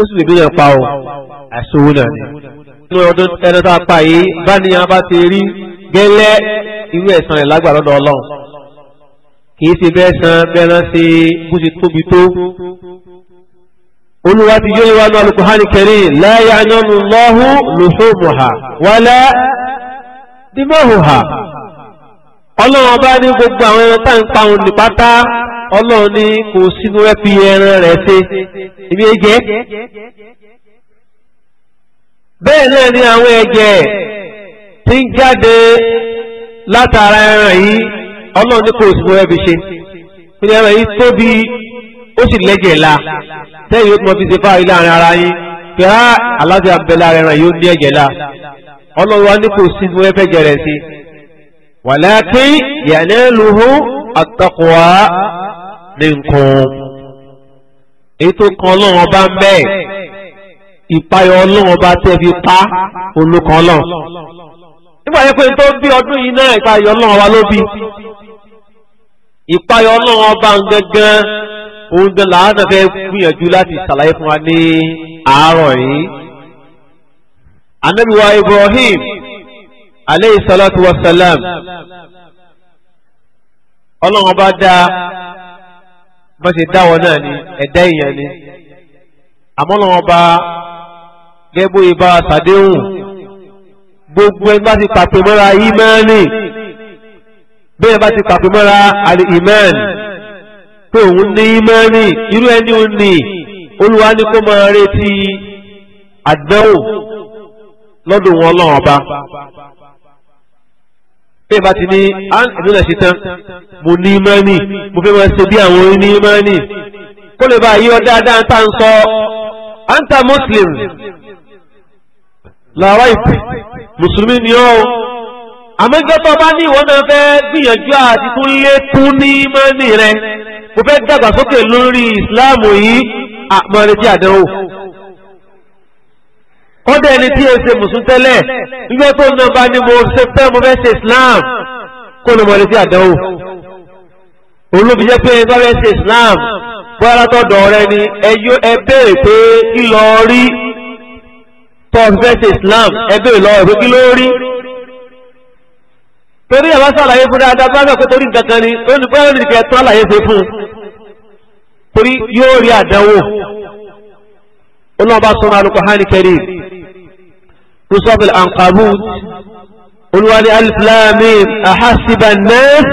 ó sì lè gbé yẹn pa o àìsówó náà ni. nínú ọdún ẹni tá a pa yìí bá ní yẹn bá ti rí gẹ́lẹ́ irú ẹ̀sán rẹ̀ lágbà lọ́dọ̀ ọlọ́run kì í ṣe bẹ́ẹ̀ san bẹ́ẹ̀ náà ṣe bó ṣe tóbi tó. olúwa ti yóò wá ní Al-Qur'ani Karim la ya'lamu Allahu luhumuha wala dimahuha. ọlọ́run bá ní gbogbo àwọn ẹran tá ń pa òun ní pátá ọlọ́run ní kò sínú rẹ̀ ẹran rẹ̀ ṣe ibi ẹ̀jẹ̀ bẹ́ẹ̀ náà ni àwọn ẹ̀jẹ̀ ti ń jáde látara ẹran yìí ọlọ́run ní kò sínú rẹ̀ fi ṣe ìpínlẹ̀ ẹran yìí tóbi ó sì lẹ́jẹ̀ la tẹ́yìn ó tún mọ ṣe ilé àárín ara yín pé aláṣẹ abẹ́lẹ́ ara ẹran yìí ó ní ẹ̀jẹ̀ la ọlọ́run wa ní kò sínú rẹ̀ fẹ́ jẹrẹ̀ walakin yanaluhu at-taqwa minkum ètò kan ọlọ́run ọba ń bẹ́ẹ̀ ìpayọ̀ ọlọ́run ọba tẹ́ fi pa olùkọ́ ọlọ́run nígbà yẹn pé tó bí ọdún yìí náà ìpayọ̀ ọlọ́run ọba ló bí ìpayọ̀ ọlọ́run ọba ń gángan òun gan làánà fẹ́ gbìyànjú láti ṣàlàyé fún wa ní àárọ̀ yìí. anábìwá Ibrahim aleyhi salatu wa salam ọlọ́run bá dá bá ṣe dáwọ́ náà ni ẹ̀dá èèyàn ni àmọ́ ọlọ́run bá gẹ́gbó ibà sàdéhùn gbogbo ẹni bá ti pàpè mọ́ra ìmánì bẹ́ẹ̀ bá ti pàpè mọ́ra àlè ìmánì pé òun ní ìmánì irú ẹni òun ní olúwa ní kó máa retí àdánwò lọ́dún wọn ọlọ́run ọba pé bá ti ní àmì ah, náà ṣe tán mo ní mọ́nì mo fẹ́ máa ṣe bí àwọn oní mọ́nì kó lè bá yíyọ dáadáa tá à ń sọ anta muslim làwọn ìpè mùsùlùmí ni ó àmọ́jọ́tọ̀ bá ní ìwọ́n náà fẹ́ gbìyànjú àti tún lé kún ní mọ́nì rẹ mo fẹ́ dàgbàsókè lórí ìsìláàmù yìí àmọ́ retí àdánwò kọ́dà ẹni tí ó ṣe mùsùn tẹ́lẹ̀ nígbà tó ń nàbà ni mo ṣe fẹ́ mo fẹ́ ṣe islam kó ló mọ̀lẹ́sí àdánwò olóbi jẹ́ pé bá fẹ́ ṣe islam bóyá látọ̀dọ̀ rẹ ni ẹyọ ẹ béèrè pé kí lọ rí tó fẹ́ ṣe islam ẹ béèrè lọ́wọ́ pé kí ló rí torí ẹ̀ bá ṣàlàyé fún dáadáa bá bẹ̀ pé torí nǹkan kan ni ó ní bóyá ní kẹ́ tó àlàyé ṣe fún un torí yóò rí àdánwò olóòbá sọ́nà alukọ̀ hánì kẹrin nusab al-ankabut olúwa ní alif lam mim ahasiba an-nas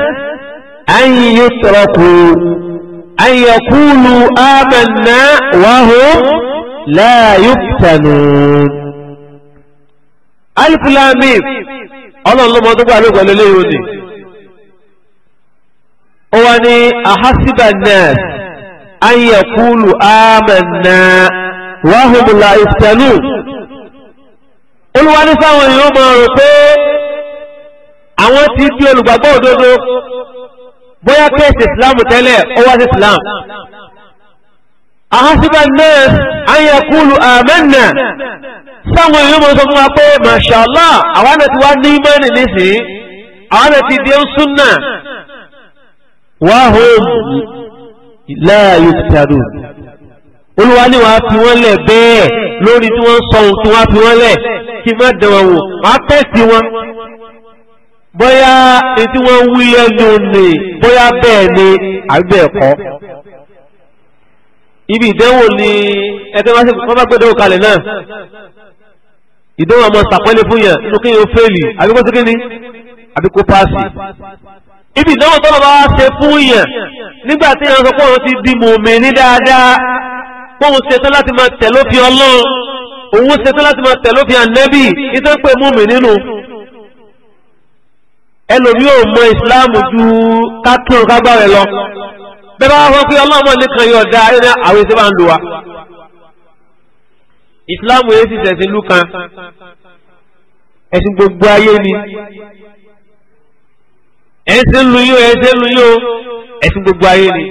an yutraku an yaqulu amanna wa hum la yuftanun. alif lam mim ọlọ́run ló mọ tó gbà lóògùn lélẹ́yìn òní. ó wá ní ahasiba an-nas an yaqulu amanna wa hum la yuftanun olúwa ní sáwọn èèyàn mọ̀ rò pé àwọn ti di olùgbàgbọ́ òdodo bóyá kéèsì islam tẹ́lẹ̀ ó wá sí islam. àhásíbà náà ayẹkùlù àmẹ́nà sáwọn èèyàn mọ̀ sọ fún wa pé mashallah àwa náà ti wá ní mẹ́rin nísìnyí àwa náà ti di sunna wàhùn láàyè tàdùn olúwa ní wàá fi wọ́n lẹ̀ bẹ́ẹ̀ lórí tí wọ́n sọ ohun tí wọ́n fi wọ́n lẹ̀ kí má dán wọn wò wàá tẹ̀sí wọn bóyá etí wọ́n wí ẹnu nì bóyá bẹ́ẹ̀ ni àbí bẹ́ẹ̀ kọ́ ibi ìdánwò ni ẹgbẹ́ wọn bá gbẹ́dọ̀ kalẹ̀ náà ìdánwò ọmọ sàpẹ́lẹ̀ fún yàn inú kí yóò fẹ́ẹ̀lì àbí kó síkí ni àbí kó paasi ibi ìdánwò tọ́lọ́ bá wá ṣe fún yàn nígbà kóhun ṣetán láti máa tẹ̀lé òfin ọlọ́run òun ṣetán láti máa tẹ̀lé òfin ànẹ́bì ìtọ́ pé múmi nínú ẹlòmí ò mọ ìsìláàmù ju kákìrún kágbára lọ bẹ́ẹ̀ bá wọ́n pé ọlọ́mọ nìkan yóò dá ayé ní àwọn ìṣẹ́ bá ń lò wá ìsìláàmù yẹn sì ṣẹ̀sìn ìlú kan ẹ̀sìn gbogbo ayé ni ẹ̀sìn lu yóò ẹ̀sìn lu yóò ẹ̀sìn gbogbo ayé ni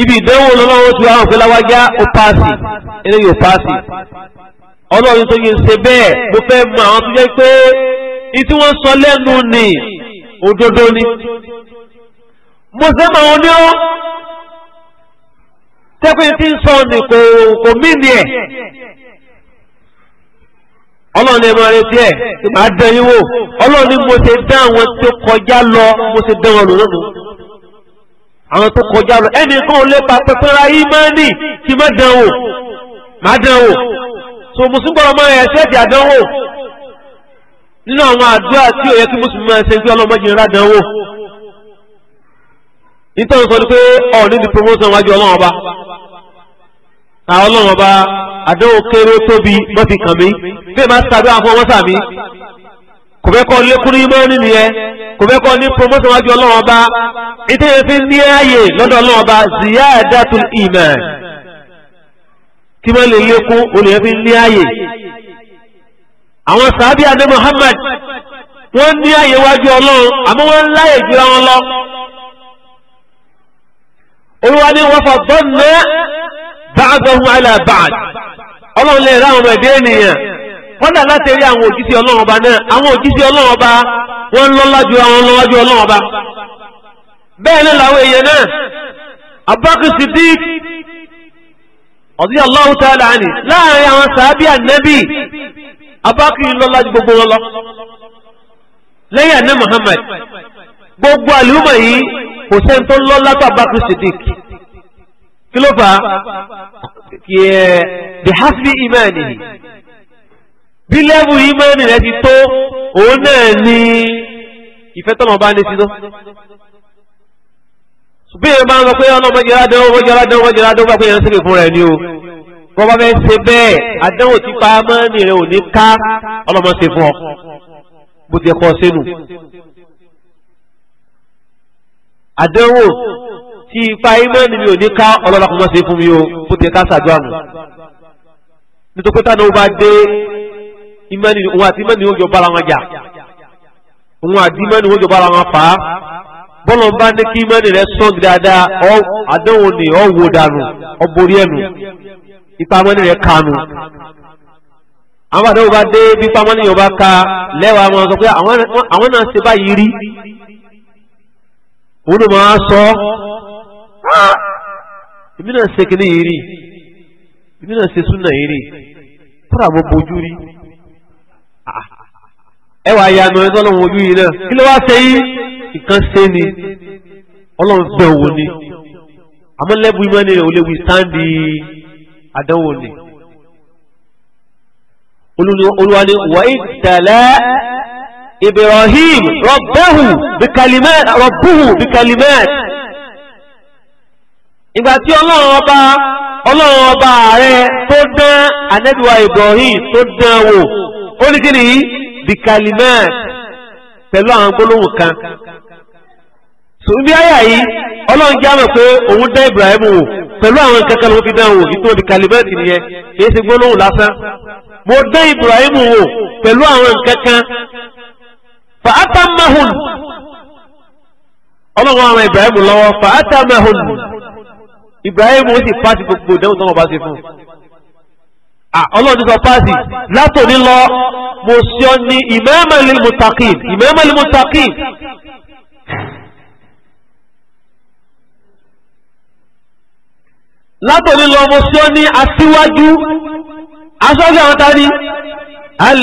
ibi ìdánwò lọ́wọ́ tí wọ́n fẹ́ láwájá ó paasi eléyìí ó paasi ọlọ́run tó yẹ ṣe bẹ́ẹ̀ mo fẹ́ mọ àwọn tó jẹ́ pé ìtí wọ́n sọ lẹ́nu ni òdodo ni mo ṣe mọ àwọn oníhó tẹ́pẹ́ tí ń sọ ni kò kò mí ni ẹ̀ ọlọ́run ẹ̀ máa retí ẹ̀ tí màá dán yín wò ọlọ́run ni mo ṣe dán àwọn tó kọjá lọ mo ṣe dán wọn àwọn tó kọjá lọ ẹnìkan ò lè pa pẹpẹra ìmánì kí má dánwò má dánwò so mùsùlùmí gbọ́dọ̀ máa yẹ ṣẹ́ẹ̀dì o nínú àwọn àdúrà tí ò yẹ kí mùsùlùmí máa ṣe ń fi ọlọ́mọdé ńlá dánwò nítorí sọ pé ọ̀ níbi promotion wájú ọlọ́run ọba àwọn ọlọ́run ọba àdánwò kéré tóbi mọ́fì kàn mí bí ẹ máa ṣàdúrà fún ọmọ sàmí kò fẹ́ kọ́ nìyẹn kò fẹ́ kọ́ ní promotion wájú ọlọ́run ọba fi ní ààyè lọ́dọ̀ ọlọ́run ọba ziyadatul iman kí wọ́n lè lékún olùyẹ fi ní ààyè àwọn sàábì adé Muhammad wọ́n ní ààyè wájú ọlọ́run àmọ́ wọ́n láyè wọn lọ olúwa ni wọ́n fọ bọ́ọ̀nù náà ọlọ́run lè wọ́n láti rí àwọn òjíṣẹ́ ọlọ́run ọba náà àwọn òjíṣẹ́ ọlọ́run ọba wọ́n lọ́lá ju àwọn lọ́wọ́jú ọlọ́run ọba bẹ́ẹ̀ náà làwọn èèyàn náà Abubakar Siddiq radiyallahu ta'ala anhu láàrin àwọn sàábì ànẹ́bì Abubakar lọ́lá ju gbogbo wọn lọ lẹ́yìn àná Muhammad gbogbo àlùmọ̀ yìí kò sẹ́ni tó lọ́lá tó kí ló fà á kì í ẹ̀ bí lẹ́bù ìmọ̀ẹ́nì rẹ ti tó òun náà ní ìfẹ́ tọ́lọ̀ bá ní síná. ṣùgbọ́n èèyàn bá ń sọ pé ọlọ́mọ jẹ́ra dánwó wọ́n jẹ́ra dánwó wọ́n jẹ́ra dánwó bá pé yẹn ń sílè fún rẹ̀ ni o. wọ́n bá fẹ́ ṣe bẹ́ẹ̀ àdánwò tí pamọ́ ní rẹ̀ ò ní ká ọlọ́mọ ṣe fún ọ bó ti kọ́ sínú. àdánwò tí ipa ìmọ̀ẹ́nì mi ò ní ká ọlọ́mọ ṣe fún mi o bó ti ká ṣàdúrà nù. nítorí pé táwọn ọba dé imani wa imani wo jo bala wa ja wa imani wo jo bala wa pa bolo ba ne ki imani re so dada o adon wo ni o wo danu o bori enu ipa mo ni re kanu awon do ba de bi pa mo ka lewa mo so pe awon awon na se ba yiri wonu ma so ah. ibi na se kini yiri ibi na se suna yiri ẹ wà ya àgbọn ẹni ọlọ́run ojú yìí náà kí ló wá ṣe yí nǹkan ṣe ni ọlọ́run bẹ̀ wò ni àmọ́ lẹ́bù ìmọ̀ ni òun lè wí sáǹdì àdánwò ni. olúwa ni wà á tẹ̀lé Ibrahim rọ̀bẹ́hù bìkàlímẹ́t rọ̀bùhù bìkàlímẹ́t. ìgbà tí ọlọ́run ọba ọlọ́run ọba ààrẹ tó dán anẹ́dùwà Ibrahim tó dán wò ó ní kí nìyí bikalimat pẹ̀lú àwọn gbólóhùn kan sòmí bí àyà yìí ọlọ́run jẹ́ àmọ̀ pé òun dá Ibrahim wò pẹ̀lú àwọn nǹkan kan ló fi dán wò ìtò bikalimat nìyẹn èyí ti gbólóhùn lásán mo dá Ibrahim wò pẹ̀lú àwọn nǹkan kan fàátámáhùn ọlọ́run àwọn Ibrahim lọ́wọ́ fàátámáhùn Ibrahim ó sì pàṣẹ gbogbo ìdánwò tó wọn bá ṣe fún un ọlọ́run sọ páàsì látòní lọ mo ṣe ọ ní imaman lil muttaqin imaman lil muttaqin. látòní lọ mo ṣe ọ ní aṣíwájú aṣọ́jú àwọn tani al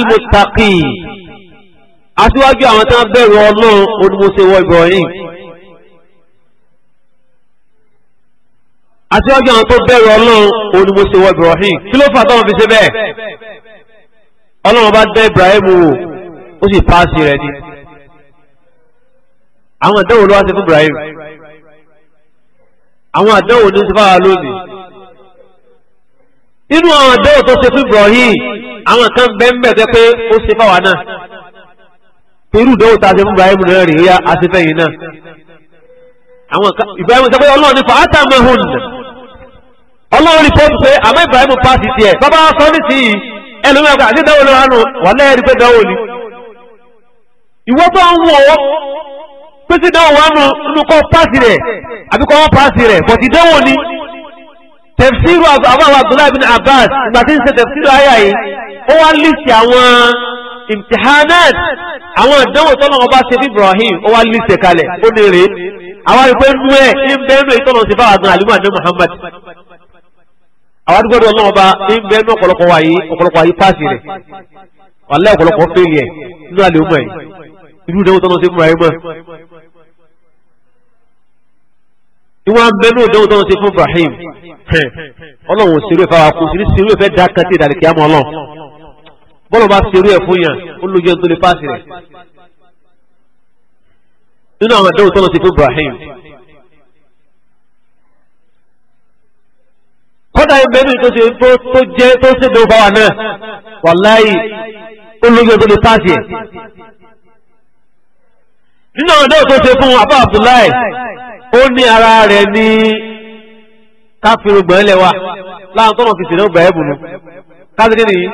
aṣíwájú àwọn tí bẹ̀rù ọlọ́run onímọ̀ṣẹ́wọ́ Ibrahim. àti ọjọ́ àwọn tó bẹ̀rù ọlọ́run òun ni mo ṣe wọ Ibrahim kí ló fà táwọn fi ṣe bẹ́ẹ̀ ọlọ́run bá dẹ́ Ibrahim wò ó sì paasi rẹ̀ ni àwọn àdánwò ló wá sí fún Ibrahim àwọn àdánwò ní sífàá lónìí inú àwọn àdánwò tó ṣe fún Ibrahim àwọn kan bẹ́ẹ̀ bẹ́ẹ̀ pé ó ṣe fáwa náà irú ìdánwò tá a ṣe fún Ibrahim náà rèé yá a ṣe fẹ́yìn náà àwọn kan Ibrahim ọlọ́run ní fa átámẹ́hùn náà ọlọ́run rìpọ́tù pé àmọ́ Ibrahim pàṣẹ tiẹ̀ bàbá sọ ní sí i ẹlòmíràn pé àti dáwọ́ lọ́wọ́ àánú wà lẹ́yìn pé dáwọ́ ni. ìwọ tó ń wọ̀ ọ́ pé sí dáwọ́ wà nù nínú kọ́ pàṣẹ rẹ̀ àbí kọ́ pàṣẹ rẹ̀ bọ̀tì dáwọ́ ni. tẹ̀fsíru àbáwọ̀ Abdullahi bin Abbas ìgbà tí ń ṣe tẹ̀fsíru ayà yìí ó wá lísì àwọn imtihanat àwọn ìdánwò tọ́nà ọba ṣe fún Ibrahim ó wá lísì kalẹ̀ ó ní rèé àwọn ìpè nú ẹ̀ ń bẹ́ẹ̀ àwọn àdúgbò ọlọ́wọ́n bá ń bẹ ní ọ̀pọ̀lọpọ̀ wáyé ọ̀pọ̀lọpọ̀ ayé páàsì rẹ̀ wàlẹ́ ọ̀pọ̀lọpọ̀ fẹ́ẹ̀lì ẹ̀ nínú àlè ọmọ ẹ̀ irú ìdánwò tọ́nà sí fún ibrahim ìwọ̀n ń bẹ ní ìdánwò tọ́nà sí fún ibrahim ọlọ́wọ́n ò ṣerú ẹ̀ fáwọn akó sírí ṣerú ẹ̀ fẹ́ dá kan sí kí á mọ ọlọ́ bọ́lọ̀ bá ṣerú ẹ̀ fún yàn ó lójú ẹni tó lè páàsì rẹ̀ nínú àwọn ìdánwò tọ́nà sí fún ibrahim kọ́dà ìbẹ́ni tó ṣe tó jẹ́ tó ṣe tó fáwọn náà wàláyé olóyè tó lè pàṣẹ. nínú ọ̀nà tó ṣe fún Abu Abdullahi ó ní ara rẹ̀ ní káfíńgbọ̀n lẹ́wà láwọn tọ́nà fi ṣèlú ọgbà ẹ̀bùn káfíńgbọ̀n nìyí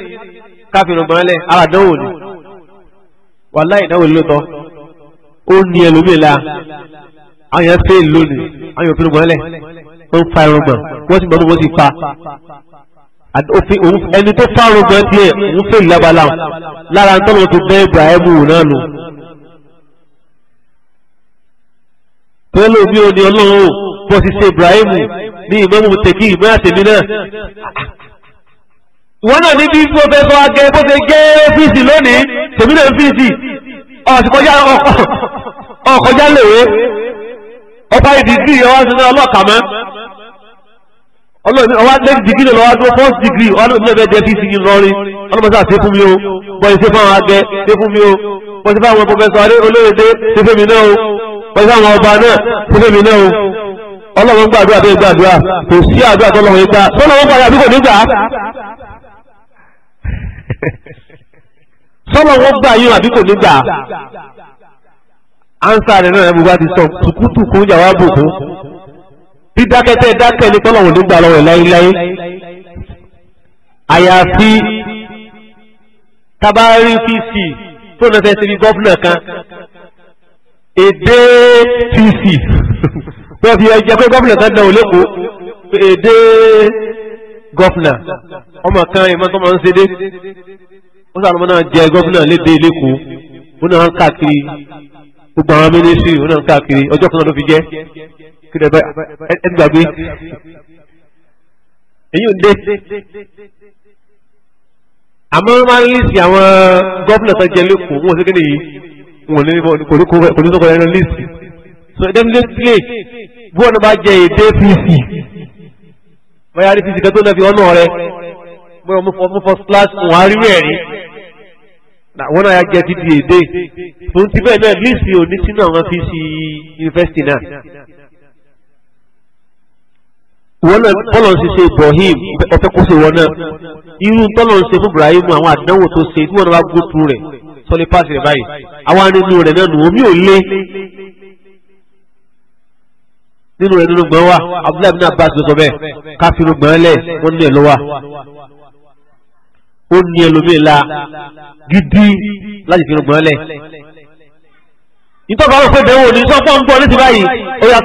káfíńgbọ̀n lẹ́ ara dánwò ni wàláyé náà wò lóòótọ́ ó ní ẹlòmíì la àwọn ó ń fa irùngbọ̀n wọ́n ti gbọ́dọ̀ wọ́n ti pa ẹni tó fa irùngbọ̀n tiẹ̀ ń fè lábala lára ń tọ́lọ́ tó bẹ́ Ibrahim wù náà nù. pẹ̀lú mi ò ní ọlọ́run bó ti ṣe Ibrahim ní ìmọ̀mù tẹ̀kí ìmọ̀ àtẹ̀mí náà wọ́n náà ní bí bó fẹ́ sọ agẹ bó ṣe gé ọ́fíìsì lónìí tèmi náà ọ́fíìsì ọ̀sìkọjá ọ̀kọjá lèwe ọba ìdìdì ọwọ́ sọ náà ọlọ́ọ̀kà mọ́ ọlọ́run ọwá lẹ́yìn dìgírì lọ́wọ́ tó first degree wà lóòmìnira bẹ́ẹ̀ jẹ́ bíi sigi lọ́rin ọlọ́mọsá ṣe fún mi o bọ́ọ̀lì ṣe fáwọn agẹ ṣe fún mi o bọ́ọ̀lì ṣe fáwọn pọfẹsọ adé olóyèdè ṣe fún mi náà o bọ́ọ̀lì ṣe fáwọn ọba náà ṣe fún mi náà o ọlọ́run gbàdúrà bẹ́ẹ̀ gbàdúrà kò sí àdúrà tó lọ́wọ́ ipa sọlọ́wọ́ gbàdúrà bí kò ní gbà sọlọ́wọ́ gbà yín àbí kò ní gbà ánsá rẹ̀ náà ẹ̀ dídákẹ́tẹ́ dákẹ́ ní tọ́lọ̀wò nígbà lọ́wọ́ láíláí àyàfi tabari pc tó lọ fẹ́ ti rí gọ́fúnà kan èdè pc wọ́n fi ẹjẹ́ pé gọ́fúnà kan dánwò lẹ́kọ̀ọ́ èdè gọ́fúnà ọmọ kan ìmọ̀tọ́ máa ń ṣe dé ó sàrùmọ́ náà jẹ gọ́fúnà lédè lẹ́kọ̀ọ́ ó náà ń káàkiri gbogbo àwọn mínísírì ó náà ń káàkiri ọjọ́ kan náà ló fi jẹ́ kí lè bá ẹ gbàgbé èyí ò dé àmọ́ máa ń lísì àwọn gọ́fìnà tó jẹ lẹ́kọ̀ọ́ wọn ò sí kí nìyí wọn ò ní kò ní sọ̀kọ̀ ẹnu lísì so dem lè play bí wọn bá jẹ èdè pc bóyá rí pc kan tó lọ fi ọ̀nà rẹ bóyá mo fọ mo fọ slash wọn á rí rẹ̀ rí wọn náà yà jẹ dídì èdè tòun ti bẹ́ẹ̀ náà lísì ò ní sínú àwọn pc yunifásitì náà wọ́n bọ́lọ̀ ń ṣe Ibrahim ọ̀fẹ́ kó ṣe wọn náà irú tọ́lọ̀ ń ṣe fún Ibrahim àwọn àdánwò tó ṣe tí wọ́n bá gbó tu rẹ̀ sọlé páàsì rẹ̀ báyìí àwọn arínú rẹ̀ náà nù omi ò lé nínú rẹ̀ nínú gbọ́n wa Abdullahi bin Abbas ló sọ bẹ́ẹ̀ káfíìnù gbọ́n lẹ̀ wọ́n ní ẹ̀ lọ́wọ́ ó ní ẹlòmíì la gidi láti fi gbọ́n lẹ̀ nítorí àwọn òfin ìdánwò ní sọ́kọ́ ń bọ̀ ní ti báyìí ó yà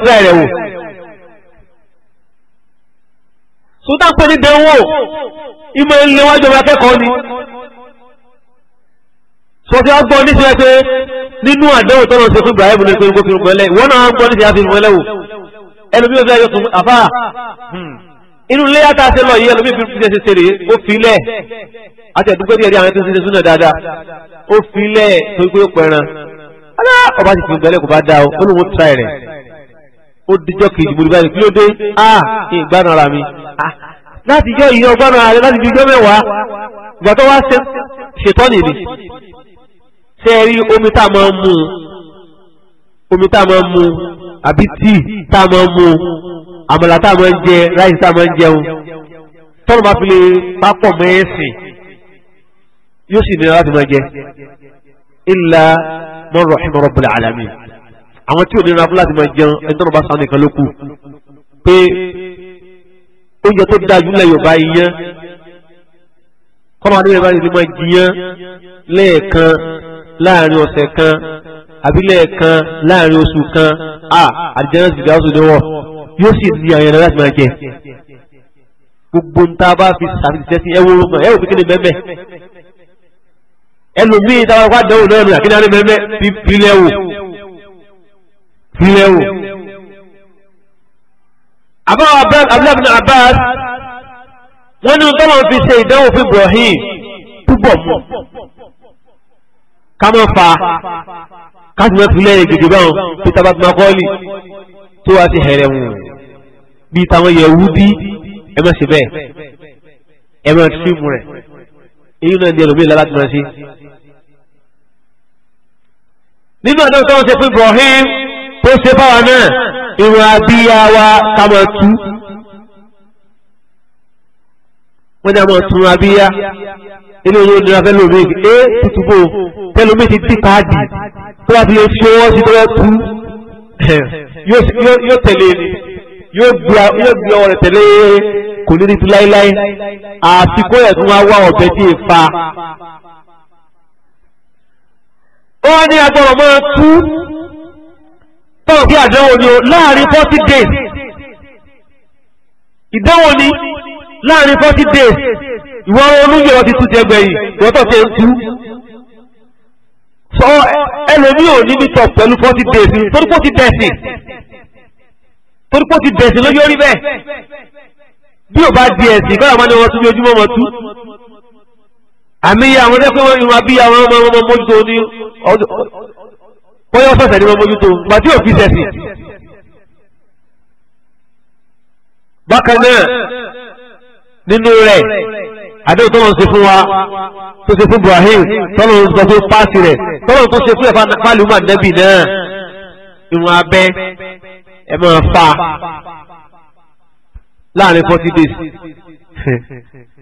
tó dápẹ́ ní dẹ́wọ́ ìmọ̀ ilé wájú ọmọ akẹ́kọ̀ọ́ ni sọ́tí wọ́n gbọ́ níṣẹ́ pé nínú àdéhùn tọ́lọ̀ ṣe fún Ibrahim ní pẹ̀lú gómìnà pẹ̀lẹ́ ìwọ́n náà gbọ́ níṣẹ́ àfihàn pẹ̀lẹ́ wò ẹlòmí ò fẹ́ yọ tún àfà hmm, inú ilé yàtà ṣe lọ yìí ẹlòmí fi ṣe ṣe rèé ó fi lẹ̀ àti ẹ̀dúgbẹ́ díẹ̀ díẹ̀ àwọn tó ń ṣe súnà dáadáa ó fi lẹ̀ tó gbé pẹ̀ràn ọba ti fi gbẹ́lẹ̀ kò bá dá o ó lóun ó tra ẹ̀rẹ̀ ó dijọ́ kejì mo Ah, láti jọ ìyẹn ọgbọ́n náà rẹ láti ju ijọ́ mẹ́wàá ìgbà tó wá ṣètọ́ nìyí ṣe rí omi tá a máa ń mú omi tá a máa ń mú àbí tíì tá a máa ń mú àmàlà tá a máa ń jẹ ráìsì tá a máa ń jẹun tọ́lù bá fi lè pápọ̀ mẹ́sìn yóò sì nira láti máa jẹ illa man rahima rabbul alamin àwọn tí ò nira láti máa jẹun ẹni tọ́lù bá sanu nìkan ló kù pé oúnjẹ tó dáa jùlọ yorùbá iyán kọ́mọ adé yorùbá ti máa jiyán lẹ́ẹ̀kan láàrin ọ̀sẹ̀ kan àbí lẹ́ẹ̀kan láàrin oṣù kan a àdìjẹ́nà sì gbà oṣù níwọ̀ yóò sì di àyànnà láti máa jẹ gbogbo ń tá a bá fi ṣàfihàn sí ẹwọ́ ọmọ ẹwọ́ kékeré mẹ́mẹ́ ẹlòmíì táwọn akọ́ àdéhùn náà nù àkínní àdéhùn mẹ́mẹ́ fi pilẹ̀ wò pilẹ̀ wò abdullahi bin abbas wọ́n ní tọ́lọ̀ fi ṣe ìdánwò fún ibrahim púpọ̀ mú ká mọ́ fa kásìmọ́ ìpínlẹ̀ èdè gidi báwọn peter batmakọ́lì tó wá sí hẹ̀rẹ̀ wọn bíi táwọn yẹ̀wúdí ẹ má ṣe bẹ́ẹ̀ ẹ má tìrìmù rẹ̀ èyí náà ní ẹlòmíì lára tó máa nínú àdáwò tó ń ṣe fún ibrahim tó ṣe báwa náà ìwọ̀n abíyá wa ká máa tú wọ́n ní a máa tún abíyá inú yóò nira fẹ́ lómi ẹ tutubo tẹlomi ti dí káàdì tó bá ti lè fi owó sí tó bá tú yóò tẹ̀lé ni yóò gbé ọwọ́ rẹ̀ tẹ̀lé kò ní ríbi láéláé àsìkò ẹ̀ tó máa wá ọ̀bẹ tí ì fa. ó ní agbọ́rọ̀ máa tú tọ́wọ́ sí ni o láàrin forty days ìdánwò ni láàrin forty days ìwọ olúyè wọn ti tún jẹ gbẹ̀yìn ìwọ tó ti ń kú sọ ẹlòmíì ò ní mítọ̀ pẹ̀lú forty days torí kó ti dẹ̀sìn torí kó ti dẹ̀sìn lójú orí bẹ́ẹ̀ bí ò bá di ẹ̀sìn báyọ̀ máa ní wọn tún ní ojúmọ́ wọn tú àmì iye àwọn ẹgbẹ́ wọn ìrìn àbí àwọn ọmọ ọmọ mójútó ní bóyá ọ̀sẹ̀ ni wọ́n mójútó pàtí òfin sẹ̀sìn bákan náà nínú rẹ̀ àdéhùn tọ́lọ̀ ń se fún wa tó se fún Ibrahim tọ́lọ̀ ń sọ fún páàsì rẹ̀ tọ́lọ̀ tó ṣe fún ẹ̀fà fálùmọ̀ nẹ́bì náà irun abẹ́ ẹ máa fa láàrin forty days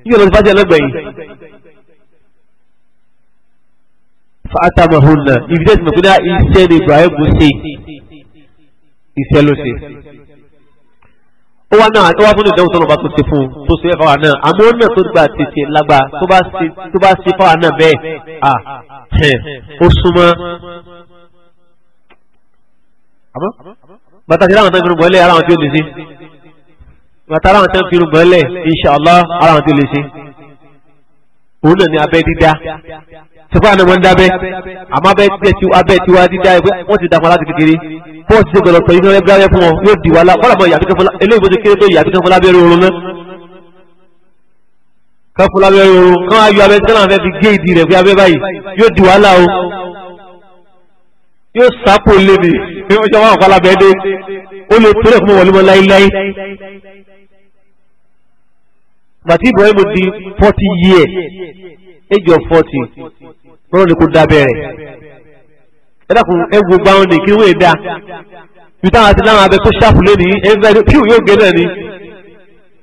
yíyọ lọ sí fájì ẹlẹgbẹ̀yìn fàtàmọ̀hùnà ìfìdẹ́sìmọ̀ pé ní iṣẹ́ ni Ibrahim ṣe iṣẹ́ ló ṣe ó wá náà ó wá fún ìdánwò tọ́nà bá tó ṣe fún un tó ṣe fáwa náà àmọ́ ó náà tó gba tètè lágbá tó bá ṣe fáwa náà bẹ́ẹ̀ à ó súnmọ́. bàtà sí láwọn tó ń fi rúgbọ́n lẹ̀ aláwọn tí ó lè ṣe bàtà láwọn tó ń fi rúgbọ́n lẹ̀ inṣàlá aláwọn tí lè ṣe òun náà ni abẹ́ dídá sèpá àná wọn dábẹ́ àmọ́ abẹ́ tiẹ̀ tí abẹ́ tí wá dídá ẹ̀ wọ́n ti dàpọ̀ láti kékeré bọ́ọ̀sì ṣe gbọ́dọ̀ pé iná ẹgbẹ́ ayẹ fún wọn yóò di wàhálà wọ́n làmọ́ ìyàtọ̀ kẹfọ́lá eléyìí bó ti kéré tó ìyàtọ̀ kẹfọ́lá abẹ́rẹ́ oorun náà kẹfọ́lá abẹ́rẹ́ oorun kán ayọ abẹ́ tí wọ́n fi gé ìdí rẹ̀ fi abẹ́ báyìí yóò di wàhálà o yóò sápò lé mi bí wọ́n ṣe wá ọ̀pá lábẹ́ dé ó lè tó lẹ́kùn mọ́ wọlé forty years age of forty lọ́nà ni kò dábẹ́ rẹ̀ ẹ dákun ẹ wo gba wọn ní kí wọ́n dá bí táwọn àti láwọn abẹ tó ṣàpù lónìí ẹ fẹ́ ní píù yóò gé náà ni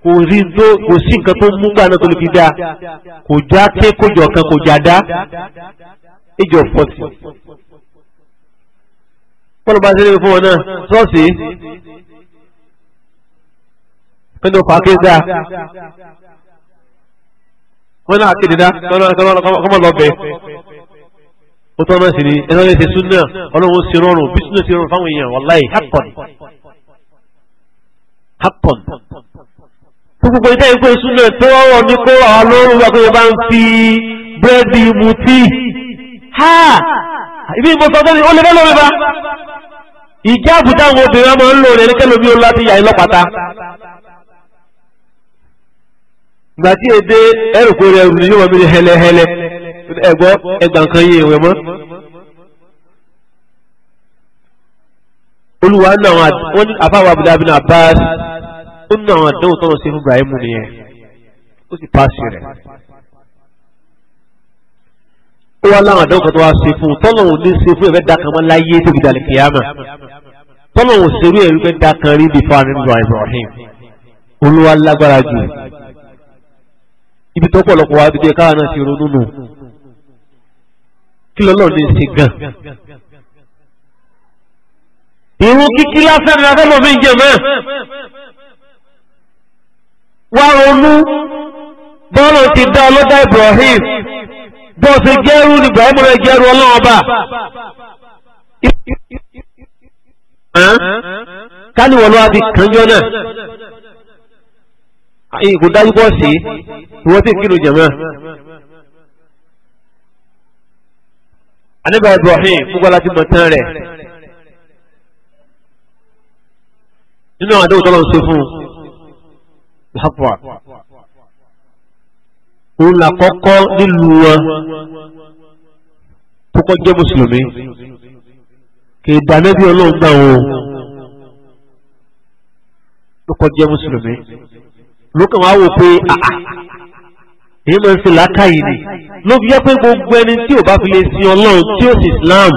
kò rí tó kò sí nǹkan tó mú gbà náà tó lè fi dá kò já ké kò jọ kan kò já dá ìjọ fọ́tì kọ́lọ̀ bá sílẹ̀ fún wọn náà sọ́ọ̀sì nínú pàkíńdà wọn náà kéde dá kọ́mọ lọ bẹ́ẹ̀ ó tọ́ náà sì ni ẹni wọ́n lè ṣe súnà ọlọ́run sì rọrùn bí súnà ti rọrùn fáwọn èèyàn wàláì hákọ̀n hákọ̀n tó gbogbo ìtẹ́ ìpè súnà tó ọ̀rọ̀ ní kó àwọn lóorùn wà pé bá ń fi búrẹ́dì mu tí ha ibi ìmọ̀sán tó ní ó lè bẹ́ lórí bá ìjà àbújá àwọn obìnrin ọmọ ń lò rẹ̀ nìkẹ́lómi ó láti yà ìlọ́pàá gbàtí èdè ẹrù rẹ̀ ẹrù ni wọ́n mi hẹlẹhẹlẹ ẹ̀gbọ́ ẹgbà nǹkan yé ìwẹ̀ mọ́. olùwà ń náà wọn ní àbáwọ̀ abúlábí náà bá ó ń náà dánwò tọ́nà sí fún Ibrahim nìyẹn ó sì pàṣẹ rẹ̀. ó wá láwọn àdánwò kan tó wá ṣe fún un tọ́nà òun ní ṣe fún ẹ̀fẹ́ dákan mọ́ láyé tóbi dàlẹ́ kìyàmà tọ́nà òun ṣerú ẹ̀rú fẹ́ dákan rí bí fáwọn Ibrahim olùwà lágbára jù ibi tọ́pọ̀lọpọ̀ wa ibi tẹ́ káwọn náà ti ronú nù kí lọ́lọ́run lè ṣe gan. irun kíkí lásán ni afẹ́fọ́ mi jẹ mọ́ wá ronú bọ́ọ̀lù ti dá ọlọ́dá Ibrahim bọ́ọ̀sì jẹ́rú ni Ibrahim rẹ̀ jẹ́rú ọlọ́run ọba kálí wọ́n lọ́wọ́ bí kànjọ́ náà kò dájú bọ́ọ̀sì ìwọ́n sì kírun jẹ̀mọ́. àníbà Ibrahim gbogbo aláti mọ̀ tán rẹ̀ nínú àwọn àdéhùn tọ́lọ́ ń ṣe fún un lápá òun là kọ́kọ́ nílùú wọn tó kọ́ jẹ́ mùsùlùmí kì í dá nẹ́bí ọlọ́run gbà wọn tó kọ́ jẹ́ mùsùlùmí lókàn wá wò pé àà èyí máa ń ṣe làákàyè ni ló fi yẹ pé gbogbo ẹni tí ò bá fi lè sin ọlọ́run tí ó sì islam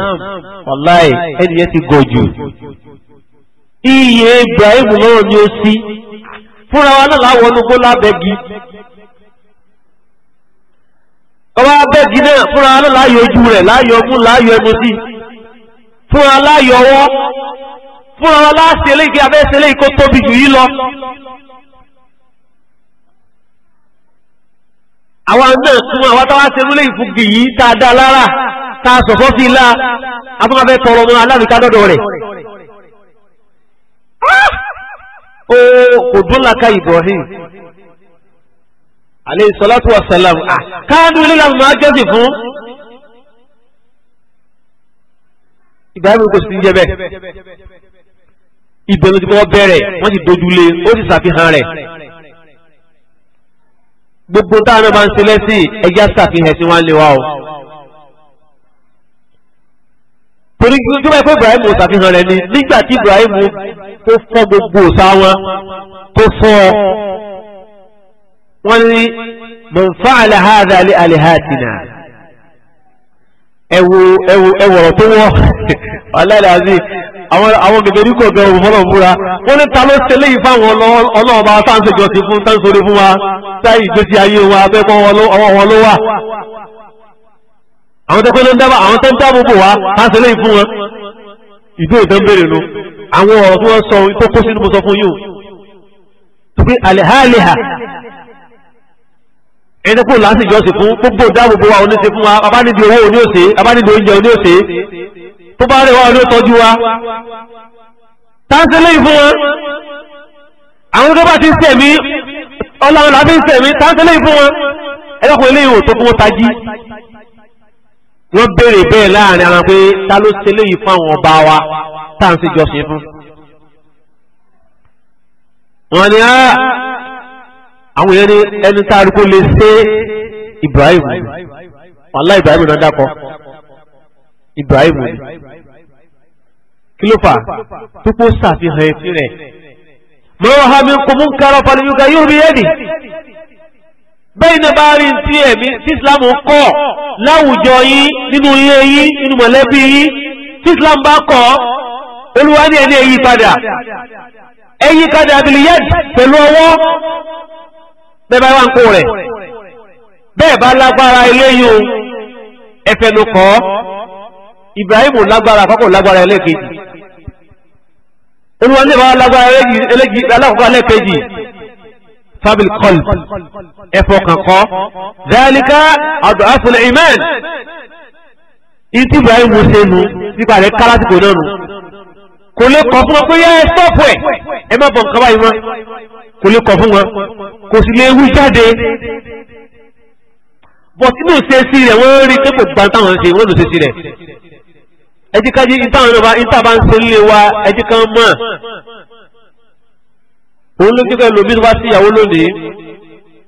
wàláì ẹni yẹn ti gọ̀ jù iye ibrahim lọ́rọ̀ ni ó sí fúnra wa náà láwọn onugbó lábẹ́gi ọwọ́ abẹ́gi náà fúnra wa náà láyọ̀ ojú rẹ̀ láyọ̀ ọmú láyọ̀ ẹnu sí fúnra láyọ̀ ọwọ́ fúnra wa láṣẹ eléyìí kí eléyìí kó tóbi jù yí lọ àwọn náà tún àwọn táwa ṣe rúlé ìfúgì yìí tá a dá lára tá a sọ̀fọ́ sí ilá afọ́nàfẹ́ tọrọ ọmọ aláàbíká dọ́dọ̀ rẹ̀ ah! ó kò dún làkà Ibrahim alayhi salatu wa salam ah káàdùn ilé làwọn máa jẹ́sìn fún Ibrahim kò sí jẹ́ bẹ́ẹ̀ ibẹ̀ ló ti kọ́ bẹ̀rẹ̀ wọ́n ti dojú lé ó sì ṣàfihàn rẹ̀ gbogbo táwọn náà bá ń ṣe lẹ́sìn ẹja ṣàfihàn sí wọn lé wa o. torí gbogbo ẹgbẹ́ Ibrahim ò ṣàfihàn rẹ̀ ni nígbà tí Ibrahim tó fọ́ gbogbo òsà wọn tó fọ́ ọ wọ́n ní mọ̀nfà àlàhàdà àlìhàtìnà ẹ̀wọ̀ ẹ̀wọ̀rọ̀ tó wọ́ ọ̀làlàzí àwọn gẹ̀gẹ̀rí kò bẹ̀rù fọ́lọ̀ fúnra wọ́n ní ta ló ṣẹlẹ̀ yìí ọlọ́ọ̀bá sáǹsẹ̀jọ sí fún táǹsọ̀rẹ́ fún wa táyì ìgbésí ayé wa abẹ́kọ̀ ọwọ́ wọn ló wà àwọn tó ló ń dábà àwọn tó ń dáàbò bò wá táǹsẹ̀lẹ̀ fún wọn ìdó ìdán nu àwọn ọ̀rọ̀ tí wọ́n sọ tó kó sínú mo sọ fún yìí tó pé àlẹ́hàlẹ́hà ẹni kó láti jọ sí fún gbogbo dáàbò wa oníṣe fún wa abánidì owó oníṣe abánidì oúnjẹ oníṣe tó bá rẹ̀ wá ló tọ́jú wa táńsẹ́lẹ̀ ìfún wọn àwọn tó bá ti sẹ̀mí ọlọ́run làbí sẹ̀mí táńsẹ́lẹ̀ ìfún wọn ẹlọ́kùnrin lè wò tó fún tají wọ́n béèrè bẹ́ẹ̀ láàrin ara pé ta ló ṣẹlẹ̀ yìí fún àwọn ọba wa táǹsì jọsìn fún wọn ni àwọn èèyàn ní ẹni tá a rí lè ṣe Ibrahim wàhálà Ibrahim náà dákọ. Ibrahim ni kí ló fà púpọ̀ ṣàfihàn etí rẹ̀ mọ́ wàhá mi kò mú ń kárọ̀ pàlùmíkà yóò rí ẹ̀dì bẹ́ẹ̀ náà bá rí tí ẹ̀mí tí Islam kọ̀ láwùjọ yín nínú ilé yín nínú mọ̀lẹ́bí yín tí Islam bá kọ̀ olúwa ní ẹni èyí padà èyí padà abiliyad pẹ̀lú ọwọ́ bẹ́ẹ̀ bá wà ń kó rẹ̀ bẹ́ẹ̀ bá lágbára ilé ẹ̀fẹ̀ ló kọ́ Ibrahim ò lágbára àkọ́kọ́ lágbára ẹlẹ́ẹ̀kejì olùwà ní ìbára lágbára ẹlẹ́ẹ̀kejì alákọ̀ọ́kọ́ ẹlẹ́ẹ̀kejì fabil qalb ẹ̀fọ́ kankọ́ dhalika àdó àfọlẹ̀ iman ìtì Ibrahim ò ṣe nu nípa rẹ̀ kárásìkò náà nu kò lè kọ̀ fún wọn pé yá ẹ stọ́ọ̀pù ẹ̀ ẹ má bọ̀ nǹkan báyìí wọn kò lè kọ̀ fún wọn kò sì lè wí jáde bọ̀ sínú ṣe rẹ̀ wọ́n rí pé kò gbà ṣe wọ́n lò ṣe rẹ̀. ẹjí kájí ìtàwọn ọba ìtàbá ń ṣe lé wa ẹjí kan mọ̀ òun ló kíkọ́ ẹlòmí wá sí ìyàwó lónìí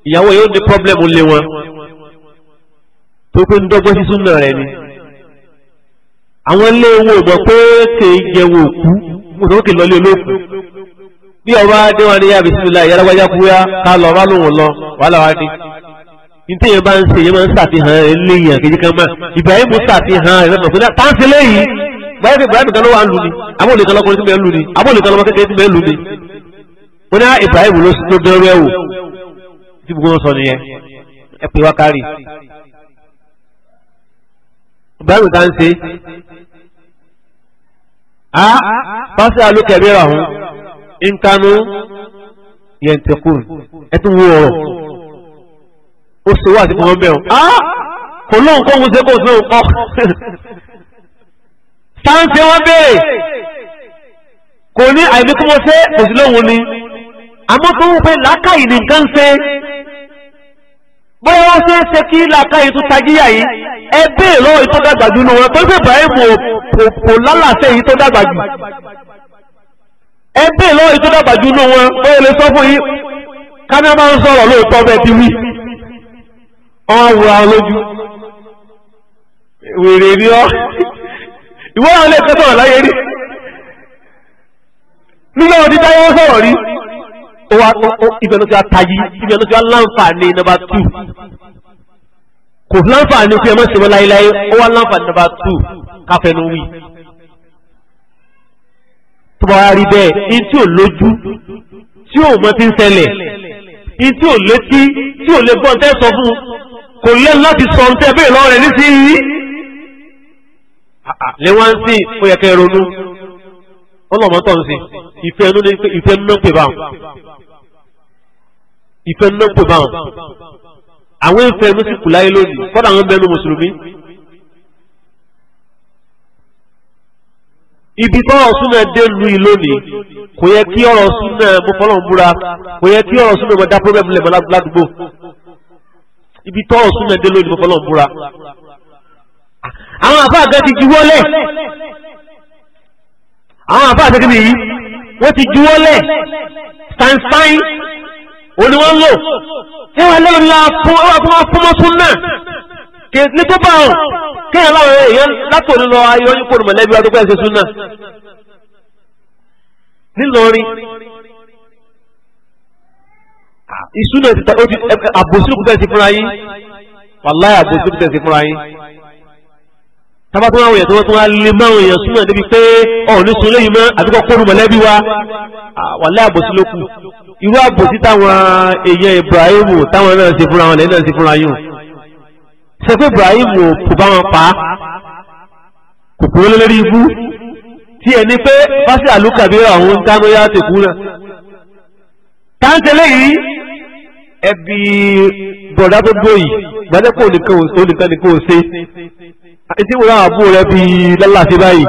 ìyàwó yóò ní pọ́blẹ́mù lé wọn tó pé ń dọ́gbọ́n sí súnà rẹ̀ ni àwọn ilé wo pé kèé jẹ lọlé olóòkú bí ọba yàrá wáyà kúyà níta yẹn bá ń ṣe yẹn máa ń ṣàfihàn rẹ̀ léyìn àkejì kan mọ́ Ibrahim ṣàfihàn rẹ̀ lọ́pọ̀ sílẹ̀ pàǹsì léyìn báyìí Ibrahim kan ló wà ń lu ni abóòlù kan lọ́kùnrin tí bẹ́ẹ̀ lu ni abóòlù kan lọ́mọ kékeré tí bẹ́ẹ̀ lu ni. wọ́n ní ah, Ibrahim ló ló dán rẹ̀ wò tí gbogbo wọn sọ nìyẹn ẹ pè wá kárì. Ibrahim kan ṣe a ah, pàṣẹ alókè bí nkanu yẹn tẹkùn ẹ tún wú ọ̀rọ̀ ó ṣe wá sí fún wọn bẹ́ẹ̀ o ah! kò lóhùn kó ń ṣe kó sóhùn kọ́ sáńsì wọn béèrè kò ní àìní kí mo ṣe kò sí lóhùn ni àmọ́ tó ń pe làákàyè nìkan ṣe bóyá ó ṣe é ṣe kí làákàyè tó tajíyà yìí ẹ béèrè lọ́wọ́ yìí tó dàgbà jù nù wọn pé pé Ibrahim kò lálàsẹ̀ yìí tó dàgbà jù ẹ béèrè lọ́wọ́ yìí tó dàgbà jù nù wọn ó lè sọ fún yín kánáà máa ń sọ̀rọ̀ lóòótọ́ bẹ́ẹ̀ ti wí ọmọ àwòrán àwọn lójú wèrè ni ọ ìwọ àwọn ilé ẹ̀kọ́ sọ̀rọ̀ láyé rí nígbà wọn ti táyé wọn sọ̀rọ̀ rí ibẹ̀ ló ti àtàyí ibẹ̀ ló ti wá láǹfààní nọ́mbà tù kò láǹfààní pé ẹ má ṣe wọn láéláé ó wá láǹfààní nọ́mbà tù káfẹ́nu wì tó bá wá rí bẹ́ẹ̀ in tí ò lójú tí ò mọ ti ń ṣẹlẹ̀ in tí ò létí tí ò lè gbọ́n tẹ́ sọ fún un kò lẹ́nu láti sọ ohun tẹ́ bẹ́ẹ̀ lọ́rẹ̀ nísìnyí. lè wá ń sìn ó yẹ kẹ́ ẹ ronú ọlọ́mọtọ́ ń sìn ìfẹ́ ẹnu ní ìfẹ́ ẹnu náà pè báwọn ìfẹ́ ẹnu náà pè báwọn àwọn ìfẹ́ ẹnu sì kù láyé lónìí kọ́dà àwọn bẹ́ẹ̀ ní mùsùlùmí. ibi tọ́rọ̀ súnà dé lu ìlónìí kò yẹ kí ọ̀rọ̀ súnà mo fọlọ́n búra kò yẹ kí ọ̀rọ̀ súnà mo dá pọ́bẹ́mù lẹ̀ mọ́ ládùúgbò ibi tọ́rọ̀ súnmọ́ ẹ̀dẹ́ lónìí fọlọ́ búra àwọn àfáà kan ti juwọ́lẹ̀ àwọn àfáà kan ti nìyí wọ́n ti juwọ́lẹ̀ Stanstein, òní wọ́n lò ẹ wà lẹ́nu la fún ẹ wà fún wa fún mọ́sún náà kì ní tó bá wọn kéèyàn láwọn èèyàn látò nínú ayọ́ yípo mọ̀lẹ́bí wa tó pẹ́ ṣe sún náà nílọrin ìṣúná ti ta àbòsí òkúta ti fúnra yín wàláyé àbòsí òkúta ti fúnra yín tábàtú àwọn èèyàn tó wọ́n tún wá lé máwọn èèyàn súnmọ́ débi pé ọ̀ọ́nì sun léyìn mọ́ àdúgbò kóru mọ̀lẹ́bí wa wàláyé àbòsí ló kù irú àbòsí táwọn èèyàn Ibrahim táwọn náà ti fúnra wọn lẹ́yìn náà ti fúnra yín ṣe pé Ibrahim kò bá wọn pa kòkòrò lórí ibú tí ẹni pé fásitì àlùkàbí ọ̀hún táwọn yá tèkú náà táǹtẹ̀lẹ́ ẹbí bọ̀dá tó gbóyì gbadẹ́pọ̀ nìkan ò nìkan nìkan ò ṣe etí wọn àbú rẹ bí lálàsí báyìí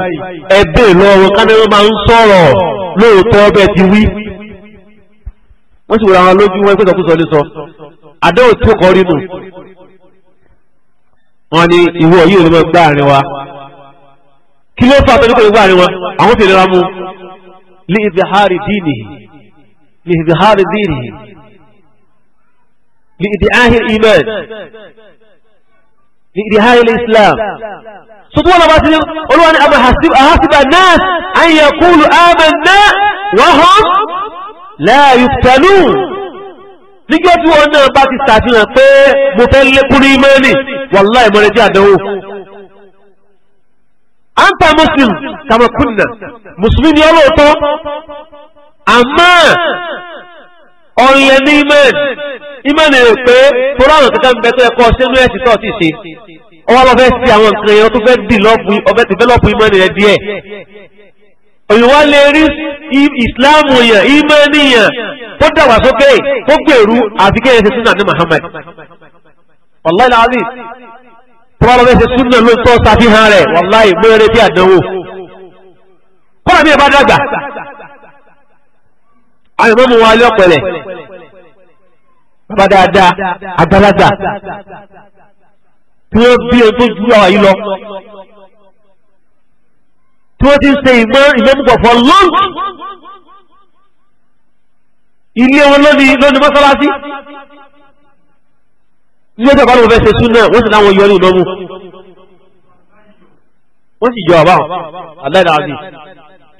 ẹbí lọ́wọ́ kánẹ́rọ́ máa ń sọ̀rọ̀ lóòótọ́ bẹ́ẹ̀ ti wí wọ́n sì wọ́n àwọn lójú wọn pé sọkúsọ lè sọ àdéhùn tó kọ́ rí nù wọn ni ìwọ yìí ò ní máa gbá àárín wa kí ló fà tọ́jú kò gbá àárín wa àwọn fi lera mu ní ìfihàrí dínì ní ìfihàrí dínì. لإدعاء الإيمان لإدعاء الإسلام سطوة نباتي قالوا أنا أبا حسب أحسب الناس أن يقولوا آمنا وهم لا يفتنون nígbà tí wọn náà bá ti ṣàfihàn pé mo fẹ́ lékún ní ìmọ̀ẹ́lì wàláì mọ̀rẹ́ jẹ́ àdánwò. anta muslim kamakunna mùsùlùmí ni ọlọ́ọ̀tọ́ àmọ́ ọ̀rìn yẹn ní imẹ́ẹ̀n imẹ́ẹ̀n rẹ̀ pé torí àwọn kankan bẹ tó yẹ kọ́ sínú ẹ̀sìn tó ti ṣe ọwọ́ lọ fẹ́ sí àwọn nǹkan yẹn tó fẹ́ dìlọ́pù ọfẹ́ dìvẹ́lọ́pù imẹ́ẹ̀n rẹ̀ díẹ̀ òyìnbó lè rí ìsìláàmù yẹn imẹ́ẹ̀n yẹn tó dàgbà sókè tó gbèrú àti kéèyàn ṣe súnà ní Muhammad wàláì láàbì tó bá lọ fẹ́ ṣe súnà ló tọ́ ṣàfihàn rẹ̀ wàláì mọ́ eré bí àdánwò kọ́ ọ̀pẹ̀lẹ̀ bàbá dáadáa àgbàlagbà tí ó bí ojú ju àwa yìí lọ tí ó ti ń ṣe ìgbẹ́mùgbọ̀ for long ilé wọn lónìí lónìí mọ́sálásí ilé tó bá lóun fẹ́ ṣe sún náà wọ́n sì láwọn yọrí lọ́mú wọ́n sì jọ àbáwọn aláìláàbí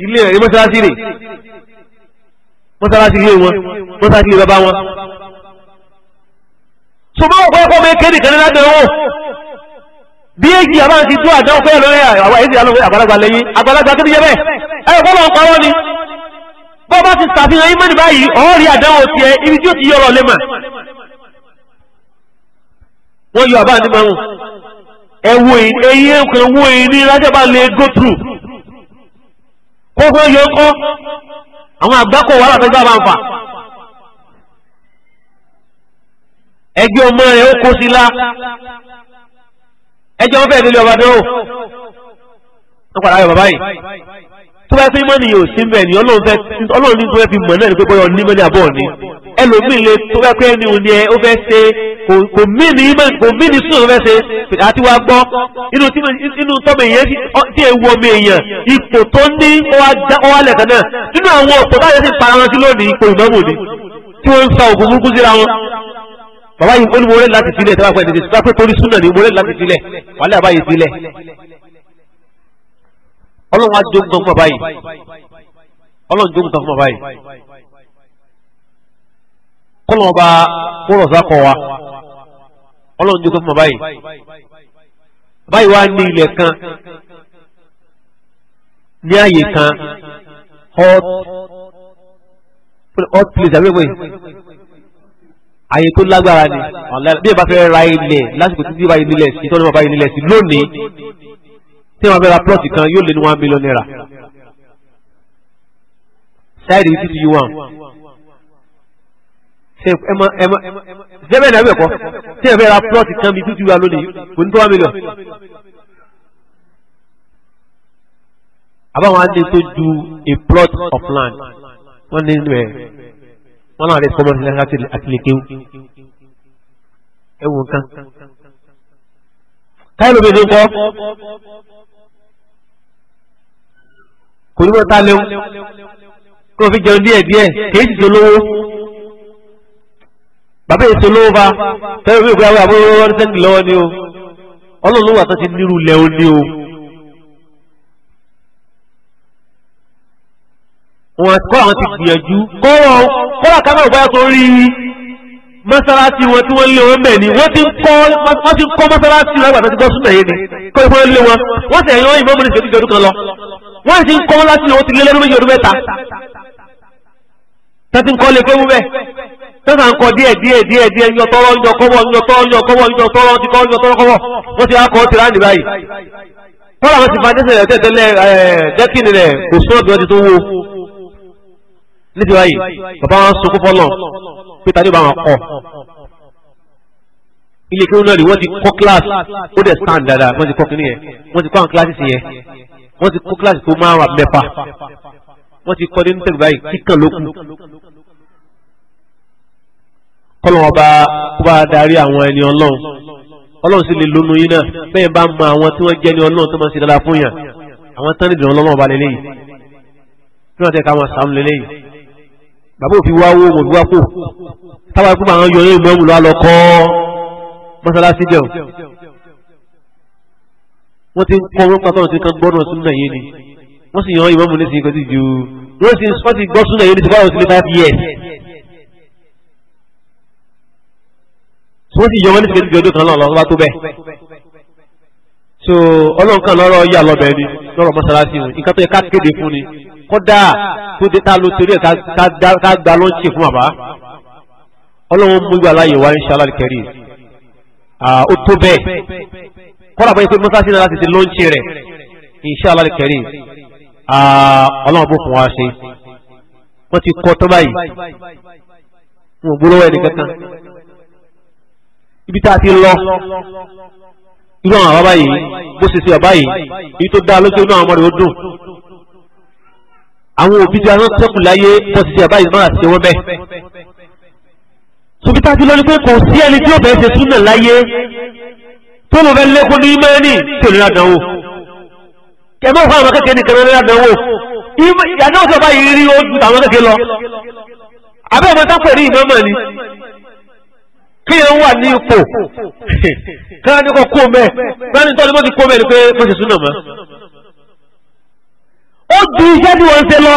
ilé rẹ̀ ní mọ́sálásí ilé wọn mọ́sálásí ilé bàbá wọn tó bá wọ́n kọ́ mẹ́kẹ́ nìkan ní ládẹ́wò bí èjì àbá ti tó àdáwò fẹ́ lórí àwọn èsì àgbàlagbà lẹ́yìn àgbàlagbà kí ni yẹ bẹ́ẹ̀ ẹ kọ́ lọ́n parọ́ ni bọ́ bá ti ṣàfihàn ìmọ̀ ní báyìí ọ̀hún rí àdáwò tiẹ̀ ibi tí ó ti yọrọ lé mà wọ́n yọ àbá nígbà wọn ẹ wo eyín ẹ̀kan wo eyín ní lájọba lè go through kókó yọ kọ́ àwọn àgbákò wàhálà tó gbà bá ń fà. ẹgbẹ́ ọmọ rẹ̀ ó kó sí lá ẹjọ́ wọn fẹ́ẹ̀ nílé ọba dánwò wọn padà ayọ̀ bàbá yìí tó bá pín mọ́nì yóò sí mbẹ̀ ni ọlọ́run ní tó fẹ́ fi mọ̀ náà ní pé bọ́yọ̀ ní mọ́nì àbọ̀ ni ẹlòmíì lè tó bá pín ẹni òní ẹ ó fẹ́ ṣe kò mí ní kò mí ní sùn ó fẹ́ ṣe àti wá gbọ́ inú tọ́mọ èèyàn tí ewu ọmọ èèyàn ipò tó ní ọwá lẹ̀kan náà nínú àwọn ọ̀pọ̀ báyọ̀ sì para wọn sí lónìí ipò ìmọ̀mù ni tí wọ́n ń fa ògùn burúkú síra wọn bàbá yìí olú mọ̀rẹ́ láti sílẹ̀ tẹ́wà pẹ́ tètè pé torí súnà ni mọ̀rẹ́ láti sílẹ̀ wàlẹ́ àbáyé sílẹ̀ ọlọ́run á jogún tán fún bàbá yìí ọlọ́run jogún tán fún bàbá yìí kọ́lọ́n ọba kúrọ̀ sákọ̀ wa ọlọ́run jogún fún bàbá yìí bàbá yìí wá ní ilẹ̀ kan ní ààyè kan hot hot place àbẹ́wẹ̀ àyè tó lágbára ni bí ẹ bá fẹ́ ra ilẹ̀ lásìkò títí bá ilẹ̀ sí tọ́jú bá ilẹ̀ sí lónìí tí wọ́n fẹ́ ra plot kan yóò lé ní one million naira ṣáìdì wí títí yíwọ̀n sẹ́mẹ̀nì àbẹ̀kọ́ tí ẹ fẹ́ ra plot kan bíi títí wa lónìí kò ní tó one million àbáwọn á ní tó ju a plot of land wọ́n ní nínú ẹ̀ wọn náà lè kọ́ mọ́ sílẹ̀ láti àtìlẹ́kẹ́wò ẹ̀wù nǹkan. káyọ̀ lóbi ní kọ́ kò ní wọ́n ta léwu kó o fi jẹun díẹ̀ díẹ̀ kìí ti dolówó bàbá èso lówó bá fẹ́ẹ́ fi ìgbéyàwó àbúrò wọn sẹ́ńdì lọ́wọ́ ni o ọlọ́run ló wà nírú lẹ́wọ́ ni o. wọn kọ́ àwọn ti gbìyànjú kọ́rọ̀ kọ́rọ̀ ká máa báyà tó rí mọ́sálásí wọn tí wọ́n lé wọn bẹ̀ ni wọ́n ti ń kọ́ wọ́n ti ń kọ́ mọ́sálásí wọn àgbàdo ti gbọ́ súnmọ̀ yé ni kọ́ ìfọ́n lé wọn wọ́n sì ẹ̀yàn ìmọ̀ mọ́ni ṣètò ìjọdún kan lọ wọ́n ti ń kọ́ mọ́sálásí wọn ti lé lẹ́nu méjì ọdún mẹ́ta tẹ́tí ń kọ́ lé kéwú bẹ́ẹ̀ tẹ́tà ń kọ́ díẹ̀ díẹ̀ díẹ̀ díẹ̀ ń yọ tọ́rọ́ ń yọ kọ́bọ̀ ń yọ tọ́rọ́ ń yọ kọ́bọ̀ ń yọ tọ́rọ́ ti kọ́ ń yọ tọ́rọ́ kọ́bọ̀ wọ́n ti wá kọ́ tìrá nì báyìí tọ́lá wọn ti fa dẹ́sẹ̀ rẹ̀ tẹ́tẹ́lẹ̀ ẹ̀ẹ́dẹ́kìnì rẹ̀ kò sọ́ọ̀bì wọn ti tó wo níbi wáyé bàbá wọn sunkún fọlọ pé tani bá wọn kọ ilé kí wọn náà rí wọn ti kọ kíláàsì ó dẹ stand dada wọn ti kọ kíní yẹn wọn ti kọ àwọn kíláàsì yẹn wọn ti kọ kíláàsì tó máa wà mẹ́fà wọn ti kọ ní nítorí báyìí kíkan ló kù kọlọn ọba kó bá darí àwọn ẹni Ọlọ́run Ọlọ́run sì lè lónú yín náà bẹ́ẹ̀ bá mọ àwọn tí wọn jẹ ní Ọlọ́run tó máa ń ṣe dáadáa fún yàn àwọn tán ní ìdùnnú Ọlọ́run ọba lélẹyìí tí wọn tẹ ká bàbá òfin wá owó mọ̀ fi wá pò táwa pé àwọn yọ ní ìmọ̀ọ́mù lọ́wọ́ lọ kọ́ mọ́sálásí dẹ̀ wọ́n ti ń kọ́ wọn pátá ti kan gbọ́dọ̀ sún náà yé ni wọ́n sì yan ìmọ̀ọ́mù ní sìnkú ti ju wọ́n sì wọ́n ti gbọ́ sún náà yé ni ti báwọn ti ní five years wọ́n sì yan wọn ní sìnkú ti ju ọdún kan náà lọ́wọ́ tó bẹ́ẹ̀ so ọlọ́nkan lọ́rọ̀ yà lọ́bẹ̀ ni lọ́rọ̀ mọ́sálásí wọn nǹkan tó yẹ ká kéde fún ni kódà tó dé ta ló torí ẹ̀ ká gba lọ́ńchì fún bàbá ọlọ́run mú ìgbà láàyè wá inṣàlá kẹrì ó tó bẹ́ẹ̀ kódà báyìí pé mọ́sálásí náà láti ti lọ́ńchì rẹ̀ inṣàlá kẹrì ọlọ́run bó fún wa ṣe wọ́n ti kọ́ tó báyìí wọn ò gbólówó ẹnì kankan ibi tá a irú àwọn àbábá yìí bó ṣe ṣe ọ̀bá yìí èyí tó dá lójú inú àwọn ọmọ rẹ̀ ó dùn àwọn òbí tí a náà sẹ́kù láyé bó ṣe ṣe ọ̀bá yìí máa ṣe wọ́n bẹ́ẹ̀. sùpítà ti lọ ní pé kò sí ẹni tí ó bẹ̀ẹ́ ṣe súnà láyé tó lọ fẹ́ lékún ní ìmọ̀ẹ́nì tí ò ní àdánwò ẹ mọ̀ fún àwọn kékeré nìkan ní àdánwò ìyàtọ̀ ọ̀sẹ̀ ọba yìí rí ó ju tàwọn kékeré lọ abẹ́ ni kéèyàn wà ní ipò kára ní kò kó mẹ́ bẹ́ẹ̀ ni tọ́lú bó ti kó mẹ́ ni pé mo ṣe súnà mọ́. ó ju iṣẹ́ tí wọ́n ń ṣe lọ.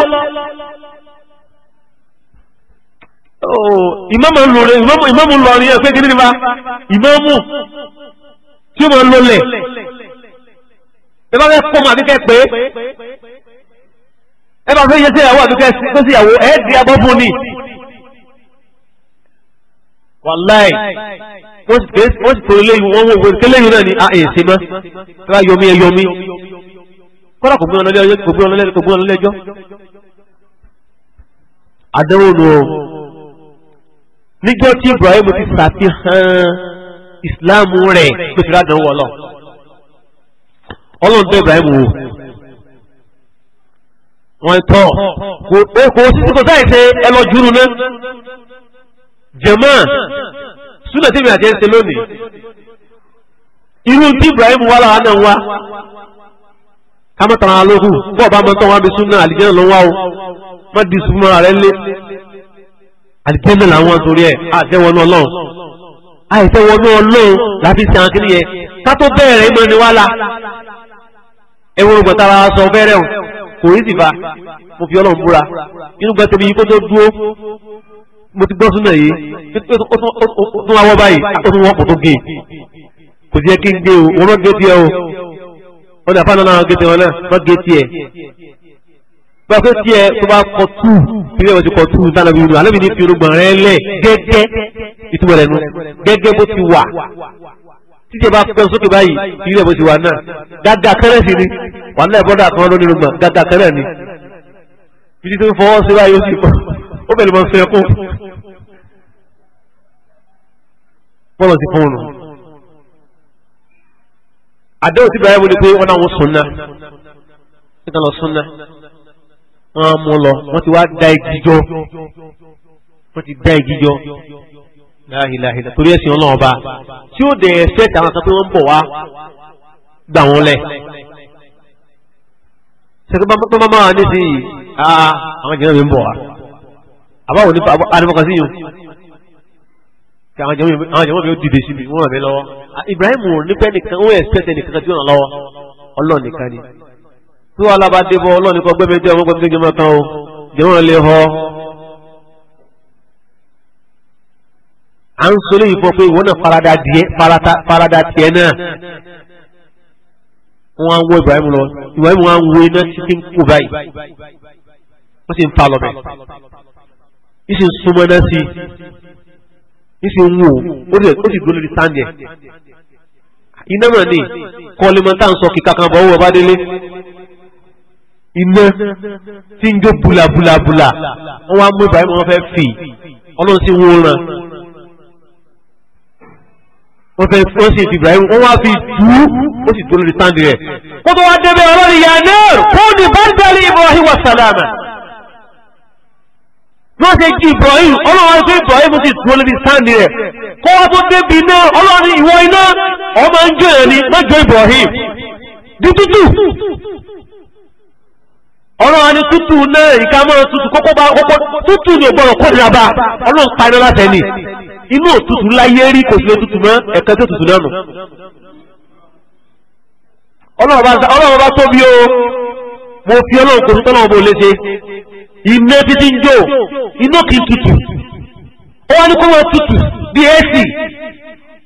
Oh, ìmáàmù lọrin ẹ̀ pé kí nípa ìmáàmù tí ó máa ń lọlẹ̀ ẹ bá fẹ́ kọ́ mọ́ àbíkẹ́ pé ẹ bá fẹ́ yẹ sí ìyàwó àbíkẹ́ sí ìyàwó ẹ̀ẹ́dì abọ́bùn wàláì wọ́n sì tó léyìn wọ́n wọ́n wọ́n kéléyìn náà ni a ah, ẹ̀ ṣe mọ́ tí yomi, yọmí ẹ yọmí kọ́lá kò gbé wọn lọ́lẹ́jọ́ kò gbé wọn lọ́lẹ́jọ́ kò gbé wọn lọ́lẹ́jọ́ àdánwò nù ọ́ níjọ́ tí Ibrahim ti ṣàfihàn Islam rẹ̀ pé fìlà àdánwò ọlọ́ ọlọ́run tó Ibrahim wò wọ́n tọ́ kò sí kò sáyẹ̀ ṣe ẹ lọ jùlọ náà jẹ̀mọ́ súnà tèmi àti ẹ̀sẹ̀ lónìí irú tí Ibrahim wà láwa náà wá kámọ́tara lóhùn bọ́ọ̀ bá mọ́tọ́ wá bí súnà àlìjẹ́ náà lọ́wọ́ o má di súnmọ́ rẹ̀ lé àlìjẹ́ náà làwọn torí ẹ̀ àtẹ́wọ́nú ọlọ́run àìtẹ́wọ́nú ọlọ́run láti ṣe àwọn kìnìyẹn ká tó bẹ̀rẹ̀ ìmọ̀ ni wá la ẹ̀wọ̀n gbọ̀tara sọ bẹ́rẹ̀ o kò rí sì bá mo fi ọlọ́run búra inú gbẹ́tẹ̀bí yìí kó tó dúró mo ti gbọ́ súnà yìí ó tún wáwọ́ báyìí ó tún wọ́n kò tó gé kò sí yẹ kí n gé o wọ́n má gé tiẹ̀ o wọ́n ní àfáàná náà gé tiẹ̀ wọn náà má gé tiẹ̀ bá a fẹ́ tiẹ̀ tó bá kọ tù bí wọ́n ti kọ tù dáná bí wọ́n alábi ní fi olùgbọ̀n rẹ lẹ̀ gẹ́gẹ́ ìtumọ̀ rẹ̀ nu gẹ́gẹ́ bó ti wà títí bá pẹ́ sókè báyìí ìrírí ẹ̀ bó ti wà náà gàgà kẹrẹ́ sí ni wàhálà ìbọ́dà kan lónìí lùgbọ̀n gàgà kẹrẹ́ ni ibi tó ń fọwọ́ sí báyìí ó sì kọ́ ó bẹ̀rẹ̀ bọ́ sí ẹkún bọ́lọ̀ sí fóònù àdéhùn ti bẹ̀rẹ̀ wọlé pé wọ́n náà wọ́n sunna nígbà lọ sunna wọ́n á mú lọ wọ́n ti wá da igi jọ wọ́n ti da igi jọ láhìláhìlá torí ẹ̀sìn ọlọ́run ọba tí ó dẹ̀ ẹ̀fẹ́ tàwọn kan pé wọ́n ń bọ̀ wá gbà wọ́n lẹ̀ sẹ́kẹ́ bá máa ní sí àwọn jẹ́ mi ń bọ̀ wá àbáwò ní adébọ́kasí yìí kí àwọn jẹ̀mọ́ mi ó dìde sí mi wọ́n ràn mí lọ́wọ́ Ibrahim ò ní pẹ́ nìkan ó ẹ̀sìpẹ́tẹ̀ nìkan tí ó ràn lọ́wọ́ Ọlọ́run nìkan ni tí wọ́n alábàdé bọ́ Ọlọ́run nìkan gbẹ́mẹ́jọ́ ọmọ gbẹ́mẹ́jọ́ mọ́ kan o jẹ̀mọ́ lè họ à ń sọ léyìí fọ pé ìwọ náà farada díẹ̀ farada tiẹ̀ náà wọ́n á wọ Ibrahim lọ Ibrahim wọ́n á wọ iná títí ń kú báyìí wọ́n sì ń fa lọ bẹ́ẹ̀ ìsìn súnmọ́ náà sí ìsìn wò ó sì ó sì dúró lórí sáńdì ẹ̀ iná mà ní kọ́límọ́tà ń sọ kíkà kan bọ̀ wọ́n bá délé iná tí ń jó bulabulabula wọ́n wá mú Ibrahim wọn fẹ́ fì ọlọ́run sì wọ́n ràn wọ́n fẹ́ wọ́n sì fi Ibrahim wọ́n wá fi dú ó sì dúró lórí sáńdì rẹ̀ kó tó wá débẹ̀ ọlọ́run yà náà kó ní bá ń Ibrahim wa sàlámà. bó ṣe jí Ibrahim ọlọ́run tó Ibrahim sì dúró níbi sáàni rẹ̀ kó wá tó débi iná ọlọ́run ìwọ iná ọmọ ń jẹ́ mẹ́jọ Ibrahim di tútù ọlọ́run ni tútù náà ìka mọ́ tútù kókó bá kókó tútù ní ògbọ́n ọlọ́run inú òtútù láyé rí kò sí òtútù mọ́ tó tútù náà nù ọlọ́run bá tóbi o mo fi ọlọ́run kò tọ́lọ́run bó lé ṣe iná títí inoki ntutu. iná kìí tutù ó wá ní kó wọn tutù bí èsì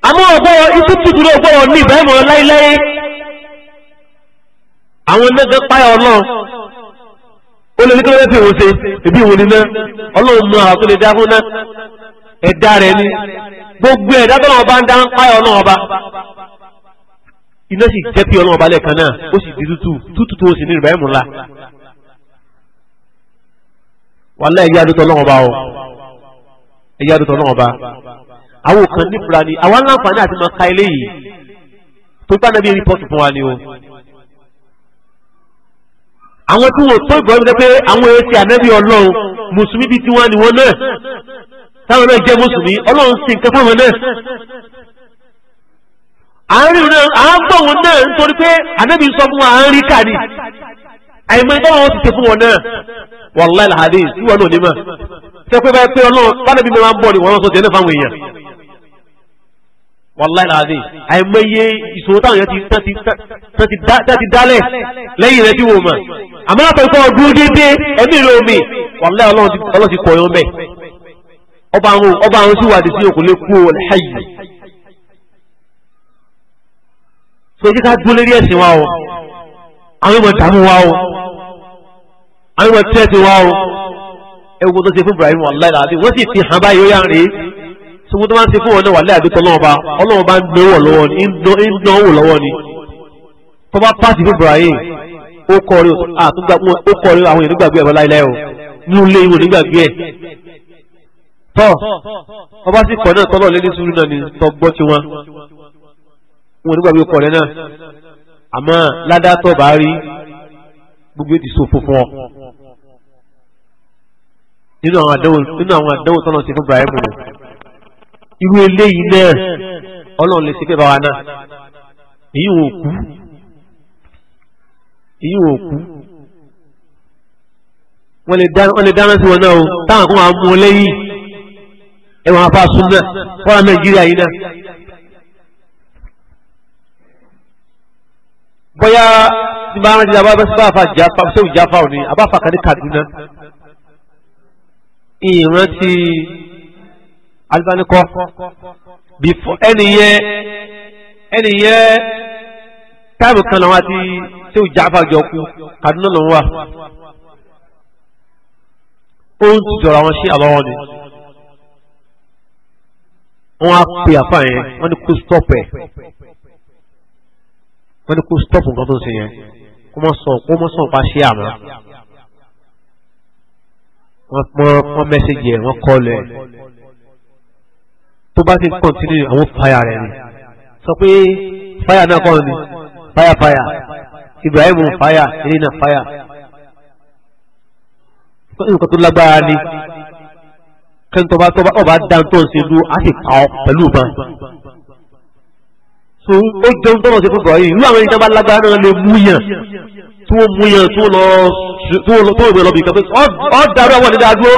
àmọ́ ọgbọ́wọ́ ikú àwọn ẹlẹ́gẹ́ páyà ọlọ́run ó lè ní kí ló fi ṣe ni gbogbo ẹ̀dá tó náà ọba iná sì pé ọba náà ó sì di tó wàhálà ẹ̀yà àdútọ̀ lọ́wọ́ bá ọ ẹ̀yà àdútọ̀ bá àwọn kan nífura ni àwọn aláǹfààní àti máa ka eléyìí tó n'ebi nàbí rìpọ́tù fún wa ni o. àwọn tí wọn tó ìgbọ́ ẹgbẹ́ pé àwọn èsì ànábì ọlọ́run mùsùlùmí bíi tiwọn ni wọn náà táwọn náà jẹ́ mùsùlùmí ọlọ́run sì fáwọn náà àárín náà wọn náà nítorí pé ànábì sọ fún wa àìmọ ẹgbẹ́ wọn ti ṣe fún wọn náà wàláì làhàdí ìwọ náà onímọ̀ ṣe pé báyìí pé ọlọ́run fáwọn ẹbí mi máa ń bọ̀ ni wọ́n sọ tiẹ̀ náà fáwọn èèyàn wàláì làhàdí àìmọ iye ìṣòro táwọn èèyàn ti dálẹ̀ lẹ́yìn rẹ̀ tí wò mọ̀ àmọ́ àpẹẹkọ dúró déédéé ẹ̀mí ìlú omi wàláì ọlọ́run ti kọ̀ yọ mẹ́ ọba àwọn tí wàá di sí òkú lè kú àwọn ọmọ ìdààmú wa o àwọn ọmọ tẹ́tí wá o ẹwọ́n tó ṣe fún Ibrahim wàláì láti wọ́n sì fi hàn báyìí ó yá rèé sọ́kún tó máa ń ṣe fún wọn náà wàláì àbí tọ́lọ́wọ́ bá ọlọ́wọ́ bá ń dánwò lọ́wọ́ ni ń dánwò lọ́wọ́ ni tó bá pàṣẹ fún Ibrahim ó kọrin àwọn èèyàn nígbàgbé ẹ̀rọ láìláì o ní ilé ìwò nígbàgbé ẹ̀ tọ́ ọba sì kọ̀ náà tọ́lọ̀ lé ní sùúrù náà gbogbo ètò ìṣòfò fún ọ nínú àwọn àdánwò nínú àwọn àdánwò tọ́nà ti fún Ibrahim nù irú eléyìí náà Ọlọ́run lè ṣe pé báwa náà èyí ò kú èyí ò kú wọ́n lè dáná sí wọn náà o táwọn kan máa mú ọ lẹ́yìn ẹ̀wọ̀n afá súnmọ́ fọ́nà Nàìjíríà yìí náà. bóyá tí bá ń rántí abáfẹ́ sí bá àfà jáfa sí òjáfa òní kan ní Kaduna ìrántí alibanikọ bifo ẹnìyẹ ẹnìyẹ táàmù kan làwọn àti tí ò jáfa jọ kú Kaduna lòún wà ó ń jọrọ àwọn sí àbáwọn ni wọn á pe àfa yẹn wọn ni kó stop ẹ wọn ni kó stop nǹkan tó ń ṣe yẹn kó mọ sọ kó mọ sọ pa ṣé àmọ́ wọ́n mẹ́sẹ̀gì ẹ̀ wọ́n kọ́ọ̀lù ẹ̀ tó bá ti kọ̀ntínú àwọn fàyà rẹ̀ ni sọ pé fàyà náà kọ́ ni fàyà fàyà Ibrahim fàyà Elena fàyà nǹkan tó lágbára ni kẹ́ńtọ́ba tọ́ba ọba dáńtọ́ ṣe lu á sì pa ọ pẹ̀lú ìbọn so ó jẹun tọ́nà sí fún bọ̀ yìí irú àwọn ìjọba lágbára náà lè mú yàn tó mú yẹn tó lọ tó ìwé lọ bìkan tó ọ dàrú àwọn ìdílé adúró.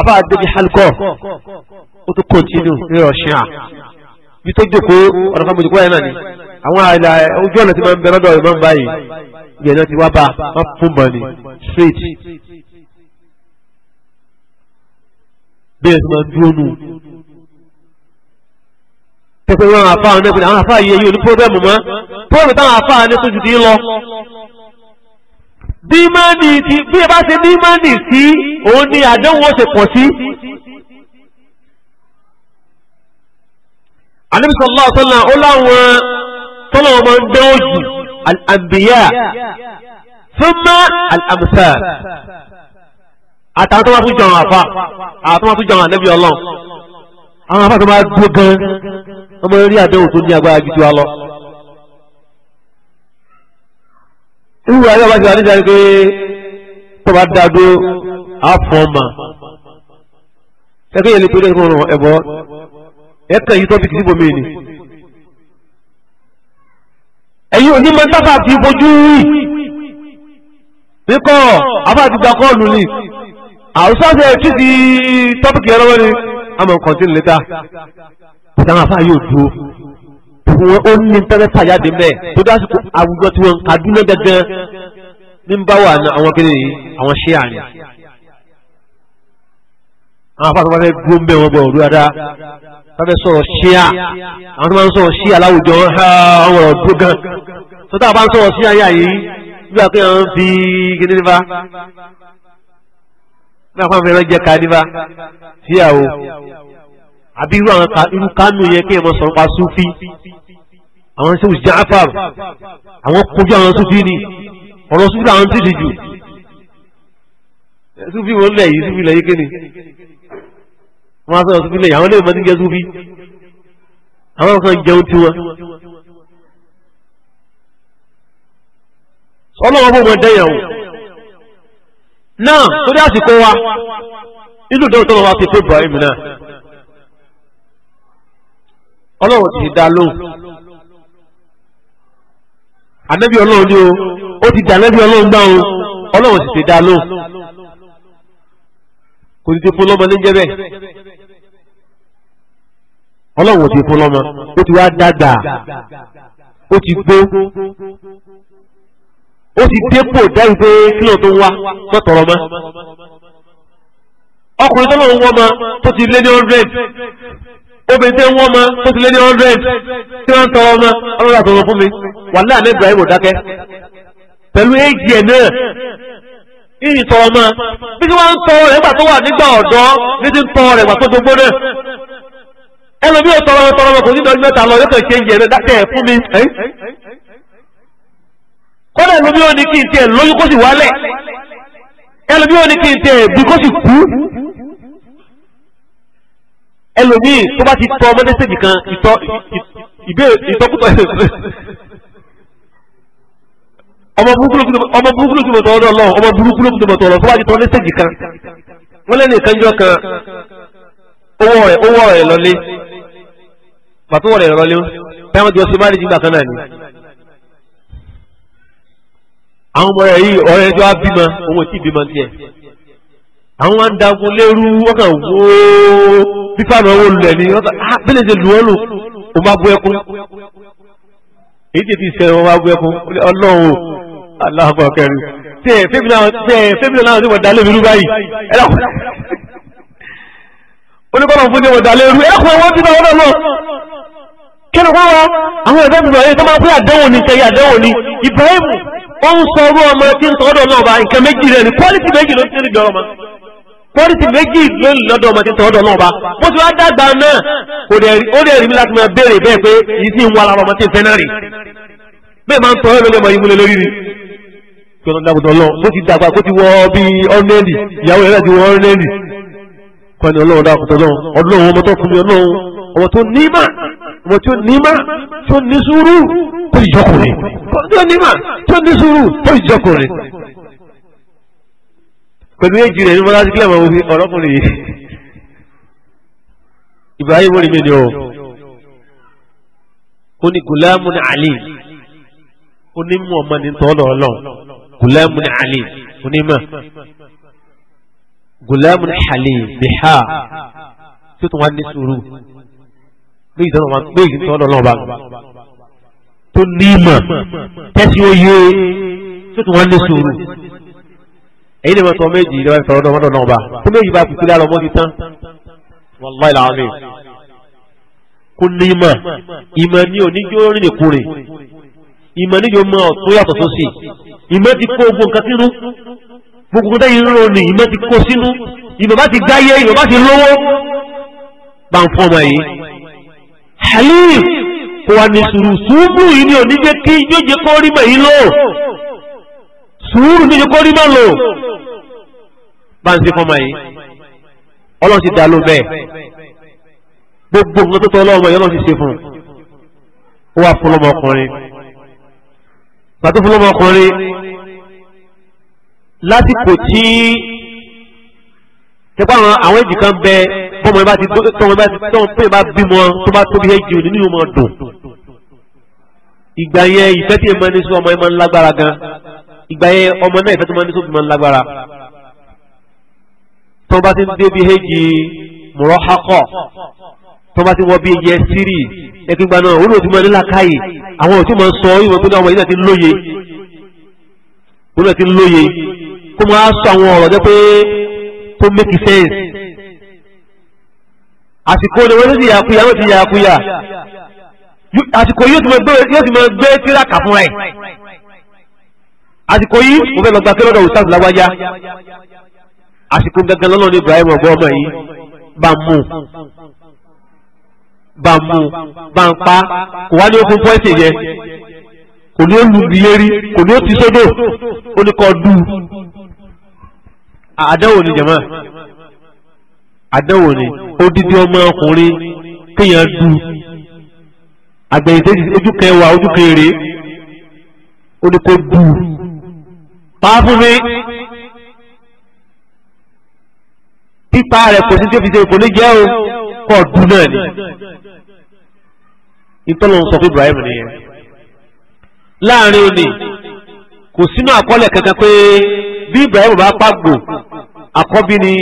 àbá àdébí halkọ ó tún kọ́ntínú ní ọ̀ṣìn à bí tó jókòó ọ̀nà kan mojúkọ́ yẹn náà ni àwọn àìlà ojú ọ̀nà tí máa ń bẹ lọ́dọ̀ ìmọ̀ báyìí yẹn náà ti wá bá má fún mọ̀ straight bí ẹ̀ ti máa dúró nù pẹ̀pẹ̀ wọn àfá àwọn ẹgbẹ̀rẹ̀ àwọn àfá yìí yóò ní pọ́bẹ̀mù mọ́ pọ́bẹ̀ táwọn àfá ní tó jù dí lọ dímọ́nì tí bí ẹ bá ṣe dímọ́nì sí òun ni àdánwò ṣe pọ̀ sí àníbìsọ̀lá ọ̀sánlá ó láwọn tọ́lọ̀ ọmọ ń dán òjì àbíyá súnmọ́ àmsà àtàwọn tó wá fún jọ àwọn àfá àtàwọn tó jọ àwọn ànábì ọlọ́run àwọn afá tó máa dúró gan ọmọ orí àdéhùn tó ní agbára gidi wa lọ. ìwé ayé ọba ti wà níjà ni pé tó bá dá dúró àfọ̀ mà ẹgbẹ́ yẹn lè pe ilé ìfowópamọ́ ẹ̀bọ ẹ̀ka yìí tó fi kìí bomi ni. ẹ̀yin ò ní mọ sábà fi fojú rí bíkọ́ afá àti gbàkọ́ọ̀lù ni àwùjọ ṣe kí ti tọ́pìkì yẹn lọ́wọ́ àmọ́ kọ̀ntínú létà táwọn afá yóò dúró wọn ó ní tẹ́lẹ̀ fàyàdé mẹ́ẹ̀ tó dásìkò àwùjọ tí wọn Kaduna gẹ́gẹ́ ní bá wà ní àwọn kéde yìí àwọn ṣíà ni àwọn afá tó bá fẹ́ dúró ń bẹ̀ wọn gbọ́dọ̀ dúró dáa bá fẹ́ sọ̀rọ̀ ṣíà àwọn tó máa ń sọ̀rọ̀ ṣíà láwùjọ àwọn ọ̀rọ̀ dúró gan sọ́tà bá ń sọ̀rọ̀ ṣíà yà yìí bí wàá pé àwọn fi kíní bí àwọn afẹ́fẹ́ jẹ́ kanifa síyàwó àbí irú àwọn irú kánú yẹn kí ẹ mọ sọ̀rọ̀ pa sufi àwọn sèwù Jaafar àwọn kojú àwọn sufi ni ọ̀rọ̀ sufi làwọn ti dìjú sufi wọn lẹ̀ yìí sufi lẹ̀ yìí kéde wọn á sọ̀rọ̀ sufi àwọn lè mọ ti jẹ́ àwọn kan jẹun tiwọn. sọ́nà bó wọn dẹ́yàwó. náà torí àsìkò wa nínú ìdánwò tọ́lọ́ ti fún Ibrahim náà ọlọ́run ti dá lóhùn ànábì ọlọ́run ni o ó ti dá ọlọ́run o ọlọ́run ti dá lóhùn kò ní ti fún lọ́mọ ní ọlọ́run ti fún lọ́mọ ó ti wá dàgbà ó ti gbó. ó ti dépò dẹ́rù pé kílò tó wá mọ́ tọrọ mọ́ ọkùnrin tó lọ́wọ́ wọ́n ma tó ti lé ní hundred obìnrin tó wọ́n ma tó ti lé ní hundred tí wọ́n ń tọrọ ma ọlọ́dà tọrọ fún mi wàhálà ní Ibrahim dákẹ́ pẹ̀lú éjì ẹ̀ náà ìyìn tọrọ ma bí wọ́n ń tọrọ rẹ̀ gbà tó wà nígbà ọ̀dọ́ ní ti ń tọrọ rẹ̀ gbà tó gbogbo náà ẹlòmíràn tọrọ tọrọ kò ní ìdọ́jú mẹ́ta lọ yóò kàn ṣe ń yẹ̀rẹ̀ dákẹ́ fún mi kódà ẹlòmí ò ní kí n tiẹ̀ lóyún kó sì wálẹ̀ ẹlòmí ò ní kí n tiẹ̀ bí kó sì kú ẹlòmí tó bá ti tọ ọmọdé sèjì kan ìtọ ìtọkùtọ ọmọ burúkú ló ti bọ̀ tọ̀ ọ́dọ̀ lọ ọmọ burúkú ló ti bọ̀ tọ̀ tó bá ti tọ́ ọmọdé sèjì kan wọ́n lẹ́nu ìkánjọ́ kan owó rẹ̀ owó rẹ̀ lọlé pàtó wọ̀ rẹ̀ lọlé táwọn jọ ṣe má kan náà ni àwọn ọmọ rẹ̀ yìí ọ̀rẹ́ tí wàá bímọ òun ò tí ì bímọ tiẹ̀ àwọn máa ń dagun lérú wọ́n kàn wó fífà náà wó lulẹ̀ ni wọ́n kàn á ah, bẹ́lẹ̀ ṣe lù wọ́n lò ó máa bú ẹkún èyí tí ti sẹ́yìn wọ́n máa bú ẹkún ọlọ́run aláàbọ̀ kẹrin tẹ fẹ́mi náà tẹ fẹ́mi náà ti wọ̀ dalẹ̀ mi rú báyìí ẹ̀rọ oníkọ́nà fún ti wọ̀ dalẹ̀ rú ẹ̀rọ wọn ti bá wọn náà lọ kí ni wọ́n wá àwọn ẹ̀fẹ́ mi náà yẹ kí wọ́n máa pé àdéhùn ni kẹ́yìn àdéhùn ni Ibrahim ó ń sọ orú ọmọ tí ń sọ ọdọ náà bá nǹkan méjì rẹ ni pọ́lìtì méjì ló ti rí dọ̀rọ̀ mọ́ pọ́lìtì méjì ló ń lọ́dọ̀ ọmọ tí ń sọ ọdọ náà bá bó ti wá dàgbà náà kò dẹ̀ ó dẹ̀ rí mi láti máa béèrè bẹ́ẹ̀ pé yìí sì ń wá lára ọmọ tí ń fẹ́ náà rè bẹ́ẹ̀ máa ń tọ́ ẹ̀rọ lọ́mọ ìmúlẹ̀ lórí rí kọ́nà dàbọ̀dọ̀ lọ bó ti dàgbà bó ti wọ bí ọ́nẹ́ẹ̀lì ìyàwó rẹ̀ ti wọ ọ́nẹ́ẹ̀lì kọ́ni ọlọ́run dàkùtọ̀ lọ ọlọ́run ọmọ tó fún mi ọlọ́run ọmọ tó ní mà ọmọ tí ó nímà tí ó ní sùúrù tó ìjọkùnrin tí ó nímà tí ó ní sùúrù tó ìjọkùnrin. pẹ̀lú èjì rẹ̀ ní mo láti kílẹ̀ mọ́ ọ̀rọ̀kùnrin yìí Ibrahim orí mi ni o ó ní gùlámù ní àlè ó ní mú ọmọ ní tọ́ lọ́ọ̀lọ́ gùlámù ní àlè ó ní mà gùlámù ní àlè bìhá tó tún wá ní sùúrù bí ìtọ́nà wa gbé ìtọ́nà náà bá tó ní ìmọ̀ tẹ́sí oyè tó tún wọn ní sùúrù èyí ni wọn tọ méjì ìjọba ìtọ́nà náà mọ́tò náà bá tó méjì bá kùkú dára ọmọ ti tán wàláì làwọn kò ní ìmọ̀ ìmọ̀ ni oníjó rìnrìnkùnrin ìmọ̀ níjó mọ ọ̀tún yàtọ̀ tó sì ìmọ̀ ti kó ogun nǹkan sínú gbogbo tẹ́yìn ń ronú ìmọ̀ ti kó sínú ìmọ̀ bá ti gáyé ìmọ̀ bá ti lówó bá ń fọ́ ọmọ yìí halim kò wà ní sùúrù sùúrù yìí ni ò ní jẹ́ kí yóò jẹ́ kó rí mẹ́yìn lò sùúrù ní jẹ́ kó rí mẹ́yìn lò bá ń ṣe fọmọ yìí ọlọ́run ti dá ló bẹ́ẹ̀ gbogbo nǹkan tó tọ́ ọlọ́run yìí ọlọ́run ti ṣe fún un ó wà fún lọ́mọ ọkùnrin pàtó fún lọ́mọ ọkùnrin lásìkò tí tẹ́pọ̀ àwọn èjì kan bẹ́ẹ̀ bọ́mọ bá ti tọ́mọ bá ti tọ́mọ pé bá bímọ tó bá tóbi ẹ̀jì òní nínú ọmọ dùn ìgbà yẹn ìfẹ́ tí èèmọ ní sọ ọmọ ẹ̀ máa ń lágbára gan ìgbà yẹn ọmọ náà ìfẹ́ tó máa ń ní sọ fi máa ń lágbára tọ́mọ bá ti ń débi ẹ̀jì mùrọ́hákọ̀ tó bá ti wọ bí iye sírì ẹgbẹ́gbà náà ó lò tí mo ní làkàyè àwọn òtún máa sọ ìwọ̀n pé àwọn ìlẹ̀ ti náà ti lóye àsìkò olówó ló ti yàkuyà ló ti yàkuyà àsìkò yóò ti máa gbé tíráàkà fúnra ẹ̀ àsìkò yìí mo fẹ́ lọ gba kéròdọ̀ ustaz lágbájá àsìkò gangan lọ́nà ní Ibrahim ọgbọ́n ọmọ yìí bá mú bá mú bá ń pa kò wá ní okun pọ́ẹ̀tì yẹn kò ní ó lu ìlérí kò ní ó ti sódò ó ní kọ́ du àdáwò ni jẹ̀mọ́ àdánwò ni odidi ọmọ ọkùnrin kéèyàn du àgbẹ̀yìntẹ́ ojú kẹwàá ojú kẹrẹ ó ní kó du pàápùmí pípa rẹ̀ kò sí tí ó kò ní jẹ́ o kọ́ du náà ni ìtọ́lọ́ sọ fún Ibrahim nìyẹn láàrin òní kò sínú àkọọ́lẹ̀ kankan pé bí Ibrahim bá pàgbò àkọ́bí ni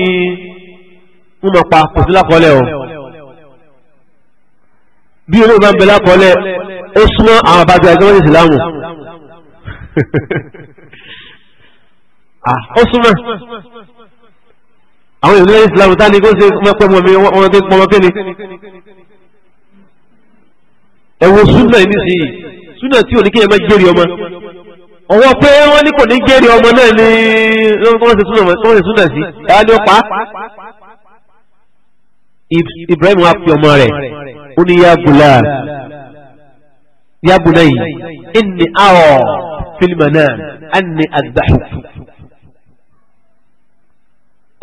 ń mọ̀ pa kò sí lákọọ́lẹ̀ o bí olóògbé bá ń bẹ lákọọ́lẹ̀ ó súnmọ́ àwọn àbájọ ẹgbẹ́ wọn ní ìsìláàmù ó súnmọ́ àwọn ìlú lẹ́yìn ìsìláàmù tá ni kó ṣe mẹ́pẹ́ mọ́ mi ọmọ tó pọmọ kí ni ẹ̀wọ̀n súnmọ́ yìí nísìnyí súnmọ́ tí ò ní kí ẹ má jẹ́rìí ọmọ ọwọ́ pé wọ́n ní kò ní jẹ́rìí ọmọ náà ni wọ́n ṣe súnmọ́ sí Ibrahim wa fi ọmọ rẹ̀ ó ní yabula yabula yìí inni awọ fílmù náà ẹni àgbàhù.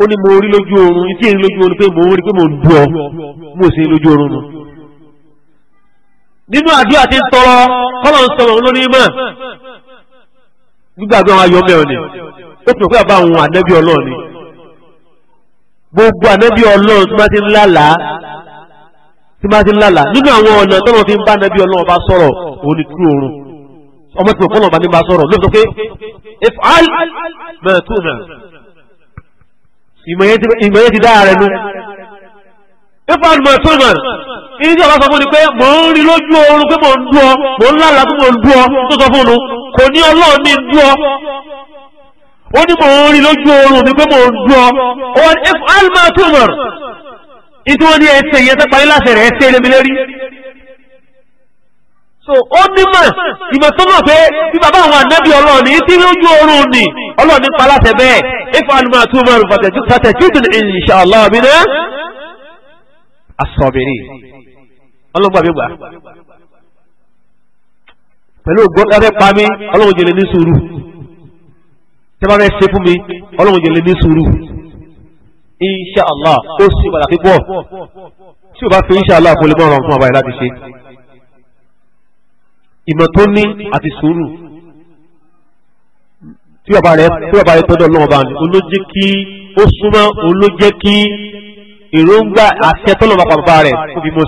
ó ní mo rí lójú oorun tí èyí lójú oorun pé mo rí pé mo ń dùn ọ mo sì ń lójú oorun nù. nínú àdúrà tí ń tọrọ kọ́lọ̀ ń sọ̀rọ̀ lórí mọ́ gbígbàgbé àwọn ayọ̀ ó fi hàn pé àwọn ànẹ́bí ọlọ́ọ̀ni gbogbo ànábì ọlọ́run tí máa ti ń lálàá tí máa ti ń lálàá nínú àwọn ọ̀nà tó wọn fi ń bá ànábì ọlọ́run bá sọ̀rọ̀ òun ni kúrò oorun ọmọ tí òkú ọlọ́run bá ní bá sọ̀rọ̀ ló pé if all mẹ̀túnà ìmọ̀ye ti dára rẹ̀ nu if all mẹ̀túnà ìyí tí ọba sọ fún ni pé mò ń rí lójú oorun pé mò ń dú ọ mò ń lálàá pé mò ń dú ọ tó sọ fún un kò ní ọlọ́run ní dú ọ ó ní mò ń rí lójú oorun mi pé mò ń dúọ ó ní if alma tumor ìtú wọn ní ẹsẹ yẹn tó parí láṣẹ rẹ ẹsẹ lèmi lérí so ó nímọ̀ ìmọ̀ tó mọ̀ pé bí bàbá àwọn ànábì ọlọ́ọ̀ni tí lójú oorun ni ọlọ́ọ̀ni pa láṣẹ bẹ́ẹ̀ if alma tumor fàtẹ̀júdùn inshallah mi náà asọ̀bìnrin ọlọ́gbà mi gbà pẹ̀lú ògbọ́n káfẹ́ pa mí ọlọ́run jèrè ní sùúrù tẹ́ bá fẹ́ ṣe fún mi ọlọ́run jẹ́ lè ní sùúrù insha allah ó sì pàtàkì pọ̀ tí o bá fi insha allah kò lè mọ̀ ọ̀rọ̀ fún àbáyé láti ṣe ìmọ̀ tó ní àti sùúrù tí bàbá rẹ̀ tí bàbá rẹ̀ tọ́jú ọlọ́run ọba ni olójé kí ó súnmọ́ olójé kí èròǹgbà àṣẹ tọ́lọ̀ bá pa bàbá rẹ̀ kó fi mú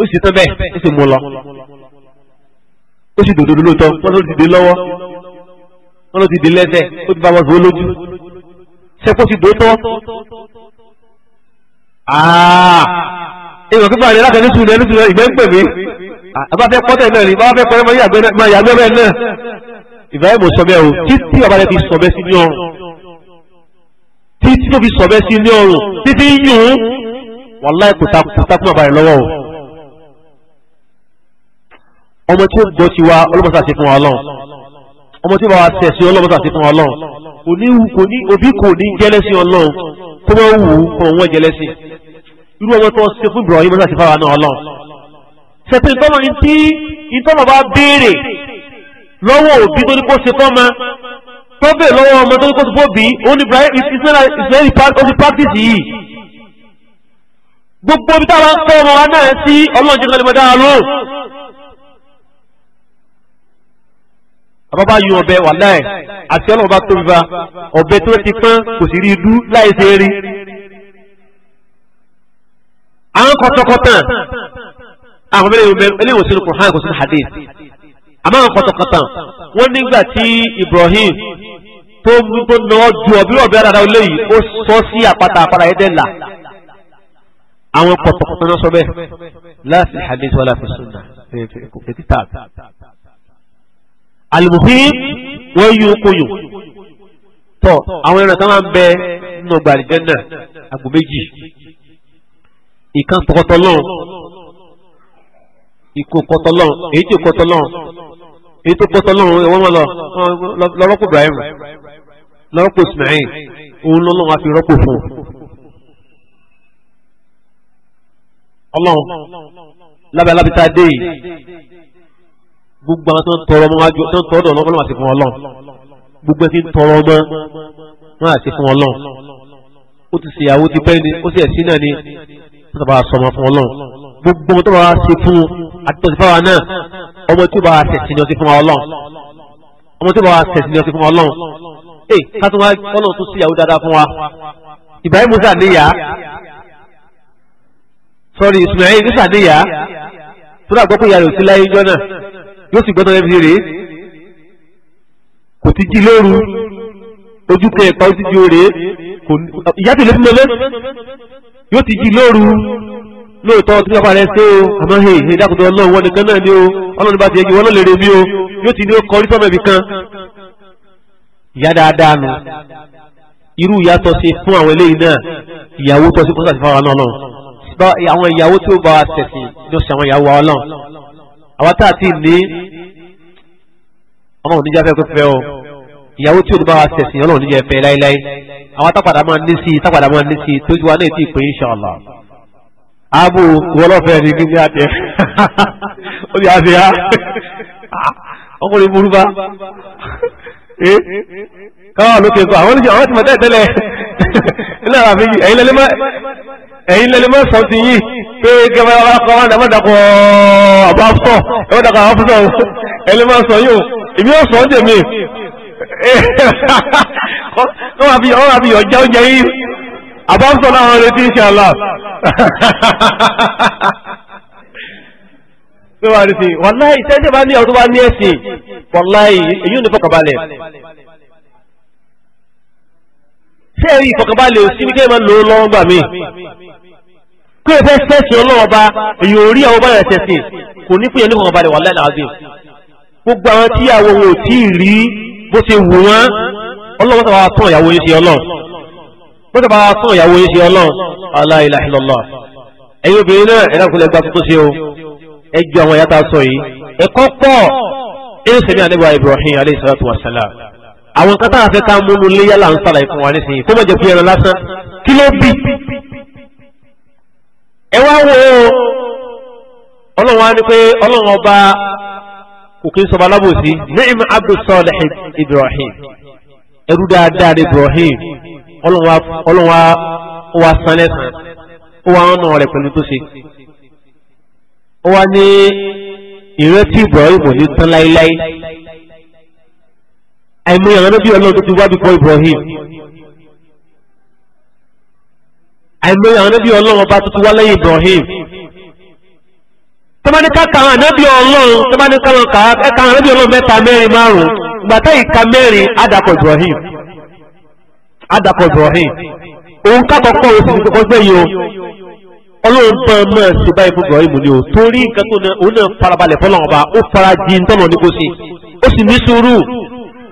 ó sì tán bẹ́ẹ̀ ó sì mú lọ ó sì dòdò lóòótọ́ wọ́n ló dìde lọ́wọ́ wọn ló ti di lẹ́sẹ̀ ó ti bá wọn sọ lójú sẹ́kó ti dòótọ́. èèyàn kíkọ́ àdé lákàtúntì sùn lẹ́nu sùn ìgbẹ́ ń pè mí àbáfẹ́ pọ́tẹ́ náà ni bábáfẹ́ pọ́tẹ́ máa yàgbẹ́ náà máa yàgbẹ́ bẹ́ẹ̀ náà Ibrahim sọ bẹ́ẹ̀ o títí ọba rẹ fi sọ bẹ́ẹ̀ sí ní ọrùn títí tó fi sọ bẹ́ẹ̀ sí ní ọrùn títí yùn ún wàláì kò takùn àbá rẹ lọ́wọ́ o ọmọ tí ó gbọ́ tiwa wa lọ́wọ́ ọmọ tí bàbá tẹ̀ sí ọlọ́run tàbí fún ọlọ́run kò ní wù kò ní òbí kò ní jẹ́lẹ́sìn ọlọ́run kó máa wù ú kó wọ́n jẹ́lẹ́sìn irú ọmọ tó ṣe fún Ibrahim náà ti fara náà ọlọ́run ṣètìlì tọ́mọ ní tí ìtọ́mọ bá béèrè lọ́wọ́ òbí tó ní kó ṣe tọ́mọ tó béèrè lọ́wọ́ ọmọ tó ní kó ṣe fóbi ó ní Israeli practice yìí gbogbo ibi táwọn ń kọ́ ọmọ wa náà sí ọlọ́run àbábá yun ọbẹ wà láì àti ọlọ́mọba tóbi bá ọbẹ tó ti pọ́n kò sì rí idú láì ṣe é rí. àwọn kọtọkọtàn àwọn ọmọbìnrin eléwọ̀n sínú Qur'an kò sínú hadith àmọ́ àwọn kọtọkọtàn wọ́n nígbà tí Ibrahim tó tó náà ju ọbí ọbẹ dáadáa léyìí ó sọ sí àpáta àpáta yẹn dẹ́là àwọn kọtọkọtàn náà sọ bẹ́ẹ̀ láti hadith wàlá fi sunnah ètí tààtà alimuhim wọ́n yí okòyò tọ́ àwọn ẹran kan máa ń bẹ nínú ọgbà àlìjẹ́nà àgbò méjì ìkan tọkọtọlọ́n ìkó kọtọlọ́n èyí tí kọtọlọ́n èyí tó kọtọlọ́n wọ́n máa lọ lọ́rọ́pọ̀ Ibrahim lọ́rọ́pọ̀ Ismail òun lọ́lọ́run àfi rọ́pò fún un. ọlọ́run lábẹ́ alábìtá dé yìí gbogbo àwọn tó ń tọrọ ọmọ wájú tó ń tọrọ dọ̀ lọ́kọ́ lọ́wọ́ àti fún ọlọ́run gbogbo ẹni tí ń tọrọ ọmọ wọn àti fún ọlọ́run ó ti ṣe ìyàwó ti pẹ́ ni ó sì ẹ̀sìn náà ni ó sì bá a sọmọ fún ọlọ́run gbogbo ohun tó bá a ṣe fún àtúntò fáwa náà ọmọ tí ó bá a ṣẹ̀sìn ni ó ti fún ọlọ́run ọmọ tí ó bá a ṣẹ̀sìn ni ó ti fún ọlọ́run ee kátó wá ọlọ́run tó ṣe ìyàwó dáadáa fún wa yóò sì gbọ́dọ̀ ẹbí rèé kò ti jí lóru ojú kẹẹ̀pá ó ti jí rèé ìyá tèlé fún mọ́lẹ́ yóò ti jí lóru lóòótọ́ tí wọ́n parẹ́ sí o àmọ́ he he dákùtọ̀ ọlọ́run wọn nìkan náà ni o ọlọ́run bá ti yẹ wọn lọ́ọ́ lè rè mí o yóò ti ní ó kọrí sọ́mọ̀ ibì kan ìyá dáadáa nu irú ìyá tó ṣe fún àwọn eléyìí náà ìyàwó tó ṣe fún sàtìfáwà náà lọ́run àwọn ìyàwó tí ó bá wa tẹ̀sìn ní ọ̀sẹ̀ àwọn ìyàwó wa ọlọ́run àwa tá a ti ní ọlọ́run níjà fẹ́ kó fẹ́ o ìyàwó tí olùbáwa sẹ̀sìn ọlọ́run níjà fẹ́ láéláé àwa tápadà máa ní sí i tápadà máa ní sí i tójú wa náà ti pè inṣàlá ààbò wọlọ́fẹ́ ni kí àtẹ ó ní àti ha ah. ọkùnrin burú bá káwọn lókè kọ àwọn oníjẹ àwọn tí tẹ́lẹ̀ ńlá àfihàn ẹ̀yin ẹ̀yin lẹ́lẹ́ mọ́ sọ ti yí pé gẹ́gẹ́ bá kọ́ wọn dàbọ̀ dàpọ̀ àbáfọ́ ẹ̀wọ́n dàpọ̀ àbáfọ́ ẹ̀lẹ́ mọ́ sọ yóò èmi ò sọ ọ́ dèmi wọ́n àbí ọjà oúnjẹ yìí àbáfọ́ láwọn retí inshallah pé wà ní sí wàláì tẹ́jẹ́ bá ní ọdún bá ní ẹ̀sìn wàláì èyí ò ní fọkànbalẹ̀ ṣé ẹ̀rí ìfọkànbalẹ̀ ò sí ní kéèmọ̀ lò ó lọ́wọ́ gbà mí pé ẹ fẹ́ sẹ́sìn ọlọ́run ọba èyí ò rí àwọn ọba rẹ̀ sẹ̀sìn kò ní fún yẹn níwọ̀n ọba rẹ̀ wà lẹ́nà àzìm gbogbo àwọn tíyàwó wọn ò tí ì rí bó ṣe wù wọ́n ọlọ́run tó bá tán ìyàwó yín ṣe ọlọ́run bó tó bá tán ìyàwó yín ṣe ọlọ́run la ilaha illallah ẹ̀yin obìnrin náà ẹ̀dá kúlẹ̀ gba tuntun ṣe o ẹ ju àwọn ìyáta sọ yìí ẹ̀kọ́ pọ̀ ẹ̀rọ sẹ́mi àdébà Ibrahim alayhi salatu àwọn kátà ẹ wá wo ọlọ́run á ní pé ọlọ́run ọba kò kí n sọba lábòsí ni'im abdulsalih ibrahim ẹrú dáadáa ibrahim ọlọ́run wa wa san lẹ́sàn ó wá ń rẹ̀ pẹ̀lú tó ṣe ó wá ní ìrètí ibrahim ní tán láéláé àìmọye àwọn ẹbí ọlọ́run tó ti wá bí ibrahim àìmọye àwọn anábì ọlọ́run ọba tuntun wá lẹ́yìn Ibrahim tọ́mọdé ká kàwọn anábì ọlọ́run tọ́mọdé káwọn kàwọn anábì ọlọ́run mẹ́ta mẹ́rin márùn gbàtà ìka mẹ́rin adakọ̀ Ibrahim adakọ̀ Ibrahim òun kákọ̀ọ́kọ́ òun sì ti kọ́kọ́ gbẹ̀yìn o ọlọ́run bá ọmọ ẹ̀sìn báyìí fún Ibrahim ni o torí nǹkan tó náà òun náà farabalẹ̀ fọlọ́run ọba ó farajin tọ́lọ́ ní kó sí ó sì ní sùúrù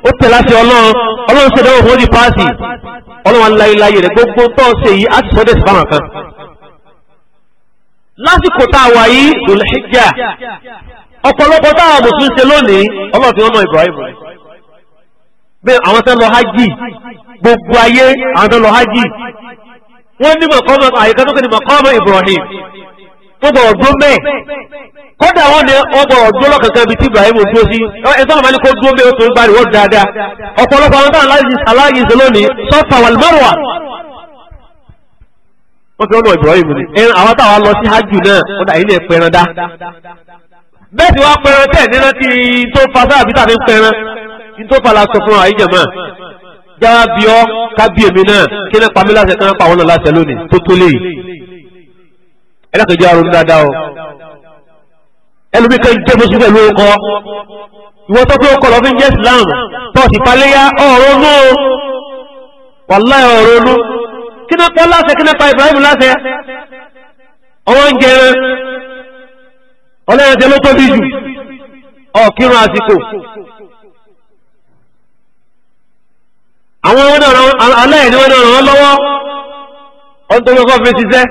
ó tẹ̀ láti ọlọ́run ọlọ́run ṣe dánwò fún ó di páàsì ọlọ́run láyéláyé rẹ̀ gbogbo tó ń ṣe yìí á ti sọ́dẹ̀ síbáwọn kan. lásìkò tá a wà yìí lòlẹ́jà ọ̀pọ̀lọpọ̀ táwọn mùsùlùmí ṣe lónìí ọlọ́run fi wọ́n mọ Ibrahim bẹ́ẹ̀ àwọn tó lọ hajj gbogbo ayé àwọn tó lọ hajj wọ́n ní mọ̀kọ́mọ̀ àyíká tó kẹ́ ni mọ̀kọ́mọ̀ Ibrahim gbogbo ọ̀gbọ́n bẹ́ẹ̀ kódà wọn ni wọn gbọ́dọ̀ dúró lọkànkan ibi tí Ibrahim dúró sí ẹsẹ àwọn ẹni kó dúró bẹ́ẹ̀ tó ń bá rìwọ dáadáa ọ̀pọ̀lọpọ̀ àwọn táwọn aláàyè ṣe lónìí sọfà wàlúmọrùwà wọ́n fi ọ̀nà Ibrahim ni ẹran àwọn táwọn lọ sí hajj náà wọ́n dà ilé pẹran dá bẹ́ẹ̀ tí wọ́n pẹran tẹ̀ nínú tí tó fa sáàbí tàbí pẹran ní tó fa la sọ fún àyíjẹ mọ́ jáwá bí ọ ká bí èmi náà kí náà pàmí láṣẹ kí náà pa àwọn náà ẹlòmí kan jẹ́ mùsùlùmí pẹ̀lú orúkọ ìwọ́n tó pé ó kọ̀ lọ́fíń jẹ́ Islam tó sì paléyà ọ̀rọ̀ nù wàláì ọ̀rọ̀ nù kí náà pa láṣẹ kí náà pa Ibrahim láṣẹ ọwọ́ ń jẹ ọlẹ́yìn tẹ ló tóbi jù ọ̀kírun àsìkò àwọn aláìní wọn ni ọ̀ràn wọn lọ́wọ́ ọ̀n tó yẹ kó fi ṣiṣẹ́.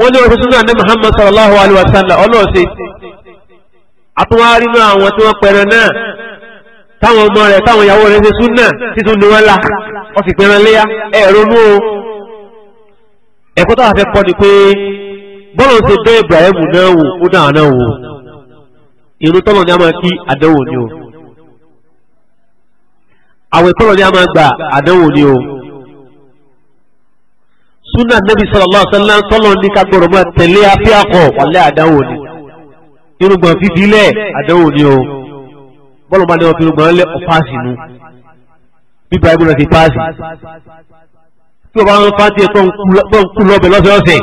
wọ́n ní na súnà ní Muhammad sallallahu alayhi wa sallam ọlọ́ọ̀sẹ̀ àtúwárí mọ́ àwọn tí wọ́n pẹ̀rẹ̀ náà táwọn ọmọ rẹ̀ táwọn ìyàwó rẹ̀ ṣe súnà títún ní wọ́n la wọ́n sì pẹ̀rẹ̀ léyà ẹ̀ ronú o ẹ̀kọ́ tó àfẹ́ kọ́ ni pé bọ́lọ̀ ṣe dé Ibrahim náà wò ó dáhà náà wò irun tọ́lọ̀ ni a máa kí ni o àwẹ̀ ni a máa gbà ni o. súnà nẹ́bí sallallahu alaihi wasallam tọ́lọ̀ ní ká gbọ́dọ̀ máa tẹ̀lé afíàkọ̀ wàlẹ́ àdáwò ni irúgbọ̀n fífi lẹ̀ àdáwò ni o bọ́ọ̀lù máa ní wọn fi ọ̀páàsì nu bíbá ibùdó ti páàsì tí o bá ń fàtí ẹ̀kọ́ ń kú lọ́bẹ̀ lọ́sẹ̀ọ̀sẹ̀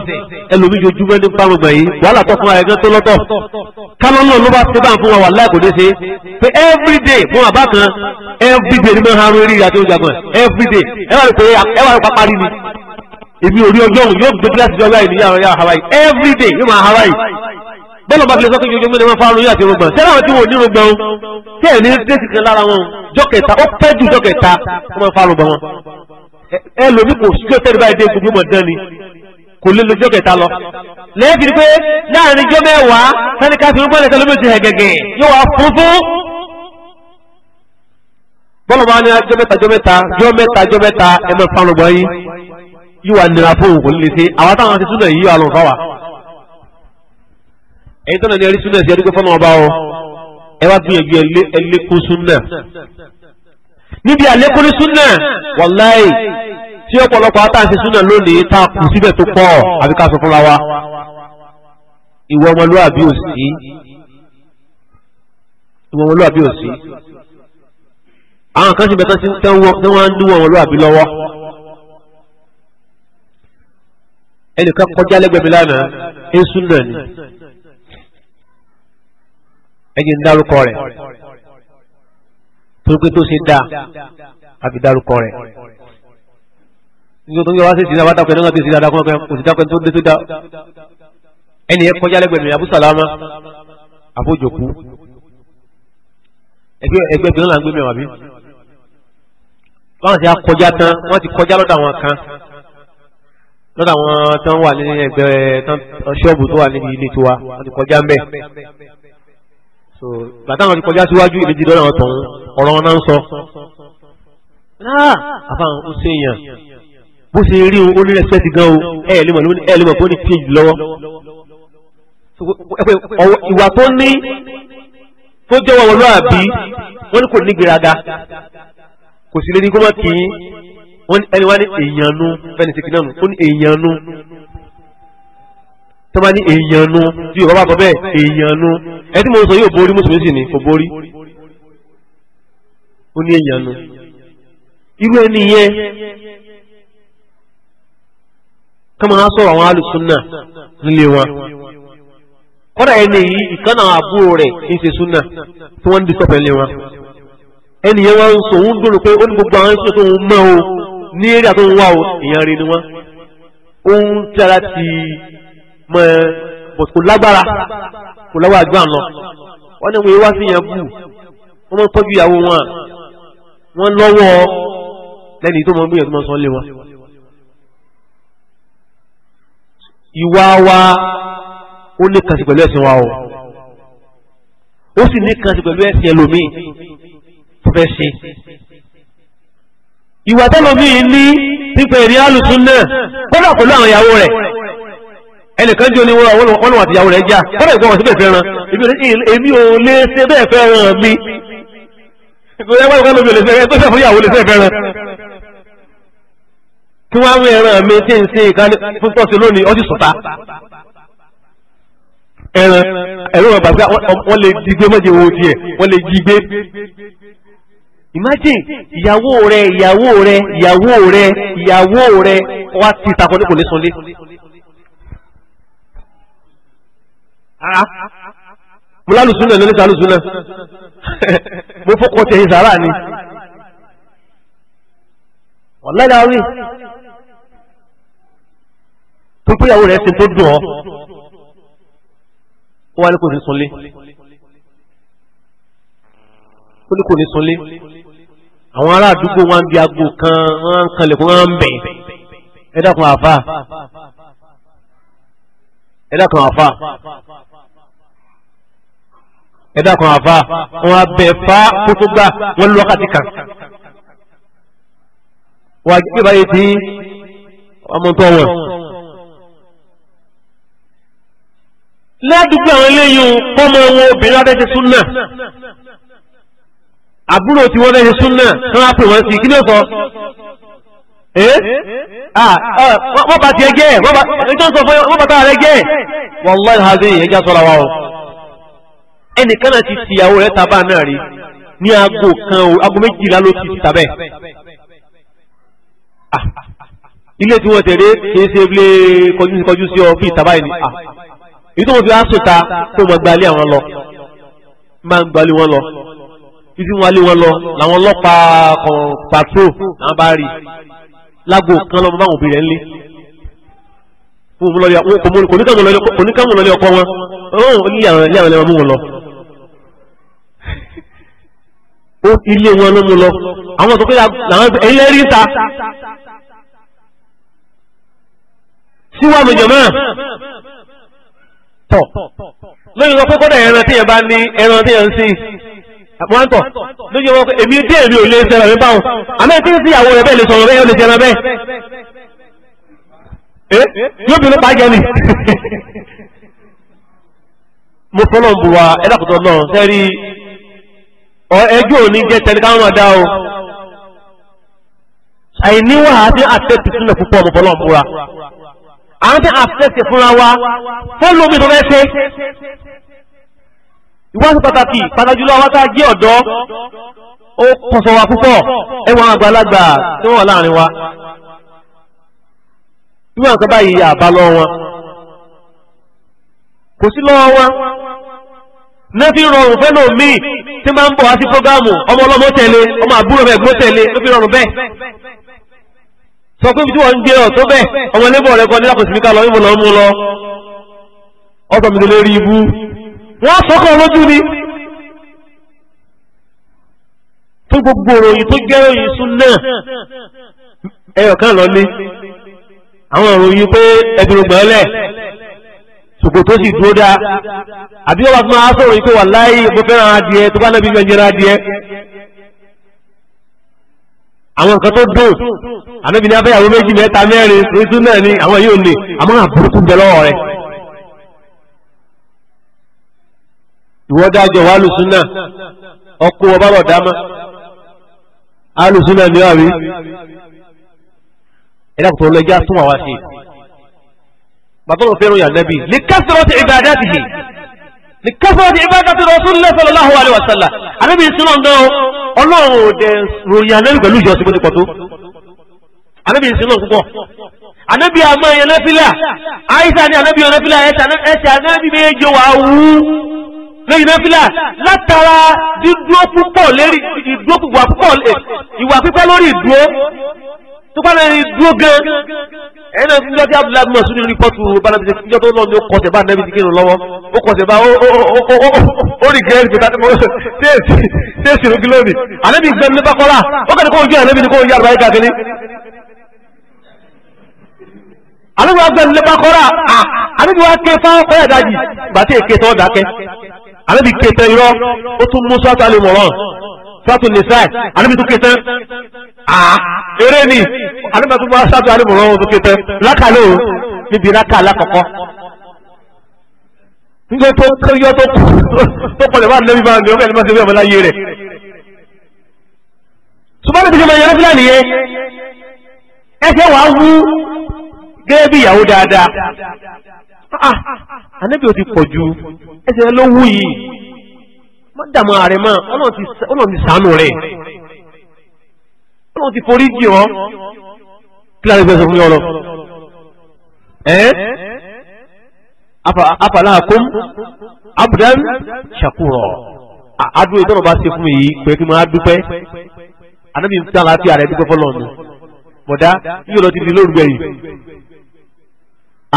ẹlòmí jojúmọ́ ní báwọn gbọ̀nyí wàhálà tó fún ẹ̀gán tó lọ́tọ̀ kálọ́nà ló bá ti bá fún wa wà láì ṣe pé everyday fún àbá kan everyday ni mo ń harun eré ìyá tó ń jagun everyday ẹ wà ní pé ẹ wà ní pápá rí ni èmi ò ọjọ́ òun yóò gbé gíláàsì jọ láì níyàwó yà hawaii every day yóò máa hawaii bọ́lá bá tilẹ̀ sọ́kè yóò gbé wọn fárun yóò àti rògbọ̀n sẹ́lá àwọn tí wọn ò ní rògbọ̀n tí ẹ̀ ní déètì kan lára wọn jọ́kẹta ó pẹ́ ju jọ́kẹta wọ́n máa fárun bọ̀ wọn. ẹ lómi kò sí ó tẹ́lẹ̀ báyìí dé gbogbo mọ̀ dán ni kò lè lójọ́ kẹta lọ. lẹ́yìn pé láàrin jọ́ mẹ́wàá sani ká yóò wá nira fóun kò ní lè ṣe àwa táwọn ti súnà yìí yóò alùn fáwa ẹ̀yin tó nà ní ẹrí súnà sí ẹdúgbò fọlọ́n ọba o ẹ wá gbìyànjú ẹlẹ́kùn súnà níbi àlékún ní súnà wàláì tí ọ̀pọ̀lọpọ̀ àtàǹsí súnà lónìí tá a kù síbẹ̀ tó pọ̀ àbí ká sọ fúnra wa ìwọ ọmọlúwàbí ò sí ìwọ ọmọlúwàbí ò sí àwọn kan sì bẹ tán tí wọ́n ń dúwọ́ ọmọlúwàbí lọ́wọ́. ẹnìkan kọjá lẹ́gbẹ̀ẹ́ mi lánàá esu náà ni ẹ̀jẹ̀ ń dárúkọ rẹ̀ tó pé tó ṣe dáa àfi dárúkọ rẹ̀ nítorí wá sí ìsìn àwọn àtàkùn ẹ̀dọ́gbọ̀n tó ṣe dáadáa kọ́ ọ̀kọ́ kò sì dákọ̀ tó dé tó dá ẹnì yẹn kọjá lẹ́gbẹ̀ẹ́ mi àbúsàlámà àfojòkú ẹgbẹ́ ẹgbẹ́ bí wọ́n là ń gbé mi àwọn àbí wọ́n ti kọjá tán wọ́n ti kọjá lọ́dọ̀ àwọn kan lọ́dọ̀ àwọn tó ń wà ní ẹgbẹ́ ṣọ́ọ̀bù tó wà níbi ilé tiwa wọ́n ti kọjá ń bẹ̀ so bàtà wọn ti kọjá síwájú ìbejì lọ́dọ̀ àwọn tọ̀hún ọ̀rọ̀ wọn náà ń sọ. Ah! àfahàn ó ṣe èèyàn bó ṣe rí o ní rẹ́sipẹ́tì gan o ẹ̀ lè mọ̀ kó ní tíyèjì lọ́wọ́ ìwà tó ní tó jẹ́wọ́ wọn náà bí wọ́n ní kò ní gbéraga kò sì lè ní kó má kì í ẹni wá ní èèyàn nu fẹ́ni ti kìnnà nu ó ní èèyàn nu tó bá ní èèyàn bí yorùbá bá sọ bẹ́ẹ̀ èèyàn ẹ tí mo sọ yóò borí mùsùlùmí ni kò borí ó ní èèyàn nu irú ẹni yẹn ká máa sọ̀rọ̀ àwọn alùsùnà nílé wọn kọ́dà ẹni yìí ìkànnà àbúrò rẹ̀ ń ṣe súnà tí wọ́n ń disọ́pẹ̀ nílé wọn ẹni yẹn wọ́n ń sọ òun dùn pé ó ní gbogbo àwọn ẹ̀ṣẹ̀ tó ń mọ́ o ní eré àtọ́ ń wá o èèyàn rí ni wọ́n ó ń tẹ́ra ti mọ ẹ bọ̀t kò lágbára kò lágbára gbà lọ wọ́n ní wọ́n wá sí yẹn bù wọ́n mọ̀ tọ́jú ìyàwó wọn wọ́n lọ́wọ́ lẹ́ni tó mọ̀ gbìyànjú mọ̀ sọ́lé wọn. ìwà wa ó ní kàn sí pẹ̀lú ẹ̀sìn wa o ó sì ní kàn sí pẹ̀lú ẹ̀sìn ẹlòmíì tó fẹ́ ṣe ìwà tẹ́lómi ní pípẹ́ ìrìn alùsùn náà kọ́dà pẹ̀lú àwọn ìyàwó rẹ̀ ẹnìkan jí oníwọ́ wọn lọ́wọ́ àti ìyàwó rẹ̀ já kọ́dà ìgbọ́n wọn sí bẹ́ẹ̀ fẹ́ràn èmi ò lè ṣe bẹ́ẹ̀ fẹ́ràn mi kí wọ́n wé ẹran mi tí ń ṣe ìkànnì fún tọ́sí lónìí ọdí sọ̀tá ẹran ẹ̀rọ ọ̀gbà pé wọ́n lè jígbé mọ́jẹ̀ wo tiẹ̀ wọ́n lè jígbé imagine ìyàwó rẹ ìyàwó rẹ ìyàwó rẹ ìyàwó rẹ wá ti takọ ní kò ní sunlé. mo lálùsùn náà lónìí sálùsùn náà mo fọkọ tẹ ìsàrà ni ọ̀lẹ́dàá rí tó pé ìyàwó rẹ̀ ti tó dùn ọ́ ó wá ní kò ní sunlé ó ní kò ní sunlé àwọn ará àdúgbò wọn bí aago kan wọn ń kanlẹ̀kùn wọn bẹ̀ ẹ dákun àfa ẹ dákun àfa wọn abẹ fa kótó gbà wọn lọ wákàtí kan wà á gbé báyìí tí ọmọ tó wọn. ládùúgbò àwọn eléyìí kọ́mọ wọn obìnrin adẹ́sẹ̀ náà àbúrò tí wọ́n fẹ́ ṣe súnà tí wọ́n á pè wọ́n sí kí ló sọ wọ́n bá ti ẹgẹ́ ẹ̀ wọ́n bá tààrẹ gẹ́ ẹ̀ wallahi hazi ẹjá sọ́ra wa o ẹnìkan náà ti tìyàwó rẹ̀ tàbá náà rí ní aago kan o aago méjìlá ló ti tàbẹ̀ ilé tí wọ́n tẹ̀lé kìí ṣe ilé kọjú sí ọ bí ìtàbá yìí ni èyí tó wọ́n fi wá sọ̀ta kó máa gbalé àwọn lọ máa ń gbalé wọn lọ títí wọn lé wọn lọ làwọn ọlọ́pàá pàtó làwọn bá rí lágbo kan lọ́mọ báwọn òbí rẹ̀ ń lé fún un lọ́lẹ́ kò ní káwọn lọ́lẹ́ ọkọ wọn ó ní àwọn ilé àwọn ẹlẹ́wọ̀n mú wọn lọ. ó ilé wọn ló mú lọ àwọn tó pé làwọn ẹ̀yìn lẹ́rí ń ta. síwá mi jọ̀mọ́ tọ̀ lóyún lọ pé kọ́dà ẹran tí yẹn bá ní ẹran tí yẹn ń sìn àpọ́ntọ̀ lójú ọmọ èmi dé èmi ò lè sẹ́ra mi báwọn àmẹ́ tí ń sí ìyàwó rẹ̀ bẹ́ẹ̀ lè sọ̀rọ̀ bẹ́ẹ̀ ó lè sẹ́ra bẹ́ẹ̀ eh yóò bí ló pa jẹ́ ni mo fọ́nà ń buwa ẹ̀dàkùtọ̀ náà sẹ́rí ẹjọ́ òní jẹ́ tẹni káwọn máa dá o àìníwà àti àtẹ́tì sílẹ̀ púpọ̀ mo fọ́nà ń buwa àwọn tí àtẹ́tì fúnra wa fọ́nà omi tó fẹ́ iwu pàtàkì pàtàkì jùlọ tá a jẹ́ ọ̀dọ́ ó kọsọ wa púpọ̀ ẹwọn àgbàlagbà tí wọ́n wà láàrin wa ìwé àǹkan báyìí yà bá lọ́wọ́ wọn kò sí lọ́wọ́ wọn náà fi rọrùn fẹ́ lòun míì tí máa ń bọ̀ wá sí prógámù ọmọ ọlọ́mọ tẹ̀lé ọmọ àbúrò bẹ́ẹ̀ gbó tẹ̀lé ló fi rọrùn bẹ́ẹ̀ sọ pé tí wọ́n ń gbé ọ̀ tó bẹ́ẹ̀ ọmọ lébọ̀ rẹ̀ kọ́ nílàkùnrin mi ká lọ ìmọ̀ lọ́mú wọ́n sọ́kọ̀ lójú ni tó gbogbo òròyìn tó gẹ́rọ yìí sún náà ẹyọ̀kan lọ ní àwọn òròyìn pé ẹgbẹ̀rọ̀gbọ̀n lẹ̀ ṣùgbọ́n tó sì dúró dáa àbí ọba tó máa sọ̀rọ̀ yìí wà wàláhì mo fẹ́ràn adìẹ tó bá adìẹ àwọn nǹkan tó dùn ni àwọn yóò lè àmọ́ ìwọ́dájọ́ wa alùsùnà ọkọ̀ ọba bọ̀ dámá alùsùnà ni wàá rí ẹ̀dá kòtò ọlọ́jà tún àwa ṣe bàbá òun fẹ́ràn yànnẹ́bí ní kásìrọ́tì ibadatihi ní kásìrọ́tì ibadati Rasulullah sallallahu alaihi wasallam àbíbi ìsinú ọ̀dọ́ ọlọ́run òde ròyìn yànnẹ́bí pẹ̀lú ìjọsìn bó ti pọ̀ tó àbíbi ìsinú àmọ́ yẹn nẹ́fìlà àyíṣà ni anabi yẹn nẹ́fìlà ẹ̀ṣẹ̀ anabi méjì wà wú lórí náfílà látara dídúró púpọ̀ lérí ìdúró púpọ̀ púpọ̀ eh, ìwà pípẹ́ lórí ìdúró tó bá lórí ìdúró gan ẹ̀yìn náà níjọ́ tí abdullahi mọ̀ sínú rìpọ́tù balabisi níjọ́ tó lọ́ọ́ ni ó kọsẹ̀ bá nẹ́bí kírun lọ́wọ́ ó kọsẹ̀ bá ó rí gẹ́rẹ́ ìgbà tí mo ṣe é sìnú gílóòdì ànẹ́bí gbẹ́ mi bá kọ́lá ó kẹ́ni kó ojú ànẹ́bí ni kó yára báyìí káàkiri ànẹ́bí wa gbẹ́ mi bá kọ́lá ah, ànẹ́bí wa ké fáwọn kọ́yà dájì gbàtí èké tó dákẹ́ ànábì kẹtẹ irọ́ ó tún mú sọ́tà lè mọ̀ràn sọ́tù nìsáì ànábì tún kẹtẹ à eré ni ànábì tún bá sọ́tù lè mọ̀ràn ó tún kẹtẹ lákàlẹ́ o níbi lákà lákọ̀kọ́ nígbà tó kéyọ́ tó kù tó kọlẹ̀ wà lẹ́bí báyìí ọ̀gá ẹ̀lẹ́mọ̀sẹ̀ bí ọmọlá yé rẹ̀ ṣùgbọ́n níbi tí mo yẹra fúlàní yẹn ẹsẹ̀ wàá wú gẹ́gẹ́ bí ìyàwó dáadáa ah anabi ah, ah, ah. o ti pọ̀ ju ẹsẹ̀ ló wú yìí má dààmú ààrẹ mọ́ ọlọ́run ti sànù rẹ̀ ọlọ́run ti forí jì ọ́ kí láti gbẹ́sọ̀ fún yọ lọ. afalakum abdan shakura adúlé tọ́nà bá ṣe fún mi yìí pé kí n máa dúpẹ́ anabi ń tàn láti ààrẹ dúpẹ́ fọlọ́ọ̀nù bọ̀dá yóò lọ ti di lórúkọ yìí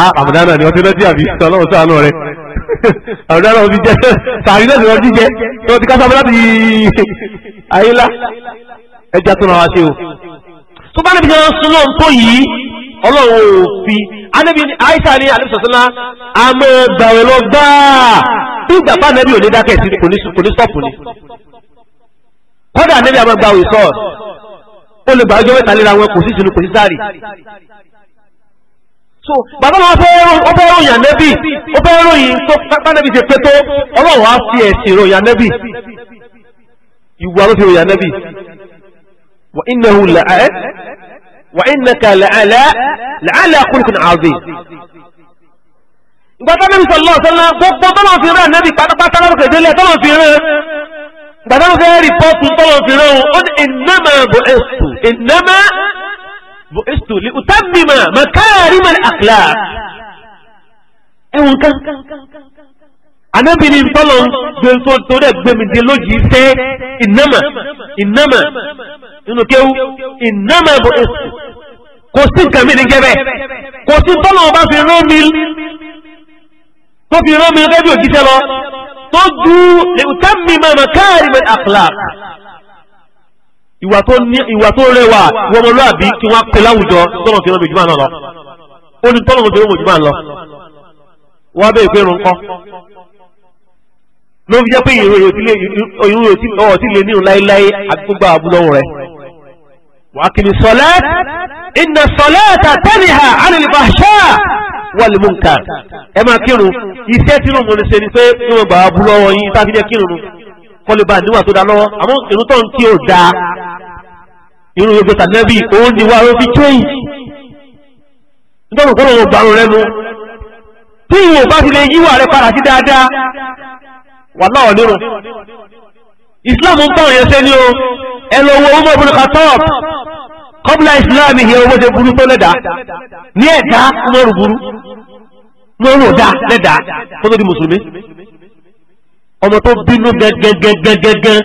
ah àmọ̀dánà ni wọ́n ti rántí àbí ọlọ́run sàánú rẹ̀ àmọ̀dánà wọn ti jẹ́ sàárì náà sì wọ́n jíjẹ tí wọ́n ti kásá bọ́lá ti ayélá ẹja tó náà wá sí o. tó bá níbi jẹun sún lóun tó yìí ọlọ́run ò fi anábì àìsàn ní àlẹ́ sọ̀túnlá àmọ́ gbàwé lọ gbáà bí ìgbà bá nẹ́bí ò ní dákẹ́ sí kò ní sọ́ọ̀pù ni kọ́dà nẹ́bí àmọ́ gbàwé sọ́ọ̀ ó lè gbàwé jọ mẹ́ta léra wọn kò sí ìṣèlú kò sí so bàbá wọn fẹ́ ó fẹ́ ròyìn ànẹ́bì ó fẹ́ ròyìn tó pánẹ́bì ṣe pé tó ọlọ́run á fi ẹ̀sìn ròyìn ànẹ́bì ìwà ló fi ròyìn ànẹ́bì wà innahu la'ẹ́ eh? wà innaka la'ala la'ala khuluqin azim. ìgbà tó nẹ́bí sọ̀lọ́ ọ̀sánlá gbogbo tọ́lọ̀ fi rán ànẹ́bì pátápátá lọ́rùn kẹ̀dẹ́lẹ̀ tọ́lọ̀ fi rán gbàdá wọn fẹ́ rìpọ́ọ̀tù tọ́lọ̀ fi rán ó ní innama bu'istu bu'istu li utammima makarimal akhlaq ẹ̀wọ̀n kan anábìnrin tọ́lọ̀ gbẹ̀ntọ́ torí ẹgbẹ̀mìdì lójì fẹ́ ìnámà ìnámà nínú kéwú ìnámà bu'istu kò sí nǹkan mi ní gẹ́bẹ̀ kò sí tọ́lọ̀ ọba fi rán mi tó fi rán mi gẹ́bí òjíṣẹ́ lọ tó ju li utammima makarimal akhlaq ìwà tó ní ìwà tó rẹwà wọ́n mọ̀ lóàbí kí wọ́n á pè láwùjọ tọ́nà tí wọ́n mọ̀ jùmọ̀ náà lọ ó ní tọ́nà tí wọ́n mọ̀ jùmọ̀ lọ wọ́n á bẹ̀rẹ̀ pé irun kọ́ ló fi jẹ́ pé ìrun yóò ti lè nírun láéláé àgbégbà àbúlọ́wọ́ rẹ̀ wàkìlì sọlẹ́t iná sọlẹ́t àtẹ́nìhà ánìlìbàṣá wàlìmùnkà ẹ máa kírun iṣẹ́ tí wọ́n mọ̀ ní ṣe ni pé kí gbà á bú yín tá kọ́lébà níwà tó dá lọ́wọ́ àmọ́ irun tó ń kí ó da irun yóò gbèsè nẹ́bí òun ni wàá fi change nítorí kọ́lọ́ wọn gbàrún lẹ́nu tí ìwò bá ti lè yíwà rẹ padà sí dáadáa wà láwọ̀ nírun islam ń báwọn yẹn ṣe ni o ẹ lọ wo ọmọ ìbùnú katọ́ọ̀p kọ́bùlà islam ìhẹ́ owó ṣe burú tó lẹ́dàá ní ẹ̀dá ọmọ rù burú mọ́rùn ọ̀dá lẹ́dàá kó tó di mùsùlùmí ọmọ tó bínú gẹ́gẹ́gẹ́gẹ́gẹ́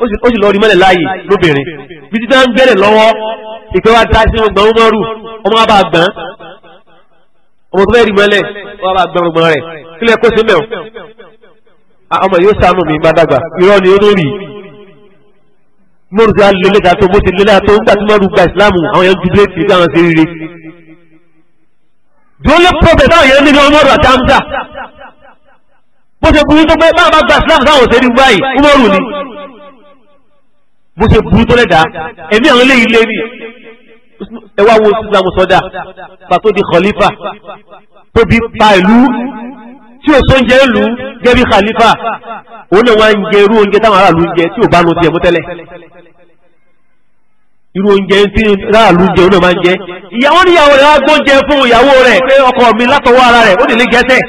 ó sì lọ rí mọ́lẹ̀ láàyè lóbìnrin bí títí ń bẹ̀rẹ̀ lọ́wọ́ ìpẹ́ wa ta sí ọgbọ̀n ọmọrù ọmọ bá gbọ́n ọmọ tó fẹ́ rí mọ́lẹ̀ ọmọ bá gbọ́n ọgbọ̀n rẹ̀ kílẹ̀ kó sí mẹ́wọ̀n ah, ọmọ yóò sànù mi bá dàgbà irọ́ ni ó lórí mọ́rù tí a lè lẹ́ta tó bó ti lẹ́ta tó gbà tí mọ́rù gba ìsìláàmù àwọn yẹn ju déètì bí àwọn ṣe rí rí. the only problem táwọn yẹn ní bó ṣe burú tó pé bá bá gba islam táwọn òṣèré gbá yìí umaru ni bó ṣe burú tó lẹ́dàá ẹ̀mí àwọn eléyìí lé ní ẹ wá wo islam sọdá pàtó di khalifa tó bí pa ìlú tí o sọ ń jẹ ìlú gẹ́bí khalifa òun náà wá ń jẹ irú oúnjẹ táwọn aráàlú ń jẹ tí ò bá nu tiẹ̀ mú tẹ́lẹ̀ irú oúnjẹ tí ráàlú jẹ onáà máa ń jẹ ìyàwó níyàwó rẹ̀ wá gbóúnjẹ fún ìyàwó rẹ̀ pé ọkọ mi látọwọ́ ara rẹ̀ ó lè lè gẹ́sẹ̀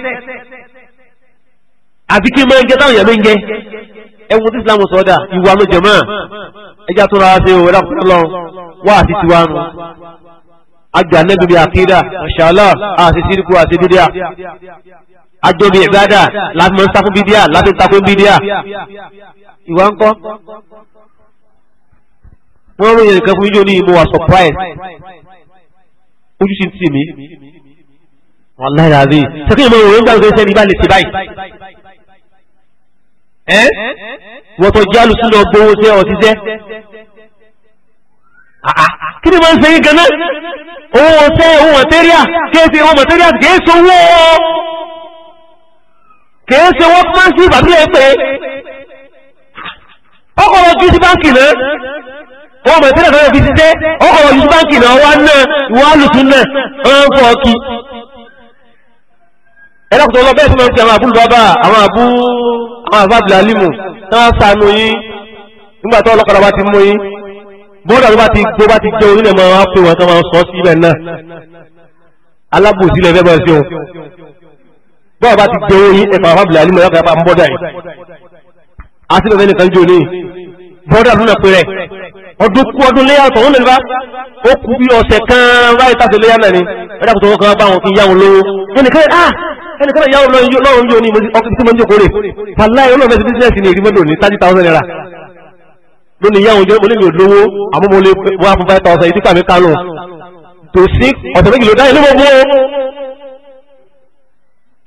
àti kí n máa ń jẹ táwọn èèyàn máa ń jẹ ẹwùn tí Islam sọ dà ìwà ló jẹ máa ẹjá tó ra ṣe òwe lápútà lọ wá àti tiwa nù àjọ anẹ́bí bíi àkídà àṣàlọ́ àti síríkù àti bídíà àjọ bíi ìbádà láti máa ń sáfún bídíà láti ń takún bídíà ìwà ń kọ́ wọ́n ròyìn nǹkan fún yíyó ní ìmọ̀ wa surprise ojú ti ń tì mí wàláhì àdéhìí sẹ́kẹ́ ìmọ̀ òwe ń gbàgbé sẹ́ni bá lè ṣe báyìí ẹ́ wọ́n tó jálù sí lọ gbowó sí ọtí sẹ́ kí ni wọ́n ń sẹ́yìn gan-an owó ọ̀sẹ́ owó material? kéèsì owó mọ̀tẹ́ríà kéèsì owó kéèsì owó kọ́mọ́sí ìbàdúrà ẹ̀ pé ọkọ̀ lọ ju sí báńkì náà wọ́n mọ̀ ìpínlẹ̀ fẹ́rẹ̀ fi ṣiṣẹ́ ọkọ̀ lọ ju sí báńkì náà wá náà ìwà lùtún náà ọ̀rọ̀ ń fọ ọkì. ẹlẹ́kùtọ̀ lọ máa ń ti àwọn àbúrò bàbá àwọn àbúrò àwọn àbábìlì alimu náà wá sànú yín nígbà tó ọlọ́kadà bá ti mú yín bọ́dà tó bá ti gbó bá ti jẹ́ orílẹ̀ máa wá pé wọn kan máa sọ síbẹ̀ náà alábòsí lẹ́fẹ́ bọ́ẹ̀ sí o bọ́ọ̀ bá ti gbé yín ẹ̀fà àbábìlì alimu ẹ̀fà àbá ń bọ́dà yìí àti bẹ̀rẹ̀ nìkan jò ọdún kú ọdún léyà ọ̀tọ̀ ó lè bá ó kú bí ọ̀sẹ̀ kan ráyè tàbí léyà náà ni ẹ̀dá kò tó wọ́n kan bá wọn kí yá wọn lówó ẹnìkan ah ẹnìkan náà yá wọn lọ́wọ́ yóò ní ọkùnrin tí mo ń jókòó rè pàláì olóòfẹ́ sí bísíǹsì ní ìrìbọ́dọ̀ ní thirty thousand naira lónìí yá wọn jẹ́ mo lè mi ò lówó àmọ́ mo lè wá fún five thousand ìdíkà mi kánú tò sí ọ̀sẹ̀ méjì ló dá ìlú gbogbo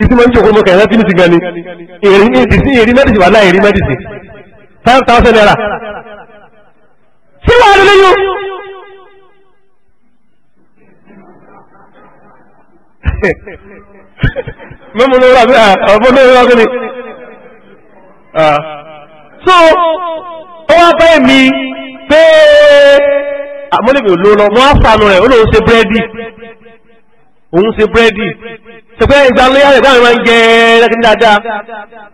ìsí mo ń jókòó mo kẹ̀rẹ́ tí mi ti gan ni èrí mẹ́dìsì wà láì èrí mẹ́dìsì five naira lẹ́yìn o. mẹ́mu ló rà bẹ́ẹ̀ ọ̀bọ̀ ló rà bẹ́ẹ̀ ni. Ah. so ó wá bẹ́ẹ̀ mi pé àmọ́lẹ́bí ah, ló lọ wọ́n á sànù rẹ̀ ó lóun ṣe búrẹ́dì òun ṣe búrẹ́dì ṣẹpẹ́ ìgbàlẹ́ àrẹ̀ báwọn máa ń jẹ́ ẹ́ dáadáa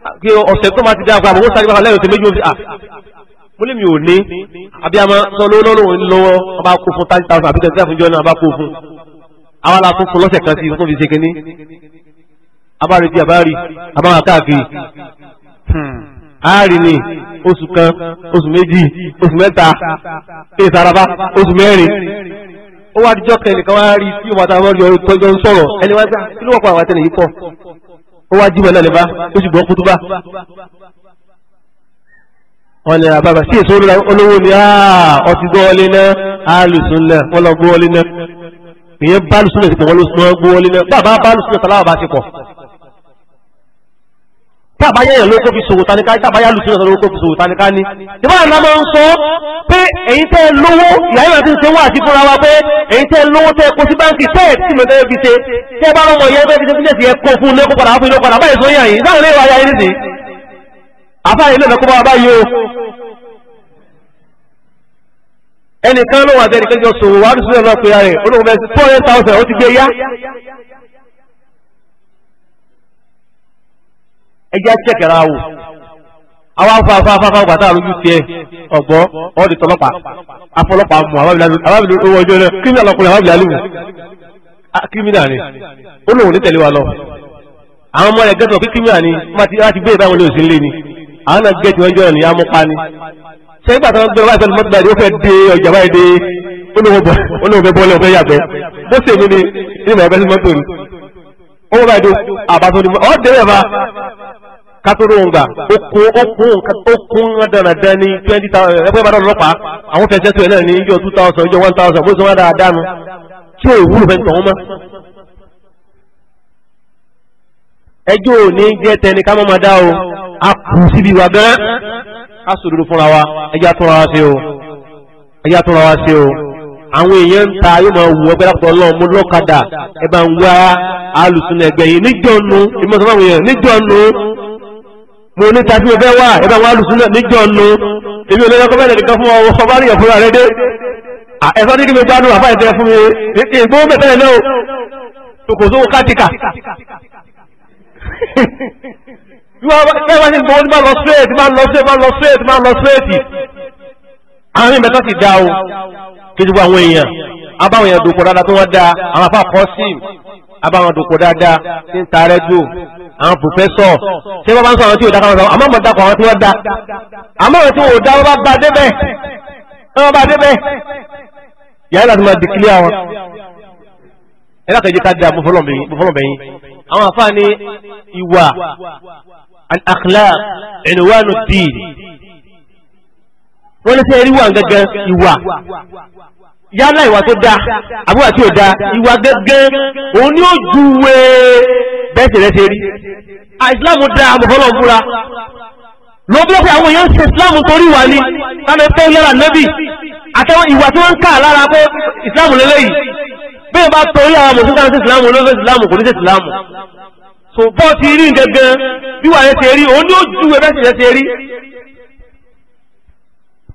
ah, kí ọ̀sẹ̀ tó máa ti dáa pa àbúrò sáré bàbá mo lè mi ò ní abiyamọ sọ lówó lọ́rùn lọ́wọ́ ọba kó fún thirty thousand àbí twenty thousand jọ náà ọba kó fún àwa la tún fún lọ́sẹ̀ kan sí fún fi ṣe kínní abárí ti abárí abáwá káàkiri hmm. àárín ni oṣù kan oṣù méjì oṣù mẹ́ta èyí saraba oṣù mẹ́rin ó wá dijọ́ kan ẹnìkan wá rí tí ìwà táwọn ọmọ ìtọ́jọ́ ń sọ̀rọ̀ ẹni wá gbà kí ló wà pa àwọn àtẹnìyí pọ̀ ó wá jí mọ̀ náà lè bá ó sì gbọ́ kútúbà wọn ni àbábà sí èso olówó ni ọtí gbọ́ wọlé náà alùsùn náà wọn lọ gbọ́ wọlé náà ìyẹn bá alùsùn náà ti pọ̀ wọn ló sùn gbọ́ wọlé náà bàbá bá alùsùn náà tàlàwà bá ti pọ̀ tàbá yẹ̀yàn ló kó fi ṣòwò tanika ní tàbá yàlùsùn náà ló kó fi ṣòwò tanika ní. ìbára náà máa ń sọ pé èyí tẹ́ ẹ lówó ìyá yìí àti ìṣòwò àti fúnra wa pé èyí tẹ́ ẹ lówó tẹ́ ẹ kó sí báńkì tẹ́ ẹ tí mo tẹ́ ẹ fi ṣe tẹ́ ẹ bá rọmọ yẹn bẹ́ẹ̀ fi ṣe fílẹ̀ sí ẹ kó fún un lẹ́kọ̀ọ́ padà fún un lẹ́kọ̀ọ́ padà báyìí sọ yẹn yìí àfáà ilé ìlẹ̀kọ́ bá báyìí o ẹnìkan ló wà tẹnìkan jọ sòwò wà lùsùn lọ pé rẹ olóhùn bẹ́ẹ̀ sí four hundred thousand ó ti gbé yá. ẹjẹ àtẹkẹrẹ awò àwọn afáfáfáfá ọgbà tá a lójú tiẹ̀ ọgbọ ọdí tọlọ́pàá afọlọ́pàá mú àbábìlì owó ọjọ́ náà kírímìnà lọkùnrin àbábìlì alùpùpù kírímìnà ni olóhùn ní tẹ̀lé wa lọ àwọn ọmọ rẹ̀ gẹ́tọ̀ kí kírímìnà ni wọ́n ti gbé ìbáwọn olóòsì ńlẹ̀ ana náà gẹ̀ẹ́tì wọn jọ̀rọ̀ nìyá mú pa ni ṣé ìgbà tó ń gbé wáyé sọ́dún mọ́tò báyìí ó fẹ́ dé ọjà báyìí dé olóòfẹ́ bọ́ọ̀lù ọ̀fẹ́ yàgbẹ́ bó ṣe ní ni ìmọ̀ ẹ̀fẹ́ sí mọ́tò ni ó wọ́n báyìí dé àbátọ́ ni ọ́ dẹ́rẹ́ bá kátóró ń gbà okun okun okun dandan ní twenty thousand ẹgbẹ́ ìbàdàn ọlọ́pàá àwọn fẹsẹ̀ tó yẹ náà ní ìjọ two thousand ìjọ one thousand bó ṣe wọn dáa dánu tí ò wúlò fẹ́ tọ̀hún mọ́. ẹjọ́ ò ní jẹ́ tẹni ká o. a kù síbi wa gẹ́rẹ́ a sòdodo fúnra wa ẹja tọ́ra wa sí o ẹja tọ́ra wa sí o àwọn èèyàn ń ta yóò máa wù ọgbẹ́ lápapọ̀ ọlọ́run mú lọ́kadà ẹ bá ń wá alùsùn ẹgbẹ́ yìí níjọ́ nu ìmọ̀ sọ́mọ́ àwọn èèyàn níjọ́ nu mo ní tàbí ọbẹ̀ wà ẹ bá wọn alùsùn níjọ́ nu èmi ò lè lọ́kọ́ bẹ́ẹ̀ nìkan fún ọwọ́ ọba rí ẹ̀fọ́ rẹ dé ẹ̀fọ́ ní kí mi gbádùn àbá ìtẹ́ fún mi ìgbó mẹ́tẹ́lẹ̀ náà kò sówó kátíkà lẹ́wọ́n ní gbogbo nígbà lọ straight máa lọ straight máa lọ straight máa lọ straight àwọn ìbẹ̀tọ́ ti dá o kí gbogbo àwọn èèyàn abáwọn èèyàn dòpò dáadáa tó wọ́n dá àwọn afá kọ́sìm abáwọn dòpò dáadáa tí ń ta rẹ́díò àwọn pòfẹ́sọ̀ tí wọ́n bá ń sọ àwọn tí ò dá káwọn sọ àmọ́ mọ̀ dákọ̀ àwọn tí wọ́n dá àmọ́ àwọn tí ò dá wọ́n bá ba débẹ̀ wọ́n bá débẹ̀ yàrá láti máa dìkílé àwọn ẹ̀rọ àkàjẹ́ ká dá mo fọlọ́ bẹ̀yìn àwọn afá ni ìwà الأخلاق عنوان الدين dìín wọ́n ní sẹ́ rí wà gẹ́gẹ́ ìwà yálà ìwà tó dáa àbúwà tí ò dáa ìwà gẹ́gẹ́ òun ni ó juwe bẹ́ẹ̀sì rẹ̀ ṣe rí àìsílámù dáa àmọ̀fọ́lọ́ múra lọ́pọ̀lọpọ̀ àwọn èèyàn ṣe ìsìlámù torí wà ní láti fẹ́ lára nẹ́bì àtàwọn ìwà tí wọ́n ń kà lára pé ìsìlámù lélẹ́yìí bẹ́ẹ̀ bá torí àwọn mùsùlùmí sí ìsìlámù so bọ́ ti rí gangan bí wàá ṣe rí òun ni ó ju ẹgbẹ́ sì ṣe rí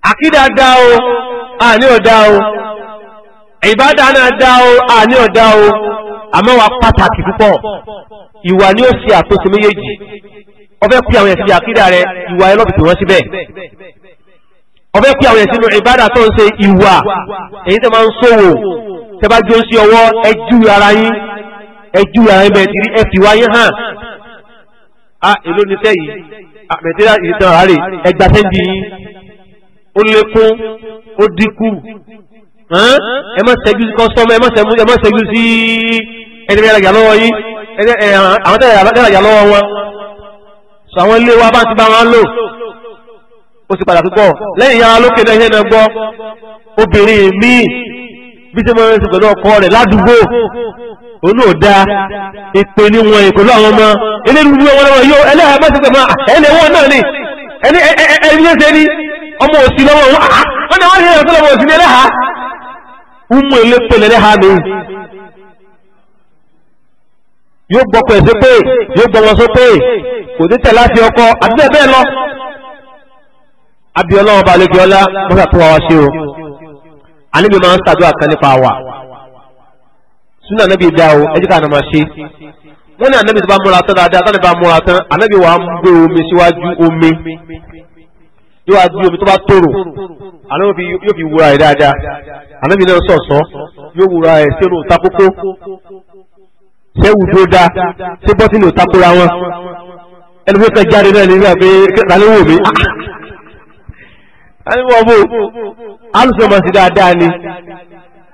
àkídà dá o àní ọ̀dá o ìbádà náà dá o àní ọ̀dá o àmọ́ wa pàtàkì púpọ̀ ìwà ni ó ṣe àtúnṣe méjèèjì ọfẹ́ pí àwọn ẹ̀sìn àkídà rẹ ìwà ẹ lọ́bìtì wọ́n síbẹ̀ ọfẹ́ pí àwọn ẹ̀sìn ìbádà tó ń ṣe ìwà èyí tẹ́ máa ń ṣòwò tẹ́ bá jó sí ọwọ́ ẹjú ara yín ẹjú yàrá ibẹ̀ ti rí ẹ fi wáyé hàn a èló ni sẹ́yìn àmẹ̀tẹ́rà ìrètàn àárẹ̀ ẹgbà sẹ́ńdì yín ó lékún ó dínkù ẹ má ṣẹ́jú sí kọ́sọ́mù ẹ má ṣẹ́jú sí ẹni bẹ́ẹ̀ rajà lọ́wọ́ yín àwọn tẹ́lẹ̀ rajà lọ́wọ́ wọn sọ àwọn ilé wa bá ti bá wọn lò ó sì padà púpọ̀ lẹ́yìn yàrá lókè náà iṣẹ́ náà gbọ́ obìnrin míì bí ṣe mọ́rẹ́sì pẹ̀lú ọkọ rẹ̀ ládùúgbò olóòdá ìpè ní wọn ìpè lọ́wọ́ ọmọ eléyìí wọn lọ́wọ́ yóò ẹlẹ́yà bá ti pẹ̀ máa ẹni ẹ̀wọ̀n náà ni ẹni ẹ̀ṣẹ̀ ni ọmọ òsì lọ́wọ́ wọn wọn ah, ni wọ́n ṣe ẹ̀ṣẹ̀ lọ́wọ́ òsì ní ẹlẹ́hà umu elépe lẹ́lẹ́hà mi yóò gbọ́kọ̀ ẹ̀sẹ̀ pé yóò gbọ́wọ́ sọ pé kò ní tẹ̀ láti ọkọ àti bẹ́ẹ̀ bẹ́ẹ̀ lọ abiola ọba àlejò ọlá mọ́sàtúwà wa ṣe o ànábì máa ń ṣàdúrà kan nípa wa súnà ànábì dá o ẹ jẹ́ ká àná máa ṣe wọ́n ní ànábì tó bá múra tán dáadáa tán ní bá múra tán ànábì wàá ń gbé omi síwájú omi yóò wá gbé omi tó bá tòrò ànábì yóò fi wúra rẹ̀ dáadáa ànábì náà sọ̀sọ́ yóò wúra rẹ̀ sínú ìtakókó sẹ́wù tó dáa sí bọ́tínì ìtakóra wọn ẹni wọ́n kẹ́ jáde náà nígbà pé kí ẹni wọ́n bò alùsùn máa ṣe dáadáa ni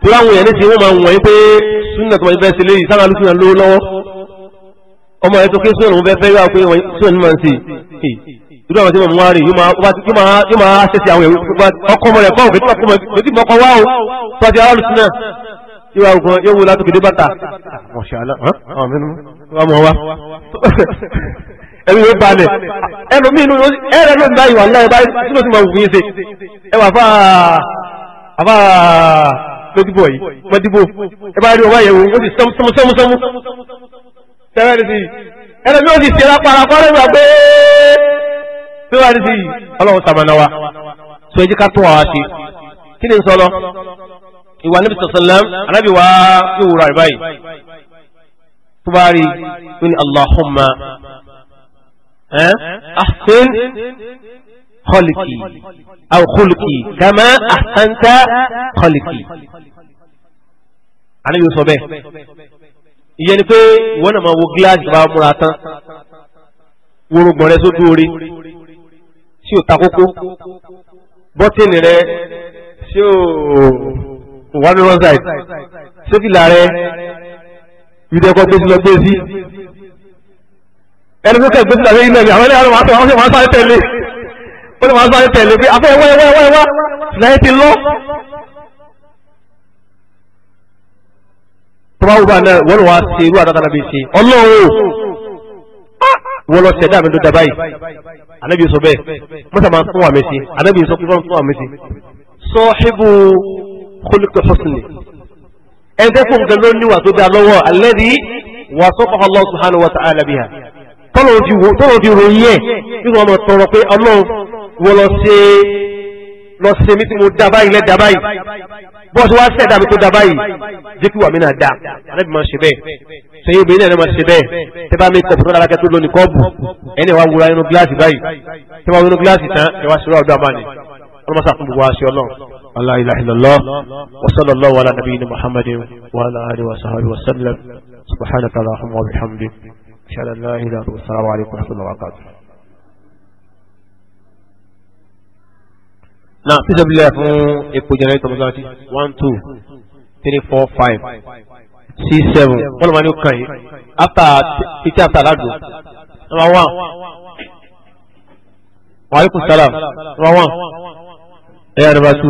torí àwọn èèyàn ní ti wọ́n máa ń wọ̀nyí pé súnà tó máa ń fẹ́ ṣe léyìí sáwọn alùsùn náà lówó lọ́wọ́ ọmọ rẹ tó ké súnà ló ń fẹ́ fẹ́ yóò pé súnà ní máa ń ṣe irú àwọn tí mo mú wá rí yóò máa ṣẹ̀ṣẹ̀ àwọn èèyàn ọkọ ọmọ rẹ̀ fọ́ọ̀kì tí mo kọ wá o tó àti alùsùn náà ìwà ògùn yóò wù látòkè dé bàtà ẹ̀rù yóò balẹ̀ ẹlòmíì inú ẹ̀rẹ̀ ló ń bá ìwà ńlá ẹ̀bá tí ló ti máa wùyí ṣe ẹwà fà àfà lódìbò yìí mọ́dìbò ẹbá rí ọwọ́ yẹ̀wò ó sì sọmúsọmú tẹ́rẹ́ ní sí ẹlòmíì ó sì ṣe lápára párẹ́ ìgbà pé pé wà ní sí ọlọ́run sàmánà wa sọ ẹjí ká tó wa ṣe kí ni ń sọ lọ ìwà níbi sọ̀sọ̀lẹ́m alábìwá yóò wúra ìbáyìí tó bá rí ó ní Allahumma أحسن خلقي أو خلقي كما أحسنت خلقي أنا يوسف ìyẹn ni pé ìwọ náà máa wo gíláàsì bá múra tán worogbọ̀n rẹ sójú orí tí ò ta kókó bọ́tìnì rẹ tí ò wà ní rọ́ńsáì sófìlà rẹ ìdẹ́kọ̀ gbèsè lọ gbèsè ẹni tó kẹ́gbẹ́ tàbí ilẹ̀ ni àwọn ẹlẹ́yàwó máa tẹ̀lé wọ́n sáré tẹ̀lé wọ́n máa sáré tẹ̀lé pé afẹ́ ẹwọ́ ẹwọ́ ẹwọ́ ẹwọ́ láyé ti lọ. tó bá wù bá náà wọ́n wá sí irú àdáta náà bí ṣe ọlọ́run wọ́n lọ ṣẹ̀dá mi tó da báyìí anábì sọ bẹ́ẹ̀ mọ́tà máa tún wà mí sí anábì sọ pé wọ́n tún wà mí sí. sọ́ọ́hìbù kólíkọ̀ fọ́sùnì ẹ̀ńtẹ́kùn gan ló níwà tó da lọ́wọ́ alladhi wasafahu Allah subhanahu wa ta'ala biha tọ́lọ̀ ti ròyìn ẹ̀ tí wọ́n mọ̀ tọrọ pé ọlọ́run wọ́n lọ ṣe lọ ṣe mí tí mo da báyìí lẹ́ da báyìí bọ́ọ̀sì wá sẹ́ẹ̀dá mi tó da báyìí jẹ́ kí wà mí náà da anábì máa ala nabiyina muhammadin wa ala alihi wa sahbihi wa sallam subhanaka allahumma wa bihamdik شهد الله إله إلا الله السلام عليكم ورحمة الله وبركاته náà tí sẹ́bi lẹ́yà fún epo jẹnẹrétọ̀ mọ́sáàtì one two three four five six seven wọ́n lọ́ máa ní kàn yín after títí after aládùn number one wa aleykum salaam number one ẹ̀yà number two.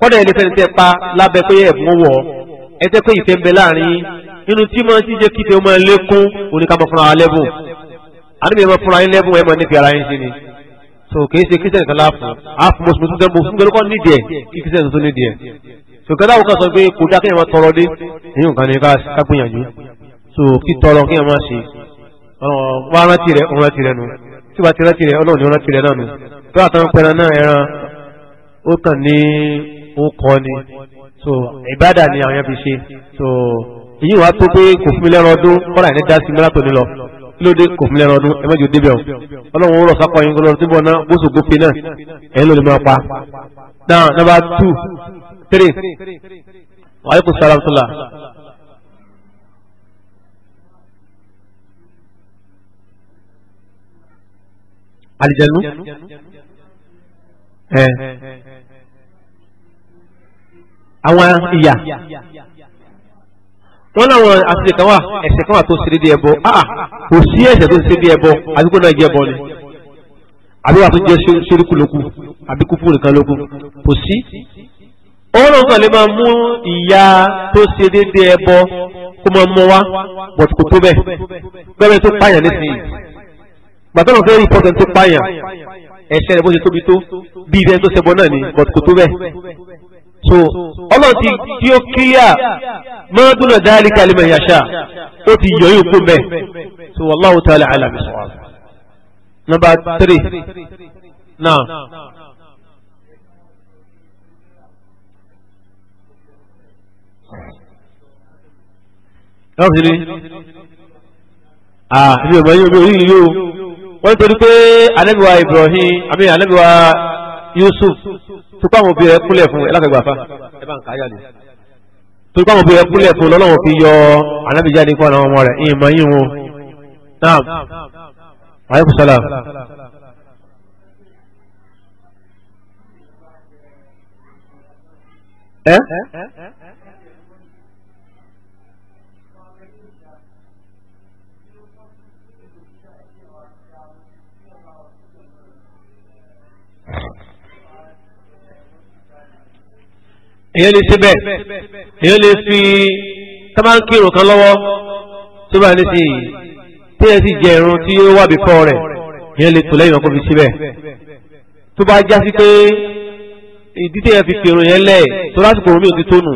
kọ́dà ẹni fẹ́ni tẹ́ pa lábẹ́ pé ẹ̀bùn wọ̀ ẹ tẹ́ pé ìfẹ́ ń bẹ láàrin nínú tí mo ti jẹ́ kí ìfẹ́ ọmọ lékún oníkàmọ́ fúnra lẹ́bùn àdúgbò ẹ̀mọ fúnra yín lẹ́bùn ẹ̀mọ nífi ara yín sí ni so kì í ṣe kí sẹ́nìkan láàfún àfún mùsùlùmí fún gẹ́gẹ́ fún gẹ́gẹ́ nídìí ẹ̀ kí kí sẹ́nìkan tó nídìí ẹ̀ so kẹ́tà àwọn kan sọ pé kò dá kéèyàn máa tọrọ dé èyí nǹkan ni ká gbìyànjú so kí tọrọ kéèyàn máa ṣe wọ́n rántí rẹ̀ òun rántí rẹ̀ nu tí wàá ti rántí rẹ̀ ọlọ́run ni rántí rẹ̀ náà nu tó àtàwọn pẹran náà ẹran ó kàn ní ó kọ́ ni so ìbádà ni àwọn yẹn fi ṣe so èyí wàá tó pé kò fún mi lẹ́rọ ọdún kọ́ra ẹni dá sí mi látòní lọ kí ló dé kò fún mi lẹ́rọ ọdún ẹ mẹ́jọ débẹ̀ o ọlọ́run ó rọ̀ sápọ̀ yín ọlọ́run tí bọ̀ náà gbóṣù gbófin náà ẹ̀yin ló lè máa pa náà number two three wàhálà sàlámù tó la. alijanu ẹ àwọn ìyà wọ́n láwọn àfihàn kan wà ẹ̀ṣẹ̀ kan wà tó ṣe déédéé ẹbọ ah kò sí ẹ̀ṣẹ̀ tó ṣe déédéé ẹbọ àbí kò náà jẹ́ ẹbọ ni àbí wà tó jẹ́ ṣeríkù lókù àbí kúkú nìkan lókù kò sí. ọlọ́run kan lè máa mú ìyà tó ṣe déédéé ẹbọ kó máa mọ wá bọ̀t kò tó bẹ́ẹ̀ gbẹ́bẹ́ tó pààyàn nísìnyí gbàtọ́nà fẹ́ẹ́ rí pọ́tẹ́ tó pààyàn ẹ̀ṣẹ̀ rẹ̀ bó ṣe tóbi tó bí ìdẹ́n tó ṣẹbọ so ọlọ́run ti tí ó kíyà mọ́dúnà dáríkà lè mẹ́rin àṣà ó ti yọ yóò kó bẹ́ẹ̀ so wallahu ta'ala alam nọmba tírì náà. yọ́n fi ni ah ibi ọ̀gbọ́n yóò rí yìí o wọ́n ń torí pé anabiwa Ibrahim àmì anabiwa Yusuf torípa àwọn obìnrin rẹ̀ kúnlẹ̀ fún ẹ lákàgbà fa ẹ bá ń kà á yà lè torípa àwọn obìnrin rẹ̀ kúnlẹ̀ fún lọ́lọ́wọ́ fi yọ anábìjáde fún àwọn ọmọ rẹ̀ ìyìn mọ́ yín èyàn lè ṣe bẹ́ẹ̀ èyàn lè fi tábàǹkìrò kan lọ́wọ́ tó bá ní sí i téèyàn sì jẹ irun tí ó wà bífọ́ rẹ̀ èyàn lè tò lẹ́yìn ọkọ̀ fi ṣe bẹ́ẹ̀ tó bá já sí pé ìdí téèyàn fi fèrò yẹn lẹ̀ tó lásìkò omi òtí tó nù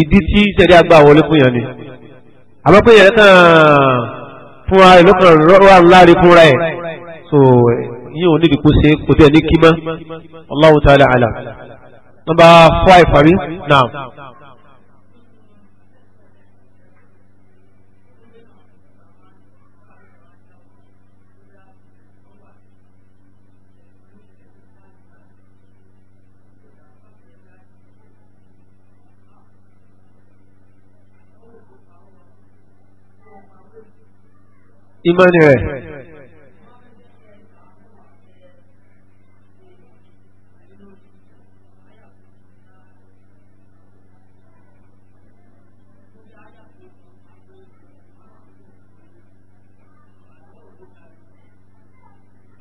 ìdí tí ìṣẹ̀dí àgbà wọlé fún yẹn ni àmọ́ pé yẹn kàn fúnra ẹ̀ lọ́kàn rọra láre fúnra ẹ̀ so yíò nídìí kó ṣe kò tẹ̀ ní kí mọ́ Allahu ta'ala alam. Number five àbí náà. imani rẹ̀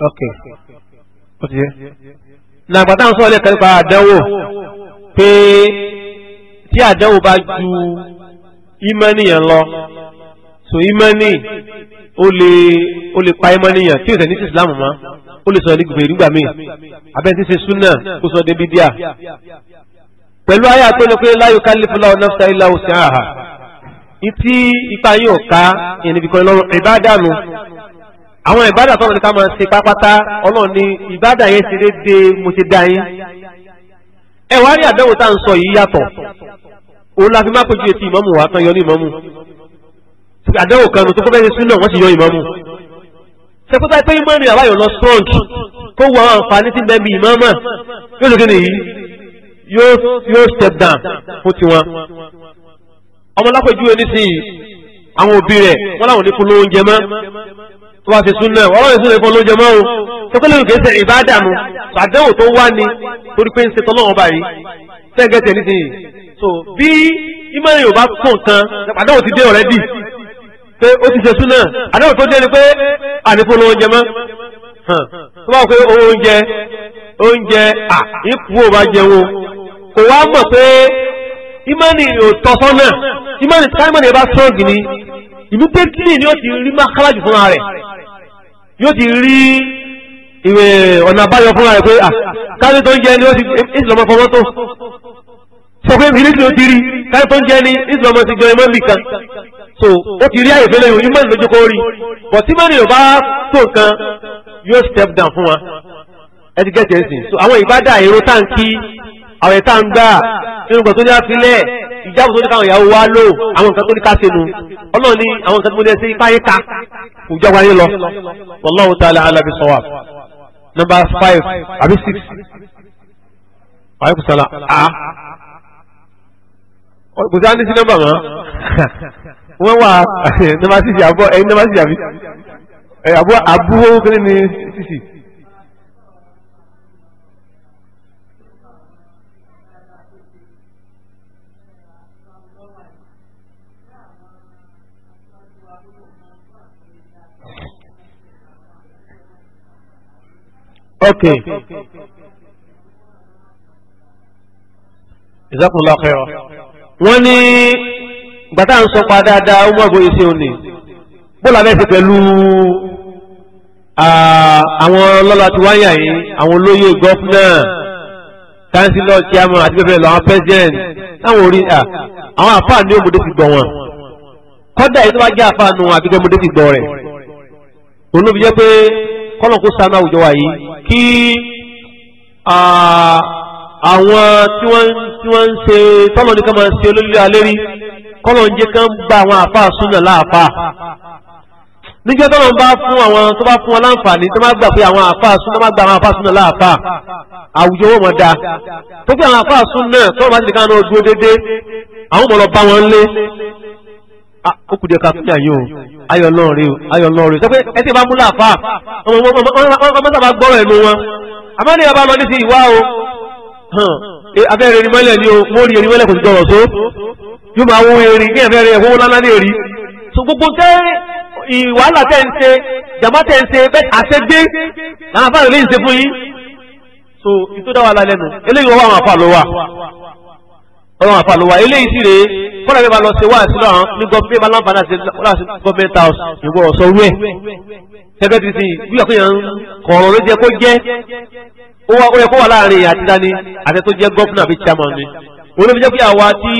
okay ó ti yẹ. nàgbà táwọn sọ̀rọ̀ lẹ́ẹ̀kan nípa àdánwò pé tí àdánwò bá ju ìmánì yẹn lọ so ìmánì ó lè ó lè pa ìmánì yẹn tí òsè ní sí islam mọ́ ó lè sọ ní gbèrú nígbà míì abẹ́ni ti ṣe súnà kó sọ débi díà pẹ̀lú ayé àpẹẹrẹ pé la yukallifu Allahu nafsan illa wus'aha ìtí ipa yóò ká ìyẹn níbi kan lọ́rùn ìbádànù àwọn ìbádà tọ́lọ́ ní ká máa ṣe pápátá ọlọ́run ní ìbádà yẹn ṣe déédéé mo ti dá yín ẹ wá rí àdánwò tá à ń sọ yìí yàtọ̀ òun la fi má kojú etí ìmọ̀mù wa tán yọ ní ìmọ̀mù àdánwò kan tó fẹ́ sún náà wọ́n sì yọ ìmọ̀mù sẹ́kọ́tà pé ìmọ̀rin àbáyọ̀ lọ strong kó wọ àwọn àǹfààní tí bẹ́ẹ̀ mi ìmọ̀mọ̀ yóò lókè nìyí yóò step down fún tiwọn ọmọ lápẹjú ẹni sí àwọn òbí rẹ̀ wọ́n láwọn ní kú lóúnjẹ mọ́ tó bá ṣe súnà ọ̀rọ̀ ìsúnà ìfọ́ ló jẹ mọ́ o tẹ́kọ́lẹ́ òkè ṣe ìbádà mu àdéhùn tó wá ni torí pé ń ṣe tọ́lọ́wọ́n báyìí tẹ́gẹ́tẹ̀ nísìnyí so bí ìmọ̀ràn yorùbá tó nǹkan àdéhùn ti dé ọ̀rẹ́dì pé ó ti ṣe súnà àdéhùn tó dé ni pé ànífọ́ ló jẹ mọ́ tó bá wọ pé owó oúnjẹ oúnjẹ à ìkú ò bá jẹun kò wá mọ̀ pé ìmọ̀ràn ìrìn ò tọ́ sọ́nà ìmọ̀ràn táìmọ̀ràn yẹn bá sọ́ọ̀gì ni immediately ni ó ti rí makaraju fúnra rẹ̀ yóò ti rí ìwé ọ̀nà àbáyọ fúnra rẹ̀ pé à ah, tó ń jẹ ni ó ti ìsìlọ́mọ fọwọ́ tó sọ pé ìrísí ó ti rí káàdì tó ń jẹ ni ìsìlọ́mọ ti jọ ẹmọ́ nìkan so ó ti rí àyè yòó ìmọ̀ ìlójú kó rí but tí mẹ́rin ò bá tó nǹkan yóò step down fún wa ẹ ti gẹ́tẹ̀ẹ́sì so àwọn ìbádà èrò táǹkì àwẹ̀ tá ń gbà nínú gbà tó ní àfilẹ̀ ìjábọ̀ tó ní káwọn ìyàwó wa lò àwọn nǹkan tó ní ká nu ọlọ́run ní àwọn nǹkan tó ní ẹsẹ̀ ipá yé ká kò jọ wáyé lọ wallahu ta'ala alábi sọ̀wà number five àbí six wàhálà kùsàlà a kò sí àndísí nọ́mbà mọ́ wọ́n wà number six àbọ̀ ẹ̀yin number six àbí àbọ̀ àbúrò kí ni six. ok ìzákùnlá ọ̀kẹ́rọ̀ wọ́n ní gbàtà ń sọpa dáadáa ó mọ̀gbọ́ iṣẹ́ òní bóòlù abẹ́sẹ̀ pẹ̀lú àwọn ọlọ́lá tí wáyà yìí àwọn olóyè gọ́fúnà kánsílọ̀ chairman àti bẹ́ẹ̀ lọ àwọn president táwọn orí àwọn àfáà ní òmùdé ti gbọ̀ wọn kọ́dà yìí tó bá jẹ́ àfáà nù àbíkẹ́ òmùdé ti gbọ̀ rẹ̀ olóbi jẹ́ pé kọ́lọ̀ sanu àwùjọ wa kí àwọn tí wọ́n ń ṣe tọ́lọ̀ ní ká máa ṣe olólùlé alérí kọ́lọ̀ ń jẹ́ ká ń gba àwọn àfáà súnà láàfáà níjẹ́ tọ́lọ̀ ń bá fún àwọn tó bá fún wọn láǹfààní tó má gbà pé àwọn àfáà súnà má gba àwọn àfáà súnà láàfáà àwùjọ wọn mọ̀ da tó pé àwọn àfáà súnà tọ́lọ̀ bá ti lè náà dúró déédéé àwọn ọmọ lọ bá wọn lé Ah, ó kù díẹ̀ ká fún yàyín o ayọ̀ lọ́run rèé o ayọ̀ lọ́run rèé o sọ pé ẹ ti bá múlà fà ọmọ sábà gbọ́rọ̀ ẹnu wọn àmọ́ ní ọba ọmọdé ti ìwá o abẹ́rẹ́ erin mọ́lẹ̀ ni o wọ́n rí erin mọ́lẹ̀ kò ti dọ̀rọ̀ tó yóò máa wọ́n erin ní ẹ̀fẹ́ rẹ̀ wọ́n lánàá lè rí so gbogbo tẹ́ ìwàhálà tẹ́ ń ṣe jàmbá tẹ́ ń ṣe bẹ́ẹ̀ àṣẹgbé làwọn afáàlú lè ń ṣe fún yín so ìtúdáwà lálẹ́nu eléyìí wọ́n wà àwọn afáàlú wa ọlọ́run àfa ló wà eléyìí sì rèé kọ́lá bí ba lọ ṣe wá àṣìlọ àwọn ní gọ́ọ̀mẹ́ bá láǹfààní àti gọ́ọ̀mẹ́ntà ìwọ ọ̀sọ̀ rú ẹ̀ gẹ́gẹ́ ti sìn bí ọ̀kúnyà ń kọ̀ọ̀rọ̀ ló jẹ́ kó jẹ́ ó yẹ kó wà láàrin àti dání àti tó jẹ́ gọ́ọ̀fúnà àbí chairman ni òun ló fi jẹ́ pé àwa tí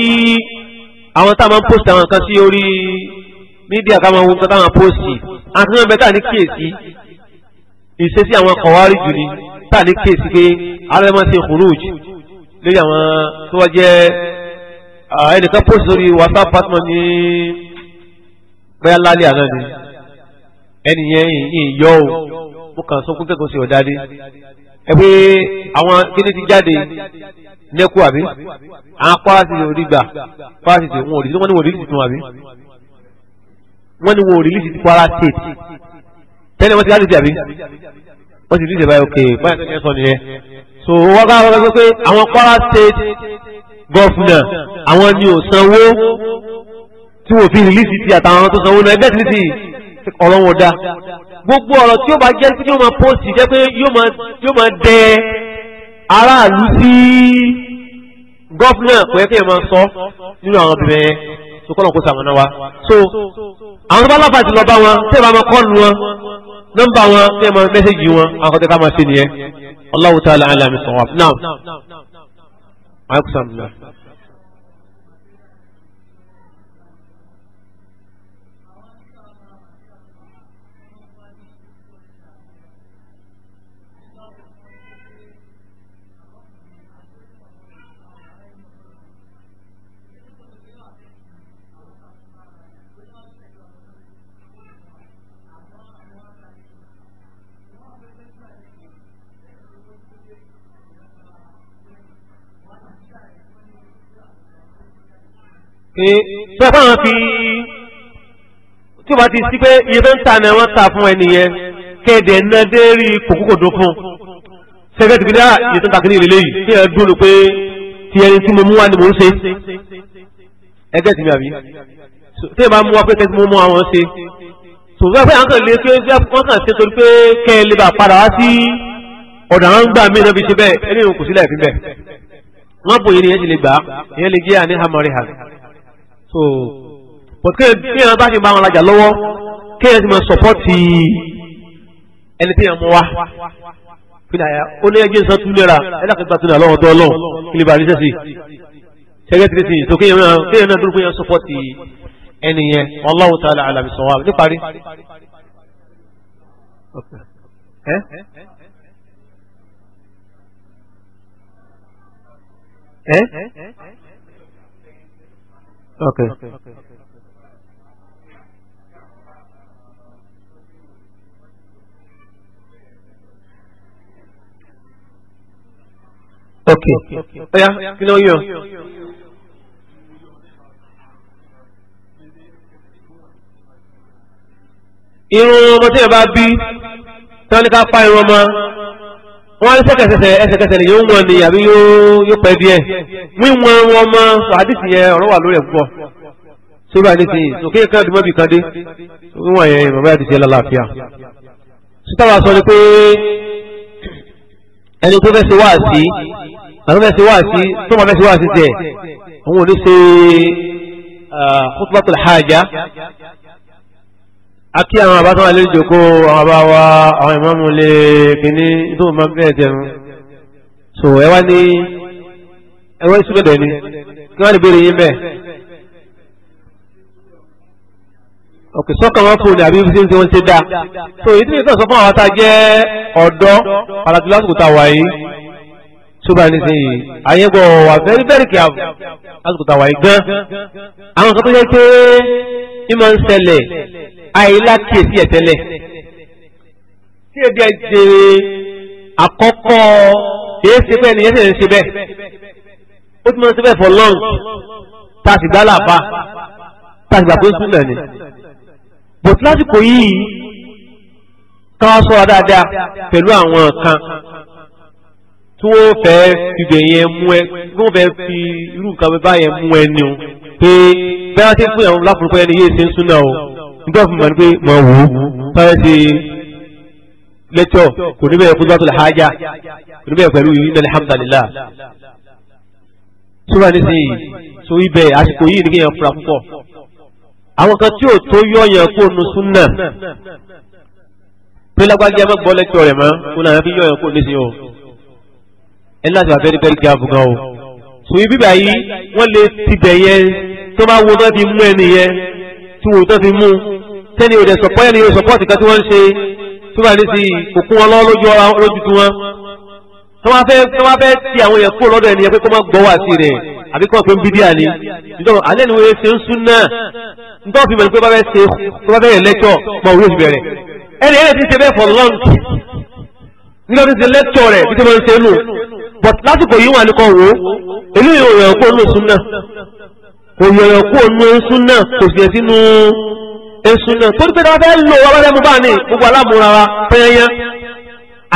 àwọn tá a máa ń post àwọn kan sí orí mídíà ká máa wo nǹkan táwọn post àti wọn bẹ tá à ní kíyèsí ìṣesí àwọn kọ̀wárí jù ni tá à ní kíyèsí pé alẹ́ máa ṣe kùrúùjì lórí àwọn tó wá jẹ́ Ah, ẹnìkan post lórí whatsapp partner ní bóyá lálẹ́ àná ni ẹnì yẹn yìnyín yọ o mo kàn sọ fún kẹ́kọ̀ọ́ sí ọ̀dá dé ẹ pé àwọn kíní ti jáde nẹ́kú àbí àwọn pàṣẹ orí gbà pàṣẹ tí wọn ò rí wọn ni wọn ò rí tuntun àbí wọn ni wọn ò rí lísì ti Kwara state tẹ́lẹ̀ wọ́n ti láti ti àbí wọ́n ti lísì báyìí ok báyìí tó ń sọ nìyẹn so wọ́n gbà wọ́n gbà pé àwọn Kwara state gọ́fúnà àwọn ni ò sanwó tí wò fi rìlísì ti àtàwọn tó sanwó náà ẹgbẹ́ ti ti ọ̀rọ̀ wọn dá gbogbo ọ̀rọ̀ tí ó bá jẹ́ pé yóò máa pósì jẹ́ pé yóò máa dẹ aráàlú sí gọ́fúnà kò yẹ kí ẹ máa sọ nínú àwọn obìnrin yẹn tó kọ́ lọ́n kó sàmọ́nà wa so àwọn tó bá láfa ti lọ bá wọn tẹ́ ẹ bá máa kọ́ọ̀lù wọn nọ́mbà wọn tẹ́ ẹ máa mẹ́sẹ̀gì wọn àwọn máa ṣe nìyẹn Allahu ta'ala alam sọ̀rọ̀ náà ayé kùsà pé fáwọn fi tí wọ́n ti sí pé iye tó ń ta ni wọ́n ta fún ẹni kéde ẹ̀ná dé rí kòkókòdó fún sẹ́kẹ́tì kìíní à iye tó ń ta kìíní ìrèlè yìí kí ẹ dúró pé ti ẹni tí mo mú wá ni mò ń ṣe ẹgẹ́ tì mí àbí tí ẹ bá mú wá pé kẹ́sì mo mú àwọn ṣe tò wípé àwọn kan lè pé wọ́n kàn ṣe torí pé kẹ́ ẹ lè bá padà wá sí ọ̀dà àwọn gbà mí náà fi ṣe bẹ́ẹ̀ ẹni ìhun kò sílẹ̀ fi bẹ́ẹ̀ wọ́n bò yẹn ni yẹn ti lè gbà yẹn lè jẹ́ àní hamari hàn pọ̀tí kéèyàn bá ṣe bá wọn lajà lọ́wọ́ kéèyàn ti mọ sọ̀pọ́tì ẹni tí yẹn mú wa ó ní ẹjẹ́ ìsan túnlera ẹ̀dá kan gba túnlera lọ́wọ́ dọ́ọ̀lọ́ kí lè bá rí sẹ́sì ṣẹ́gẹ́ tìrìtì tó kéèyàn náà dúró kéèyàn sọ̀pọ́tì ẹni yẹn Allahu ta'ala àlàmì sọ̀wọ́ níparí. ẹ ẹ ẹ Okay. Okay. Oya, kí ló yọ? Irun ọmọ tí yẹn bá bí, tí wọ́n ní ká pa irun ọmọ wọ́n sẹ́kẹsẹsẹ ẹsẹ̀kẹsẹ̀ lè yóò wọ́n ni àbí yóò pẹ́ díẹ̀ wíwọ́n wọn mọ́ àdìsí yẹn ọ̀rọ̀ wà lórí ẹ̀kọ́ sórí àdìsí yìí sókè kan dùmọ́ bì kan dé wíwọ́n yẹn bàbá àdìsí yẹn lálàáfíà. sítàwà sọ ni pé ẹni tó fẹ́ ṣe wá sí àwọn fẹ́ ṣe wá sí tó máa fẹ́ ṣe wá sí tẹ̀ òun ò ní ṣe ah, khutbatul haja akí àwọn àbá tó wà lórí ìjòkó àwọn àbá wa àwọn ìmọ̀mù lè kíní tó mọ̀ bẹ́ẹ̀ jẹun so ẹ wá ní ẹwọ́ ìsúgbẹ̀dẹ̀ ni kí wọ́n lè béèrè yín bẹ́ẹ̀. òkè sọ́kàn wọn fún un ní àbí ṣe ń wọ́n ṣe dáa so èyí tí mi sọ fún àwọn tá a jẹ́ ọ̀dọ́ pàtàkì lásìkò tá a wà yìí túbà nísìnyí àyẹ̀gbọ́ wà very very careful lásìkò tá a wà yìí gan àwọn kan tó yẹ pé ìmọ̀ ń àìlá kíyèsí ẹ̀ tẹ́lẹ̀ tí èdè ẹ̀ jèrè àkọ́kọ́ èyí ṣe bẹ́ẹ̀ ni èyí ṣe ń ṣe bẹ́ẹ̀ ó ti máa ń ṣe bẹ́ẹ̀ for long tá a sì gbá làbá tá a sì gbà pé ń súnà ni bòtí lásìkò yìí ká wá sọ́ra dáadáa pẹ̀lú àwọn kan tí wọ́n fẹ́ fìbẹ̀ yẹn mú ẹ tí wọ́n fẹ́ fi irú nǹkan bẹ́ẹ̀ bá yẹn mú ẹ ni o pé bẹ́ẹ̀ wá ti fún ìyàwó lápòlùpọ̀ ẹni yéé ṣe ń súnà o nígbà fún mi pé mo wò ó táyà ti lẹ́tọ̀ kò ní bẹ̀rẹ̀ fún bàtúlẹ̀ hájà kò ní bẹ̀rẹ̀ pẹ̀lú inna alhamdulillah sọ́ra nísìnyí so ibẹ̀ àsìkò yìí ni kéèyàn fura púpọ̀ àwọn kan tí ò tó yọ yẹn kó nu súnà pé lágbájá má gbọ́ lẹ́tọ̀ rẹ̀ mọ́ kó náà fi yọ yẹn kó nísìnyí o ẹ láti wà very very careful gan o so ibi báyìí wọ́n lè tibẹ̀ yẹn tó bá wo bá fi mú ẹni yẹn tí wò tó fi mú tẹ́ni òde sọ̀pọ̀ yẹn ni yóò sọ̀pọ̀ tìkan tí wọ́n ń ṣe tó bá ní sí òkú wọn lọ́wọ́ lójú ọ̀rá lójú tí wọ́n. tó wá fẹ́ tó wá fẹ́ ti àwọn yẹn kúrò lọ́dọ̀ ẹnìyẹn pé kó má gbọ́ wá sí rẹ̀ àbí kó pé ń bídíà ni. nítorí alẹ́ ni wọ́n ṣe ń sún náà nítorí fi mọ̀ pé bá fẹ́ ṣe tó bá fẹ́ lẹ́tọ̀ mọ̀ òwe ti bẹ̀rẹ̀. ẹnì ẹnì ti ṣe bẹ́ẹ̀ for long nígbà tó ti lẹ́tọ̀ rẹ̀ bí tó máa ń ṣe but lásìkò yìí wà ní kan wò ó eléyìí ò rẹ̀ ń pọ̀ nù sún náà kò yọ̀yọ̀ kó nu esun náà kò sì yẹ sínú esun náà torí pé dáa fẹ́ lò wá bẹ́ẹ̀ mú bá ní gbogbo aláàmúra wa pẹ́yẹ́yẹ́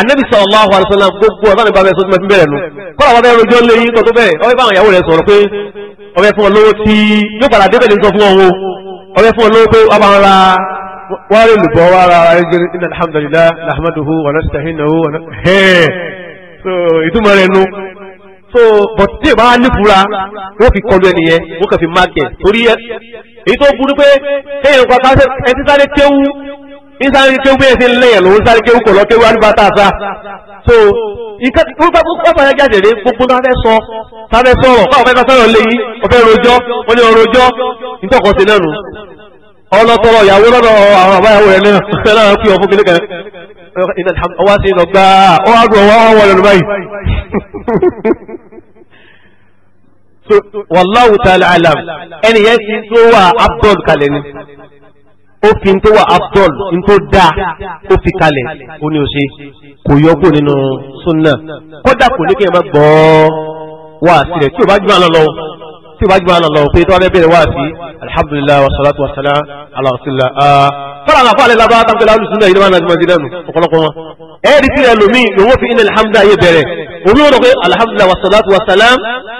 anabi sallallahu alaihi wasallam gbogbo ọ̀sán ní bàbá ẹ̀sọ́ tí mo kọ́lá wọn bẹ́ẹ̀ rojọ́ lé yín kọ́ tó bẹ́ẹ̀ ọbẹ̀ fáwọn ìyàwó rẹ̀ sọ̀rọ̀ pé ọbẹ̀ fún ọ tí yóò padà débẹ̀ lè sọ fún ọ̀hún ọbẹ̀ fún ọ pé ọba ń ra so but tí ìbá nífura wọ́n fi kọlu ẹni yẹn wọ́n kàn fi máàkì ẹ̀ torí ẹ èyí tó burú pé kéèyàn kọ ká ẹ ti sáré kéwú ní sáré kéwú bí ẹ ti ń lẹ́yìn lòún sáré kéwú kọ̀ lọ kéwú àdúgbò àtàtà so nǹkan tí wọ́n bá wọ́n bá jáde rè gbogbo náà fẹ́ sọ sáfẹ́ sọ̀rọ̀ káwọn fẹ́ ká sọ̀rọ̀ léyìn ọ̀fẹ́ rojọ́ wọ́n ní rojọ́ nítòkọ̀ sí lẹ́nu ọlọ́tọ̀rọ̀ ìyàwó lọ́dọ̀ àwọn àbáyàwó rẹ̀ náà fẹ́ láwọn kí ọ fún kílẹ̀ kan sí lọ gbáà ọwá ọwọ́ wọlé lọ báyìí so wallahu ta'ala alam ẹni yẹn ti tó wà abdul kalẹ̀ ni ó fi tó wà abdul tó dáa ó fi kalẹ̀ ó ní o ṣe kò yọkù nínú sunna kódà kò ní kí ẹ má gbọ́ wá sílẹ̀ tí o bá jù àná lọ tí o bá jù àná pé tí wọn bẹ bẹ̀rẹ̀ wá sí alhamdulilayi wa salatu wa salam ala rasulillah fọlá ah, àlàfà àlẹ labaratà ń pẹ̀lú alùsùn náà yìí ni wọn náà ti máa di lẹ́nu ọ̀pọ̀lọpọ̀ wọn ẹ̀rí tí rẹ̀ lómi lòun fi inna alhamdulilah yé bẹ̀rẹ̀ omi wọn lọ pé alhamdulilah wa salatu wa salam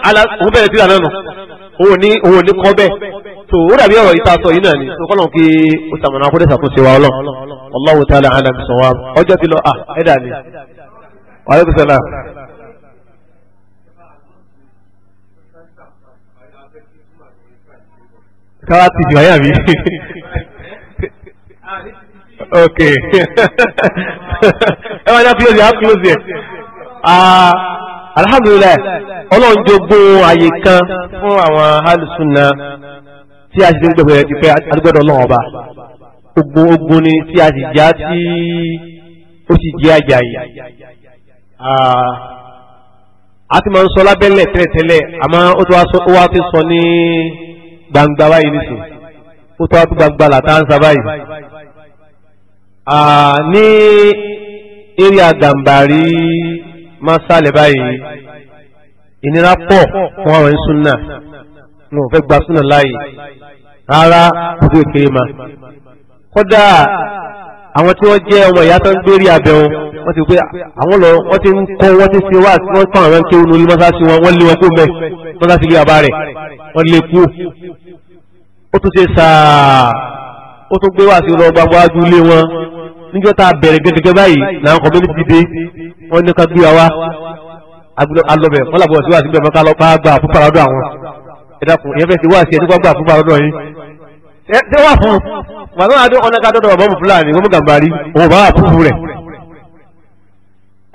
ala òun bẹ̀rẹ̀ síra náà nù òun ní òun ní kọ́ bẹ́ẹ̀ tó o dàbí ọ̀rọ̀ yìí tá a sọ yìí náà ni tó kọ́lọ̀ kí o sàmùnà kó dẹ́sà fún ṣèwà ọlọ́ Allahu ta'ala alam sawab ọjọ́ ti lọ à ẹ̀dà ni wa alaikum salam. káwá ti jù ayé àbí okay ẹ wá ní àpilọ́sì àpilọ́sì ẹ̀ alhamdulilayi ọlọ́run jogún àyè kan fún àwọn alùsùnà tí a ti ń gbẹ̀gbẹ̀ ti pẹ́ adúgbẹ́dọ̀ ọlọ́run ọba ogun ogun ni tí a sì já tí ó sì jẹ́ àjà yìí a ti máa ń sọ lábẹ́lẹ̀ tẹ́lẹ̀tẹ́lẹ̀ àmọ́ ó tó wá ti sọ ní gbangba báyìí nìsín ó tó wá tó gbangba làtà ń sa báyìí ní eré àgàmbàrí masalẹ̀ báyìí ìnira pọ̀ fún àwọn ìsúná wọn ò fẹ́ gba súnà láàyè rárá kòtò ìkéré ma kódà àwọn tí wọ́n jẹ́ ọmọ ìyá tó ń gbérí abẹ wọn wọ́n ti pé àwọn lọ wọ́n ti ń kọ́ wọ́n ti ṣe wá wọ́n fún àwọn ẹnkẹ́ onú mọ́sáàsì wọn wọ́n lé wọn kó mẹ́ mọ́sáàsì lé bàbá rẹ̀ wọ́n lé kú ó tún ṣe sàá ó tún gbé wá sí lọ gbàgbọ́ lé wọn níjọ́ tá a bẹ̀rẹ̀ gẹ́gẹ́ báyìí làwọn community dé wọ́n ní ká gbé wa wá alọ́bẹ̀ wọ́n làbọ̀ sí wà síbẹ̀ mọ́ká lọ́pàá gbà fún paradọ́ àwọn ẹ̀dàkùn ìyẹn fẹ́ẹ́ ti wá sí ẹni gbà fún paradọ́ yìí. ṣé wà fún màtọ́ àdó ọ̀nà ká dọ́dọ̀ bàbá fúlàní wọ́n mú gàmbàrí òun bá wà fún rẹ̀.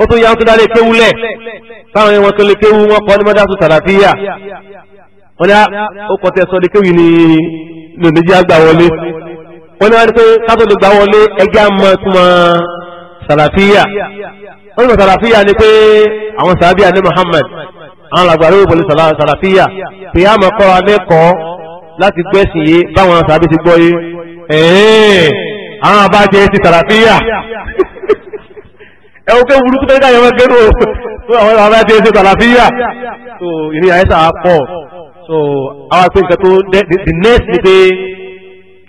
ó tún yá ń tún dálé kéwú lẹ̀ táwọn ẹni wọn tó wọ́n ní wọ́n ní pé kátó lè gbà wọlé ẹgbẹ́ àmọ́ túmọ̀ sàlàfíà wọ́n ní mọ̀ sàlàfíà ni pé àwọn sàbíà ní Muhammad àwọn làgbàdo ìbòlè sàlàfíà pé a mọ̀ kọ́ra lẹ́kọ̀ọ́ láti gbẹ́sìn yé báwọn sàbí ti gbọ́ yé àwọn abájẹ́ ti sàlàfíà ẹwọ pé burúkú tẹ́lẹ̀ káyọ̀ gẹ́rù àwọn ará ti ṣe tàlàfíà àyẹ́sà pọ̀ so àwọn pé nǹkan tó the next ni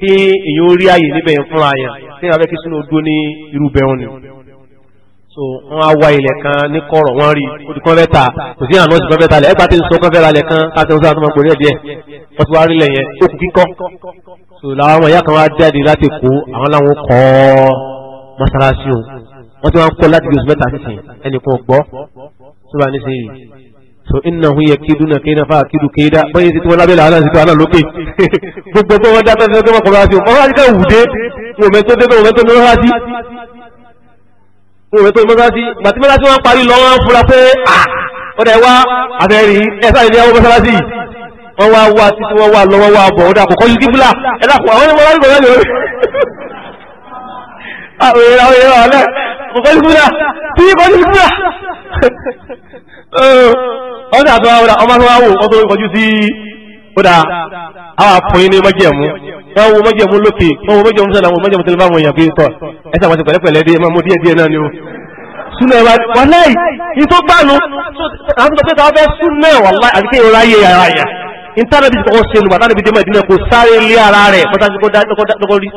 kí èyàn orí ààyè níbẹ̀ yẹn fúnra yẹn tí wọ́n fẹ́ kí sínú odó ní irúbẹ̀ wọn ni so wọ́n á wá ilẹ̀ kan ní kọ̀rọ̀ wọ́n rí odi kan fẹ́ta kò sí àná ọ̀sìn kan fẹ́ta lẹ̀ ẹgbàá tí ń sọ kan fẹ́ra lẹ̀ kan káàtì ọ̀sán àti ọmọkùnrin ẹ̀ díẹ̀ wọ́n ti wá rí lẹ̀ yẹn ó kù kíkọ́ so làwọn ọmọ ìyá kan wá jáde láti kó àwọn làwọn kọ́ mọ́sálásí o wọ́n ti wá ń kọ́ láti bí oṣù mẹ́ta sísìn ẹnì kan gbọ́ tó bá ní sí so iná hun yẹ kídu náà kéda fáà kídu kéda báyìí ti tí wọn lábẹ́lẹ̀ àná sípò àná lókè gbogbo tó wọn dá fẹ́fẹ́ tó wọn kọ̀ láti wọn láti ká wù dé wọn mẹ́tò dé wọn mẹ́tò lọ́wọ́ láti wọn mẹ́tò lọ́wọ́ láti gbàtí mẹ́ta tí wọ́n parí lọ́wọ́ fúra pé à ọ̀dà ẹ̀ wá àtẹ̀rí ẹ̀ sáà ilé àwọn mọ́sálásì wọ́n wá wá títí wọ́n wá lọ́wọ́ wá bọ̀ ọ̀dà àkọ́kọ́ yìí kíbúlà ẹ̀ dàpọ̀ àwọn ọmọ láti kọ̀ọ̀kan lórí. àwọn èèyàn àwọn èèyàn ọ̀lẹ́ kọ̀ọ̀kan kíbúlà tí kọ̀ọ̀kan kíbúlà ọ̀dà tó wá ọmọ tó wá wò wọ́n tó kọjú sí ọ̀dà àwọn àpòyìn ní mọ́jẹ̀mú wọ́n wo mọ́jẹ̀mú lókè wọ́n wo mọ́jẹ̀mú sọ̀dà wọ́n mọ́jẹ̀mú tẹ́lẹ̀ báwọn èèyàn pé tọ̀ ẹ sàwọn ti pẹ̀lẹ́pẹ̀lẹ́ dé máa mú díẹ̀ díẹ̀ náà ni o súnà ìwà wàláì ìtó gbàánu àwọn tó tẹ́ta ọbẹ̀ súnà wàláì àti kéèyàn ráyè ara yà ìtànà bí kò ṣe lùbàtà níbi dẹ́mọ̀ ìdínà kò sáré lé ara rẹ̀ mọ́tàsí kó dákọ́rí.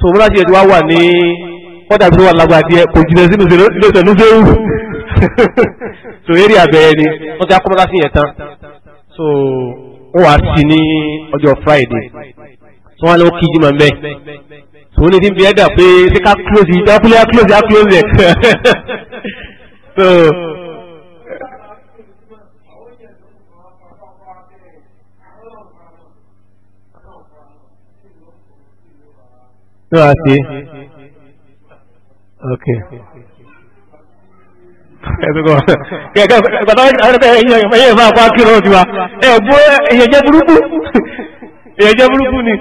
sòmúlá ti yẹ ti wá wà ní wọ́n dàbí wà lágbà díẹ̀ kò jìnnà sínú ìlọsẹ̀nú fẹ́rù so eré abẹ́rẹ́ ni wọ́n ti akọ́mọ́lá sí yẹn tán so wọ́n wá sí ní ọjọ́ Friday so wọ́n á lọ kí jimá mbẹ́ so wọ́n ti ń bi ẹ̀dà pé ṣé ká close yìí dá kúlẹ̀ close yà close yẹ so. Não, assim, Okay. Ẹ̀yẹ̀ bá pa kí lọ́dún wa. Ẹ̀ bú ẹ̀yẹ̀ jẹ́ burúkú. Ẹ̀yẹ̀ jẹ́ burúkú ni.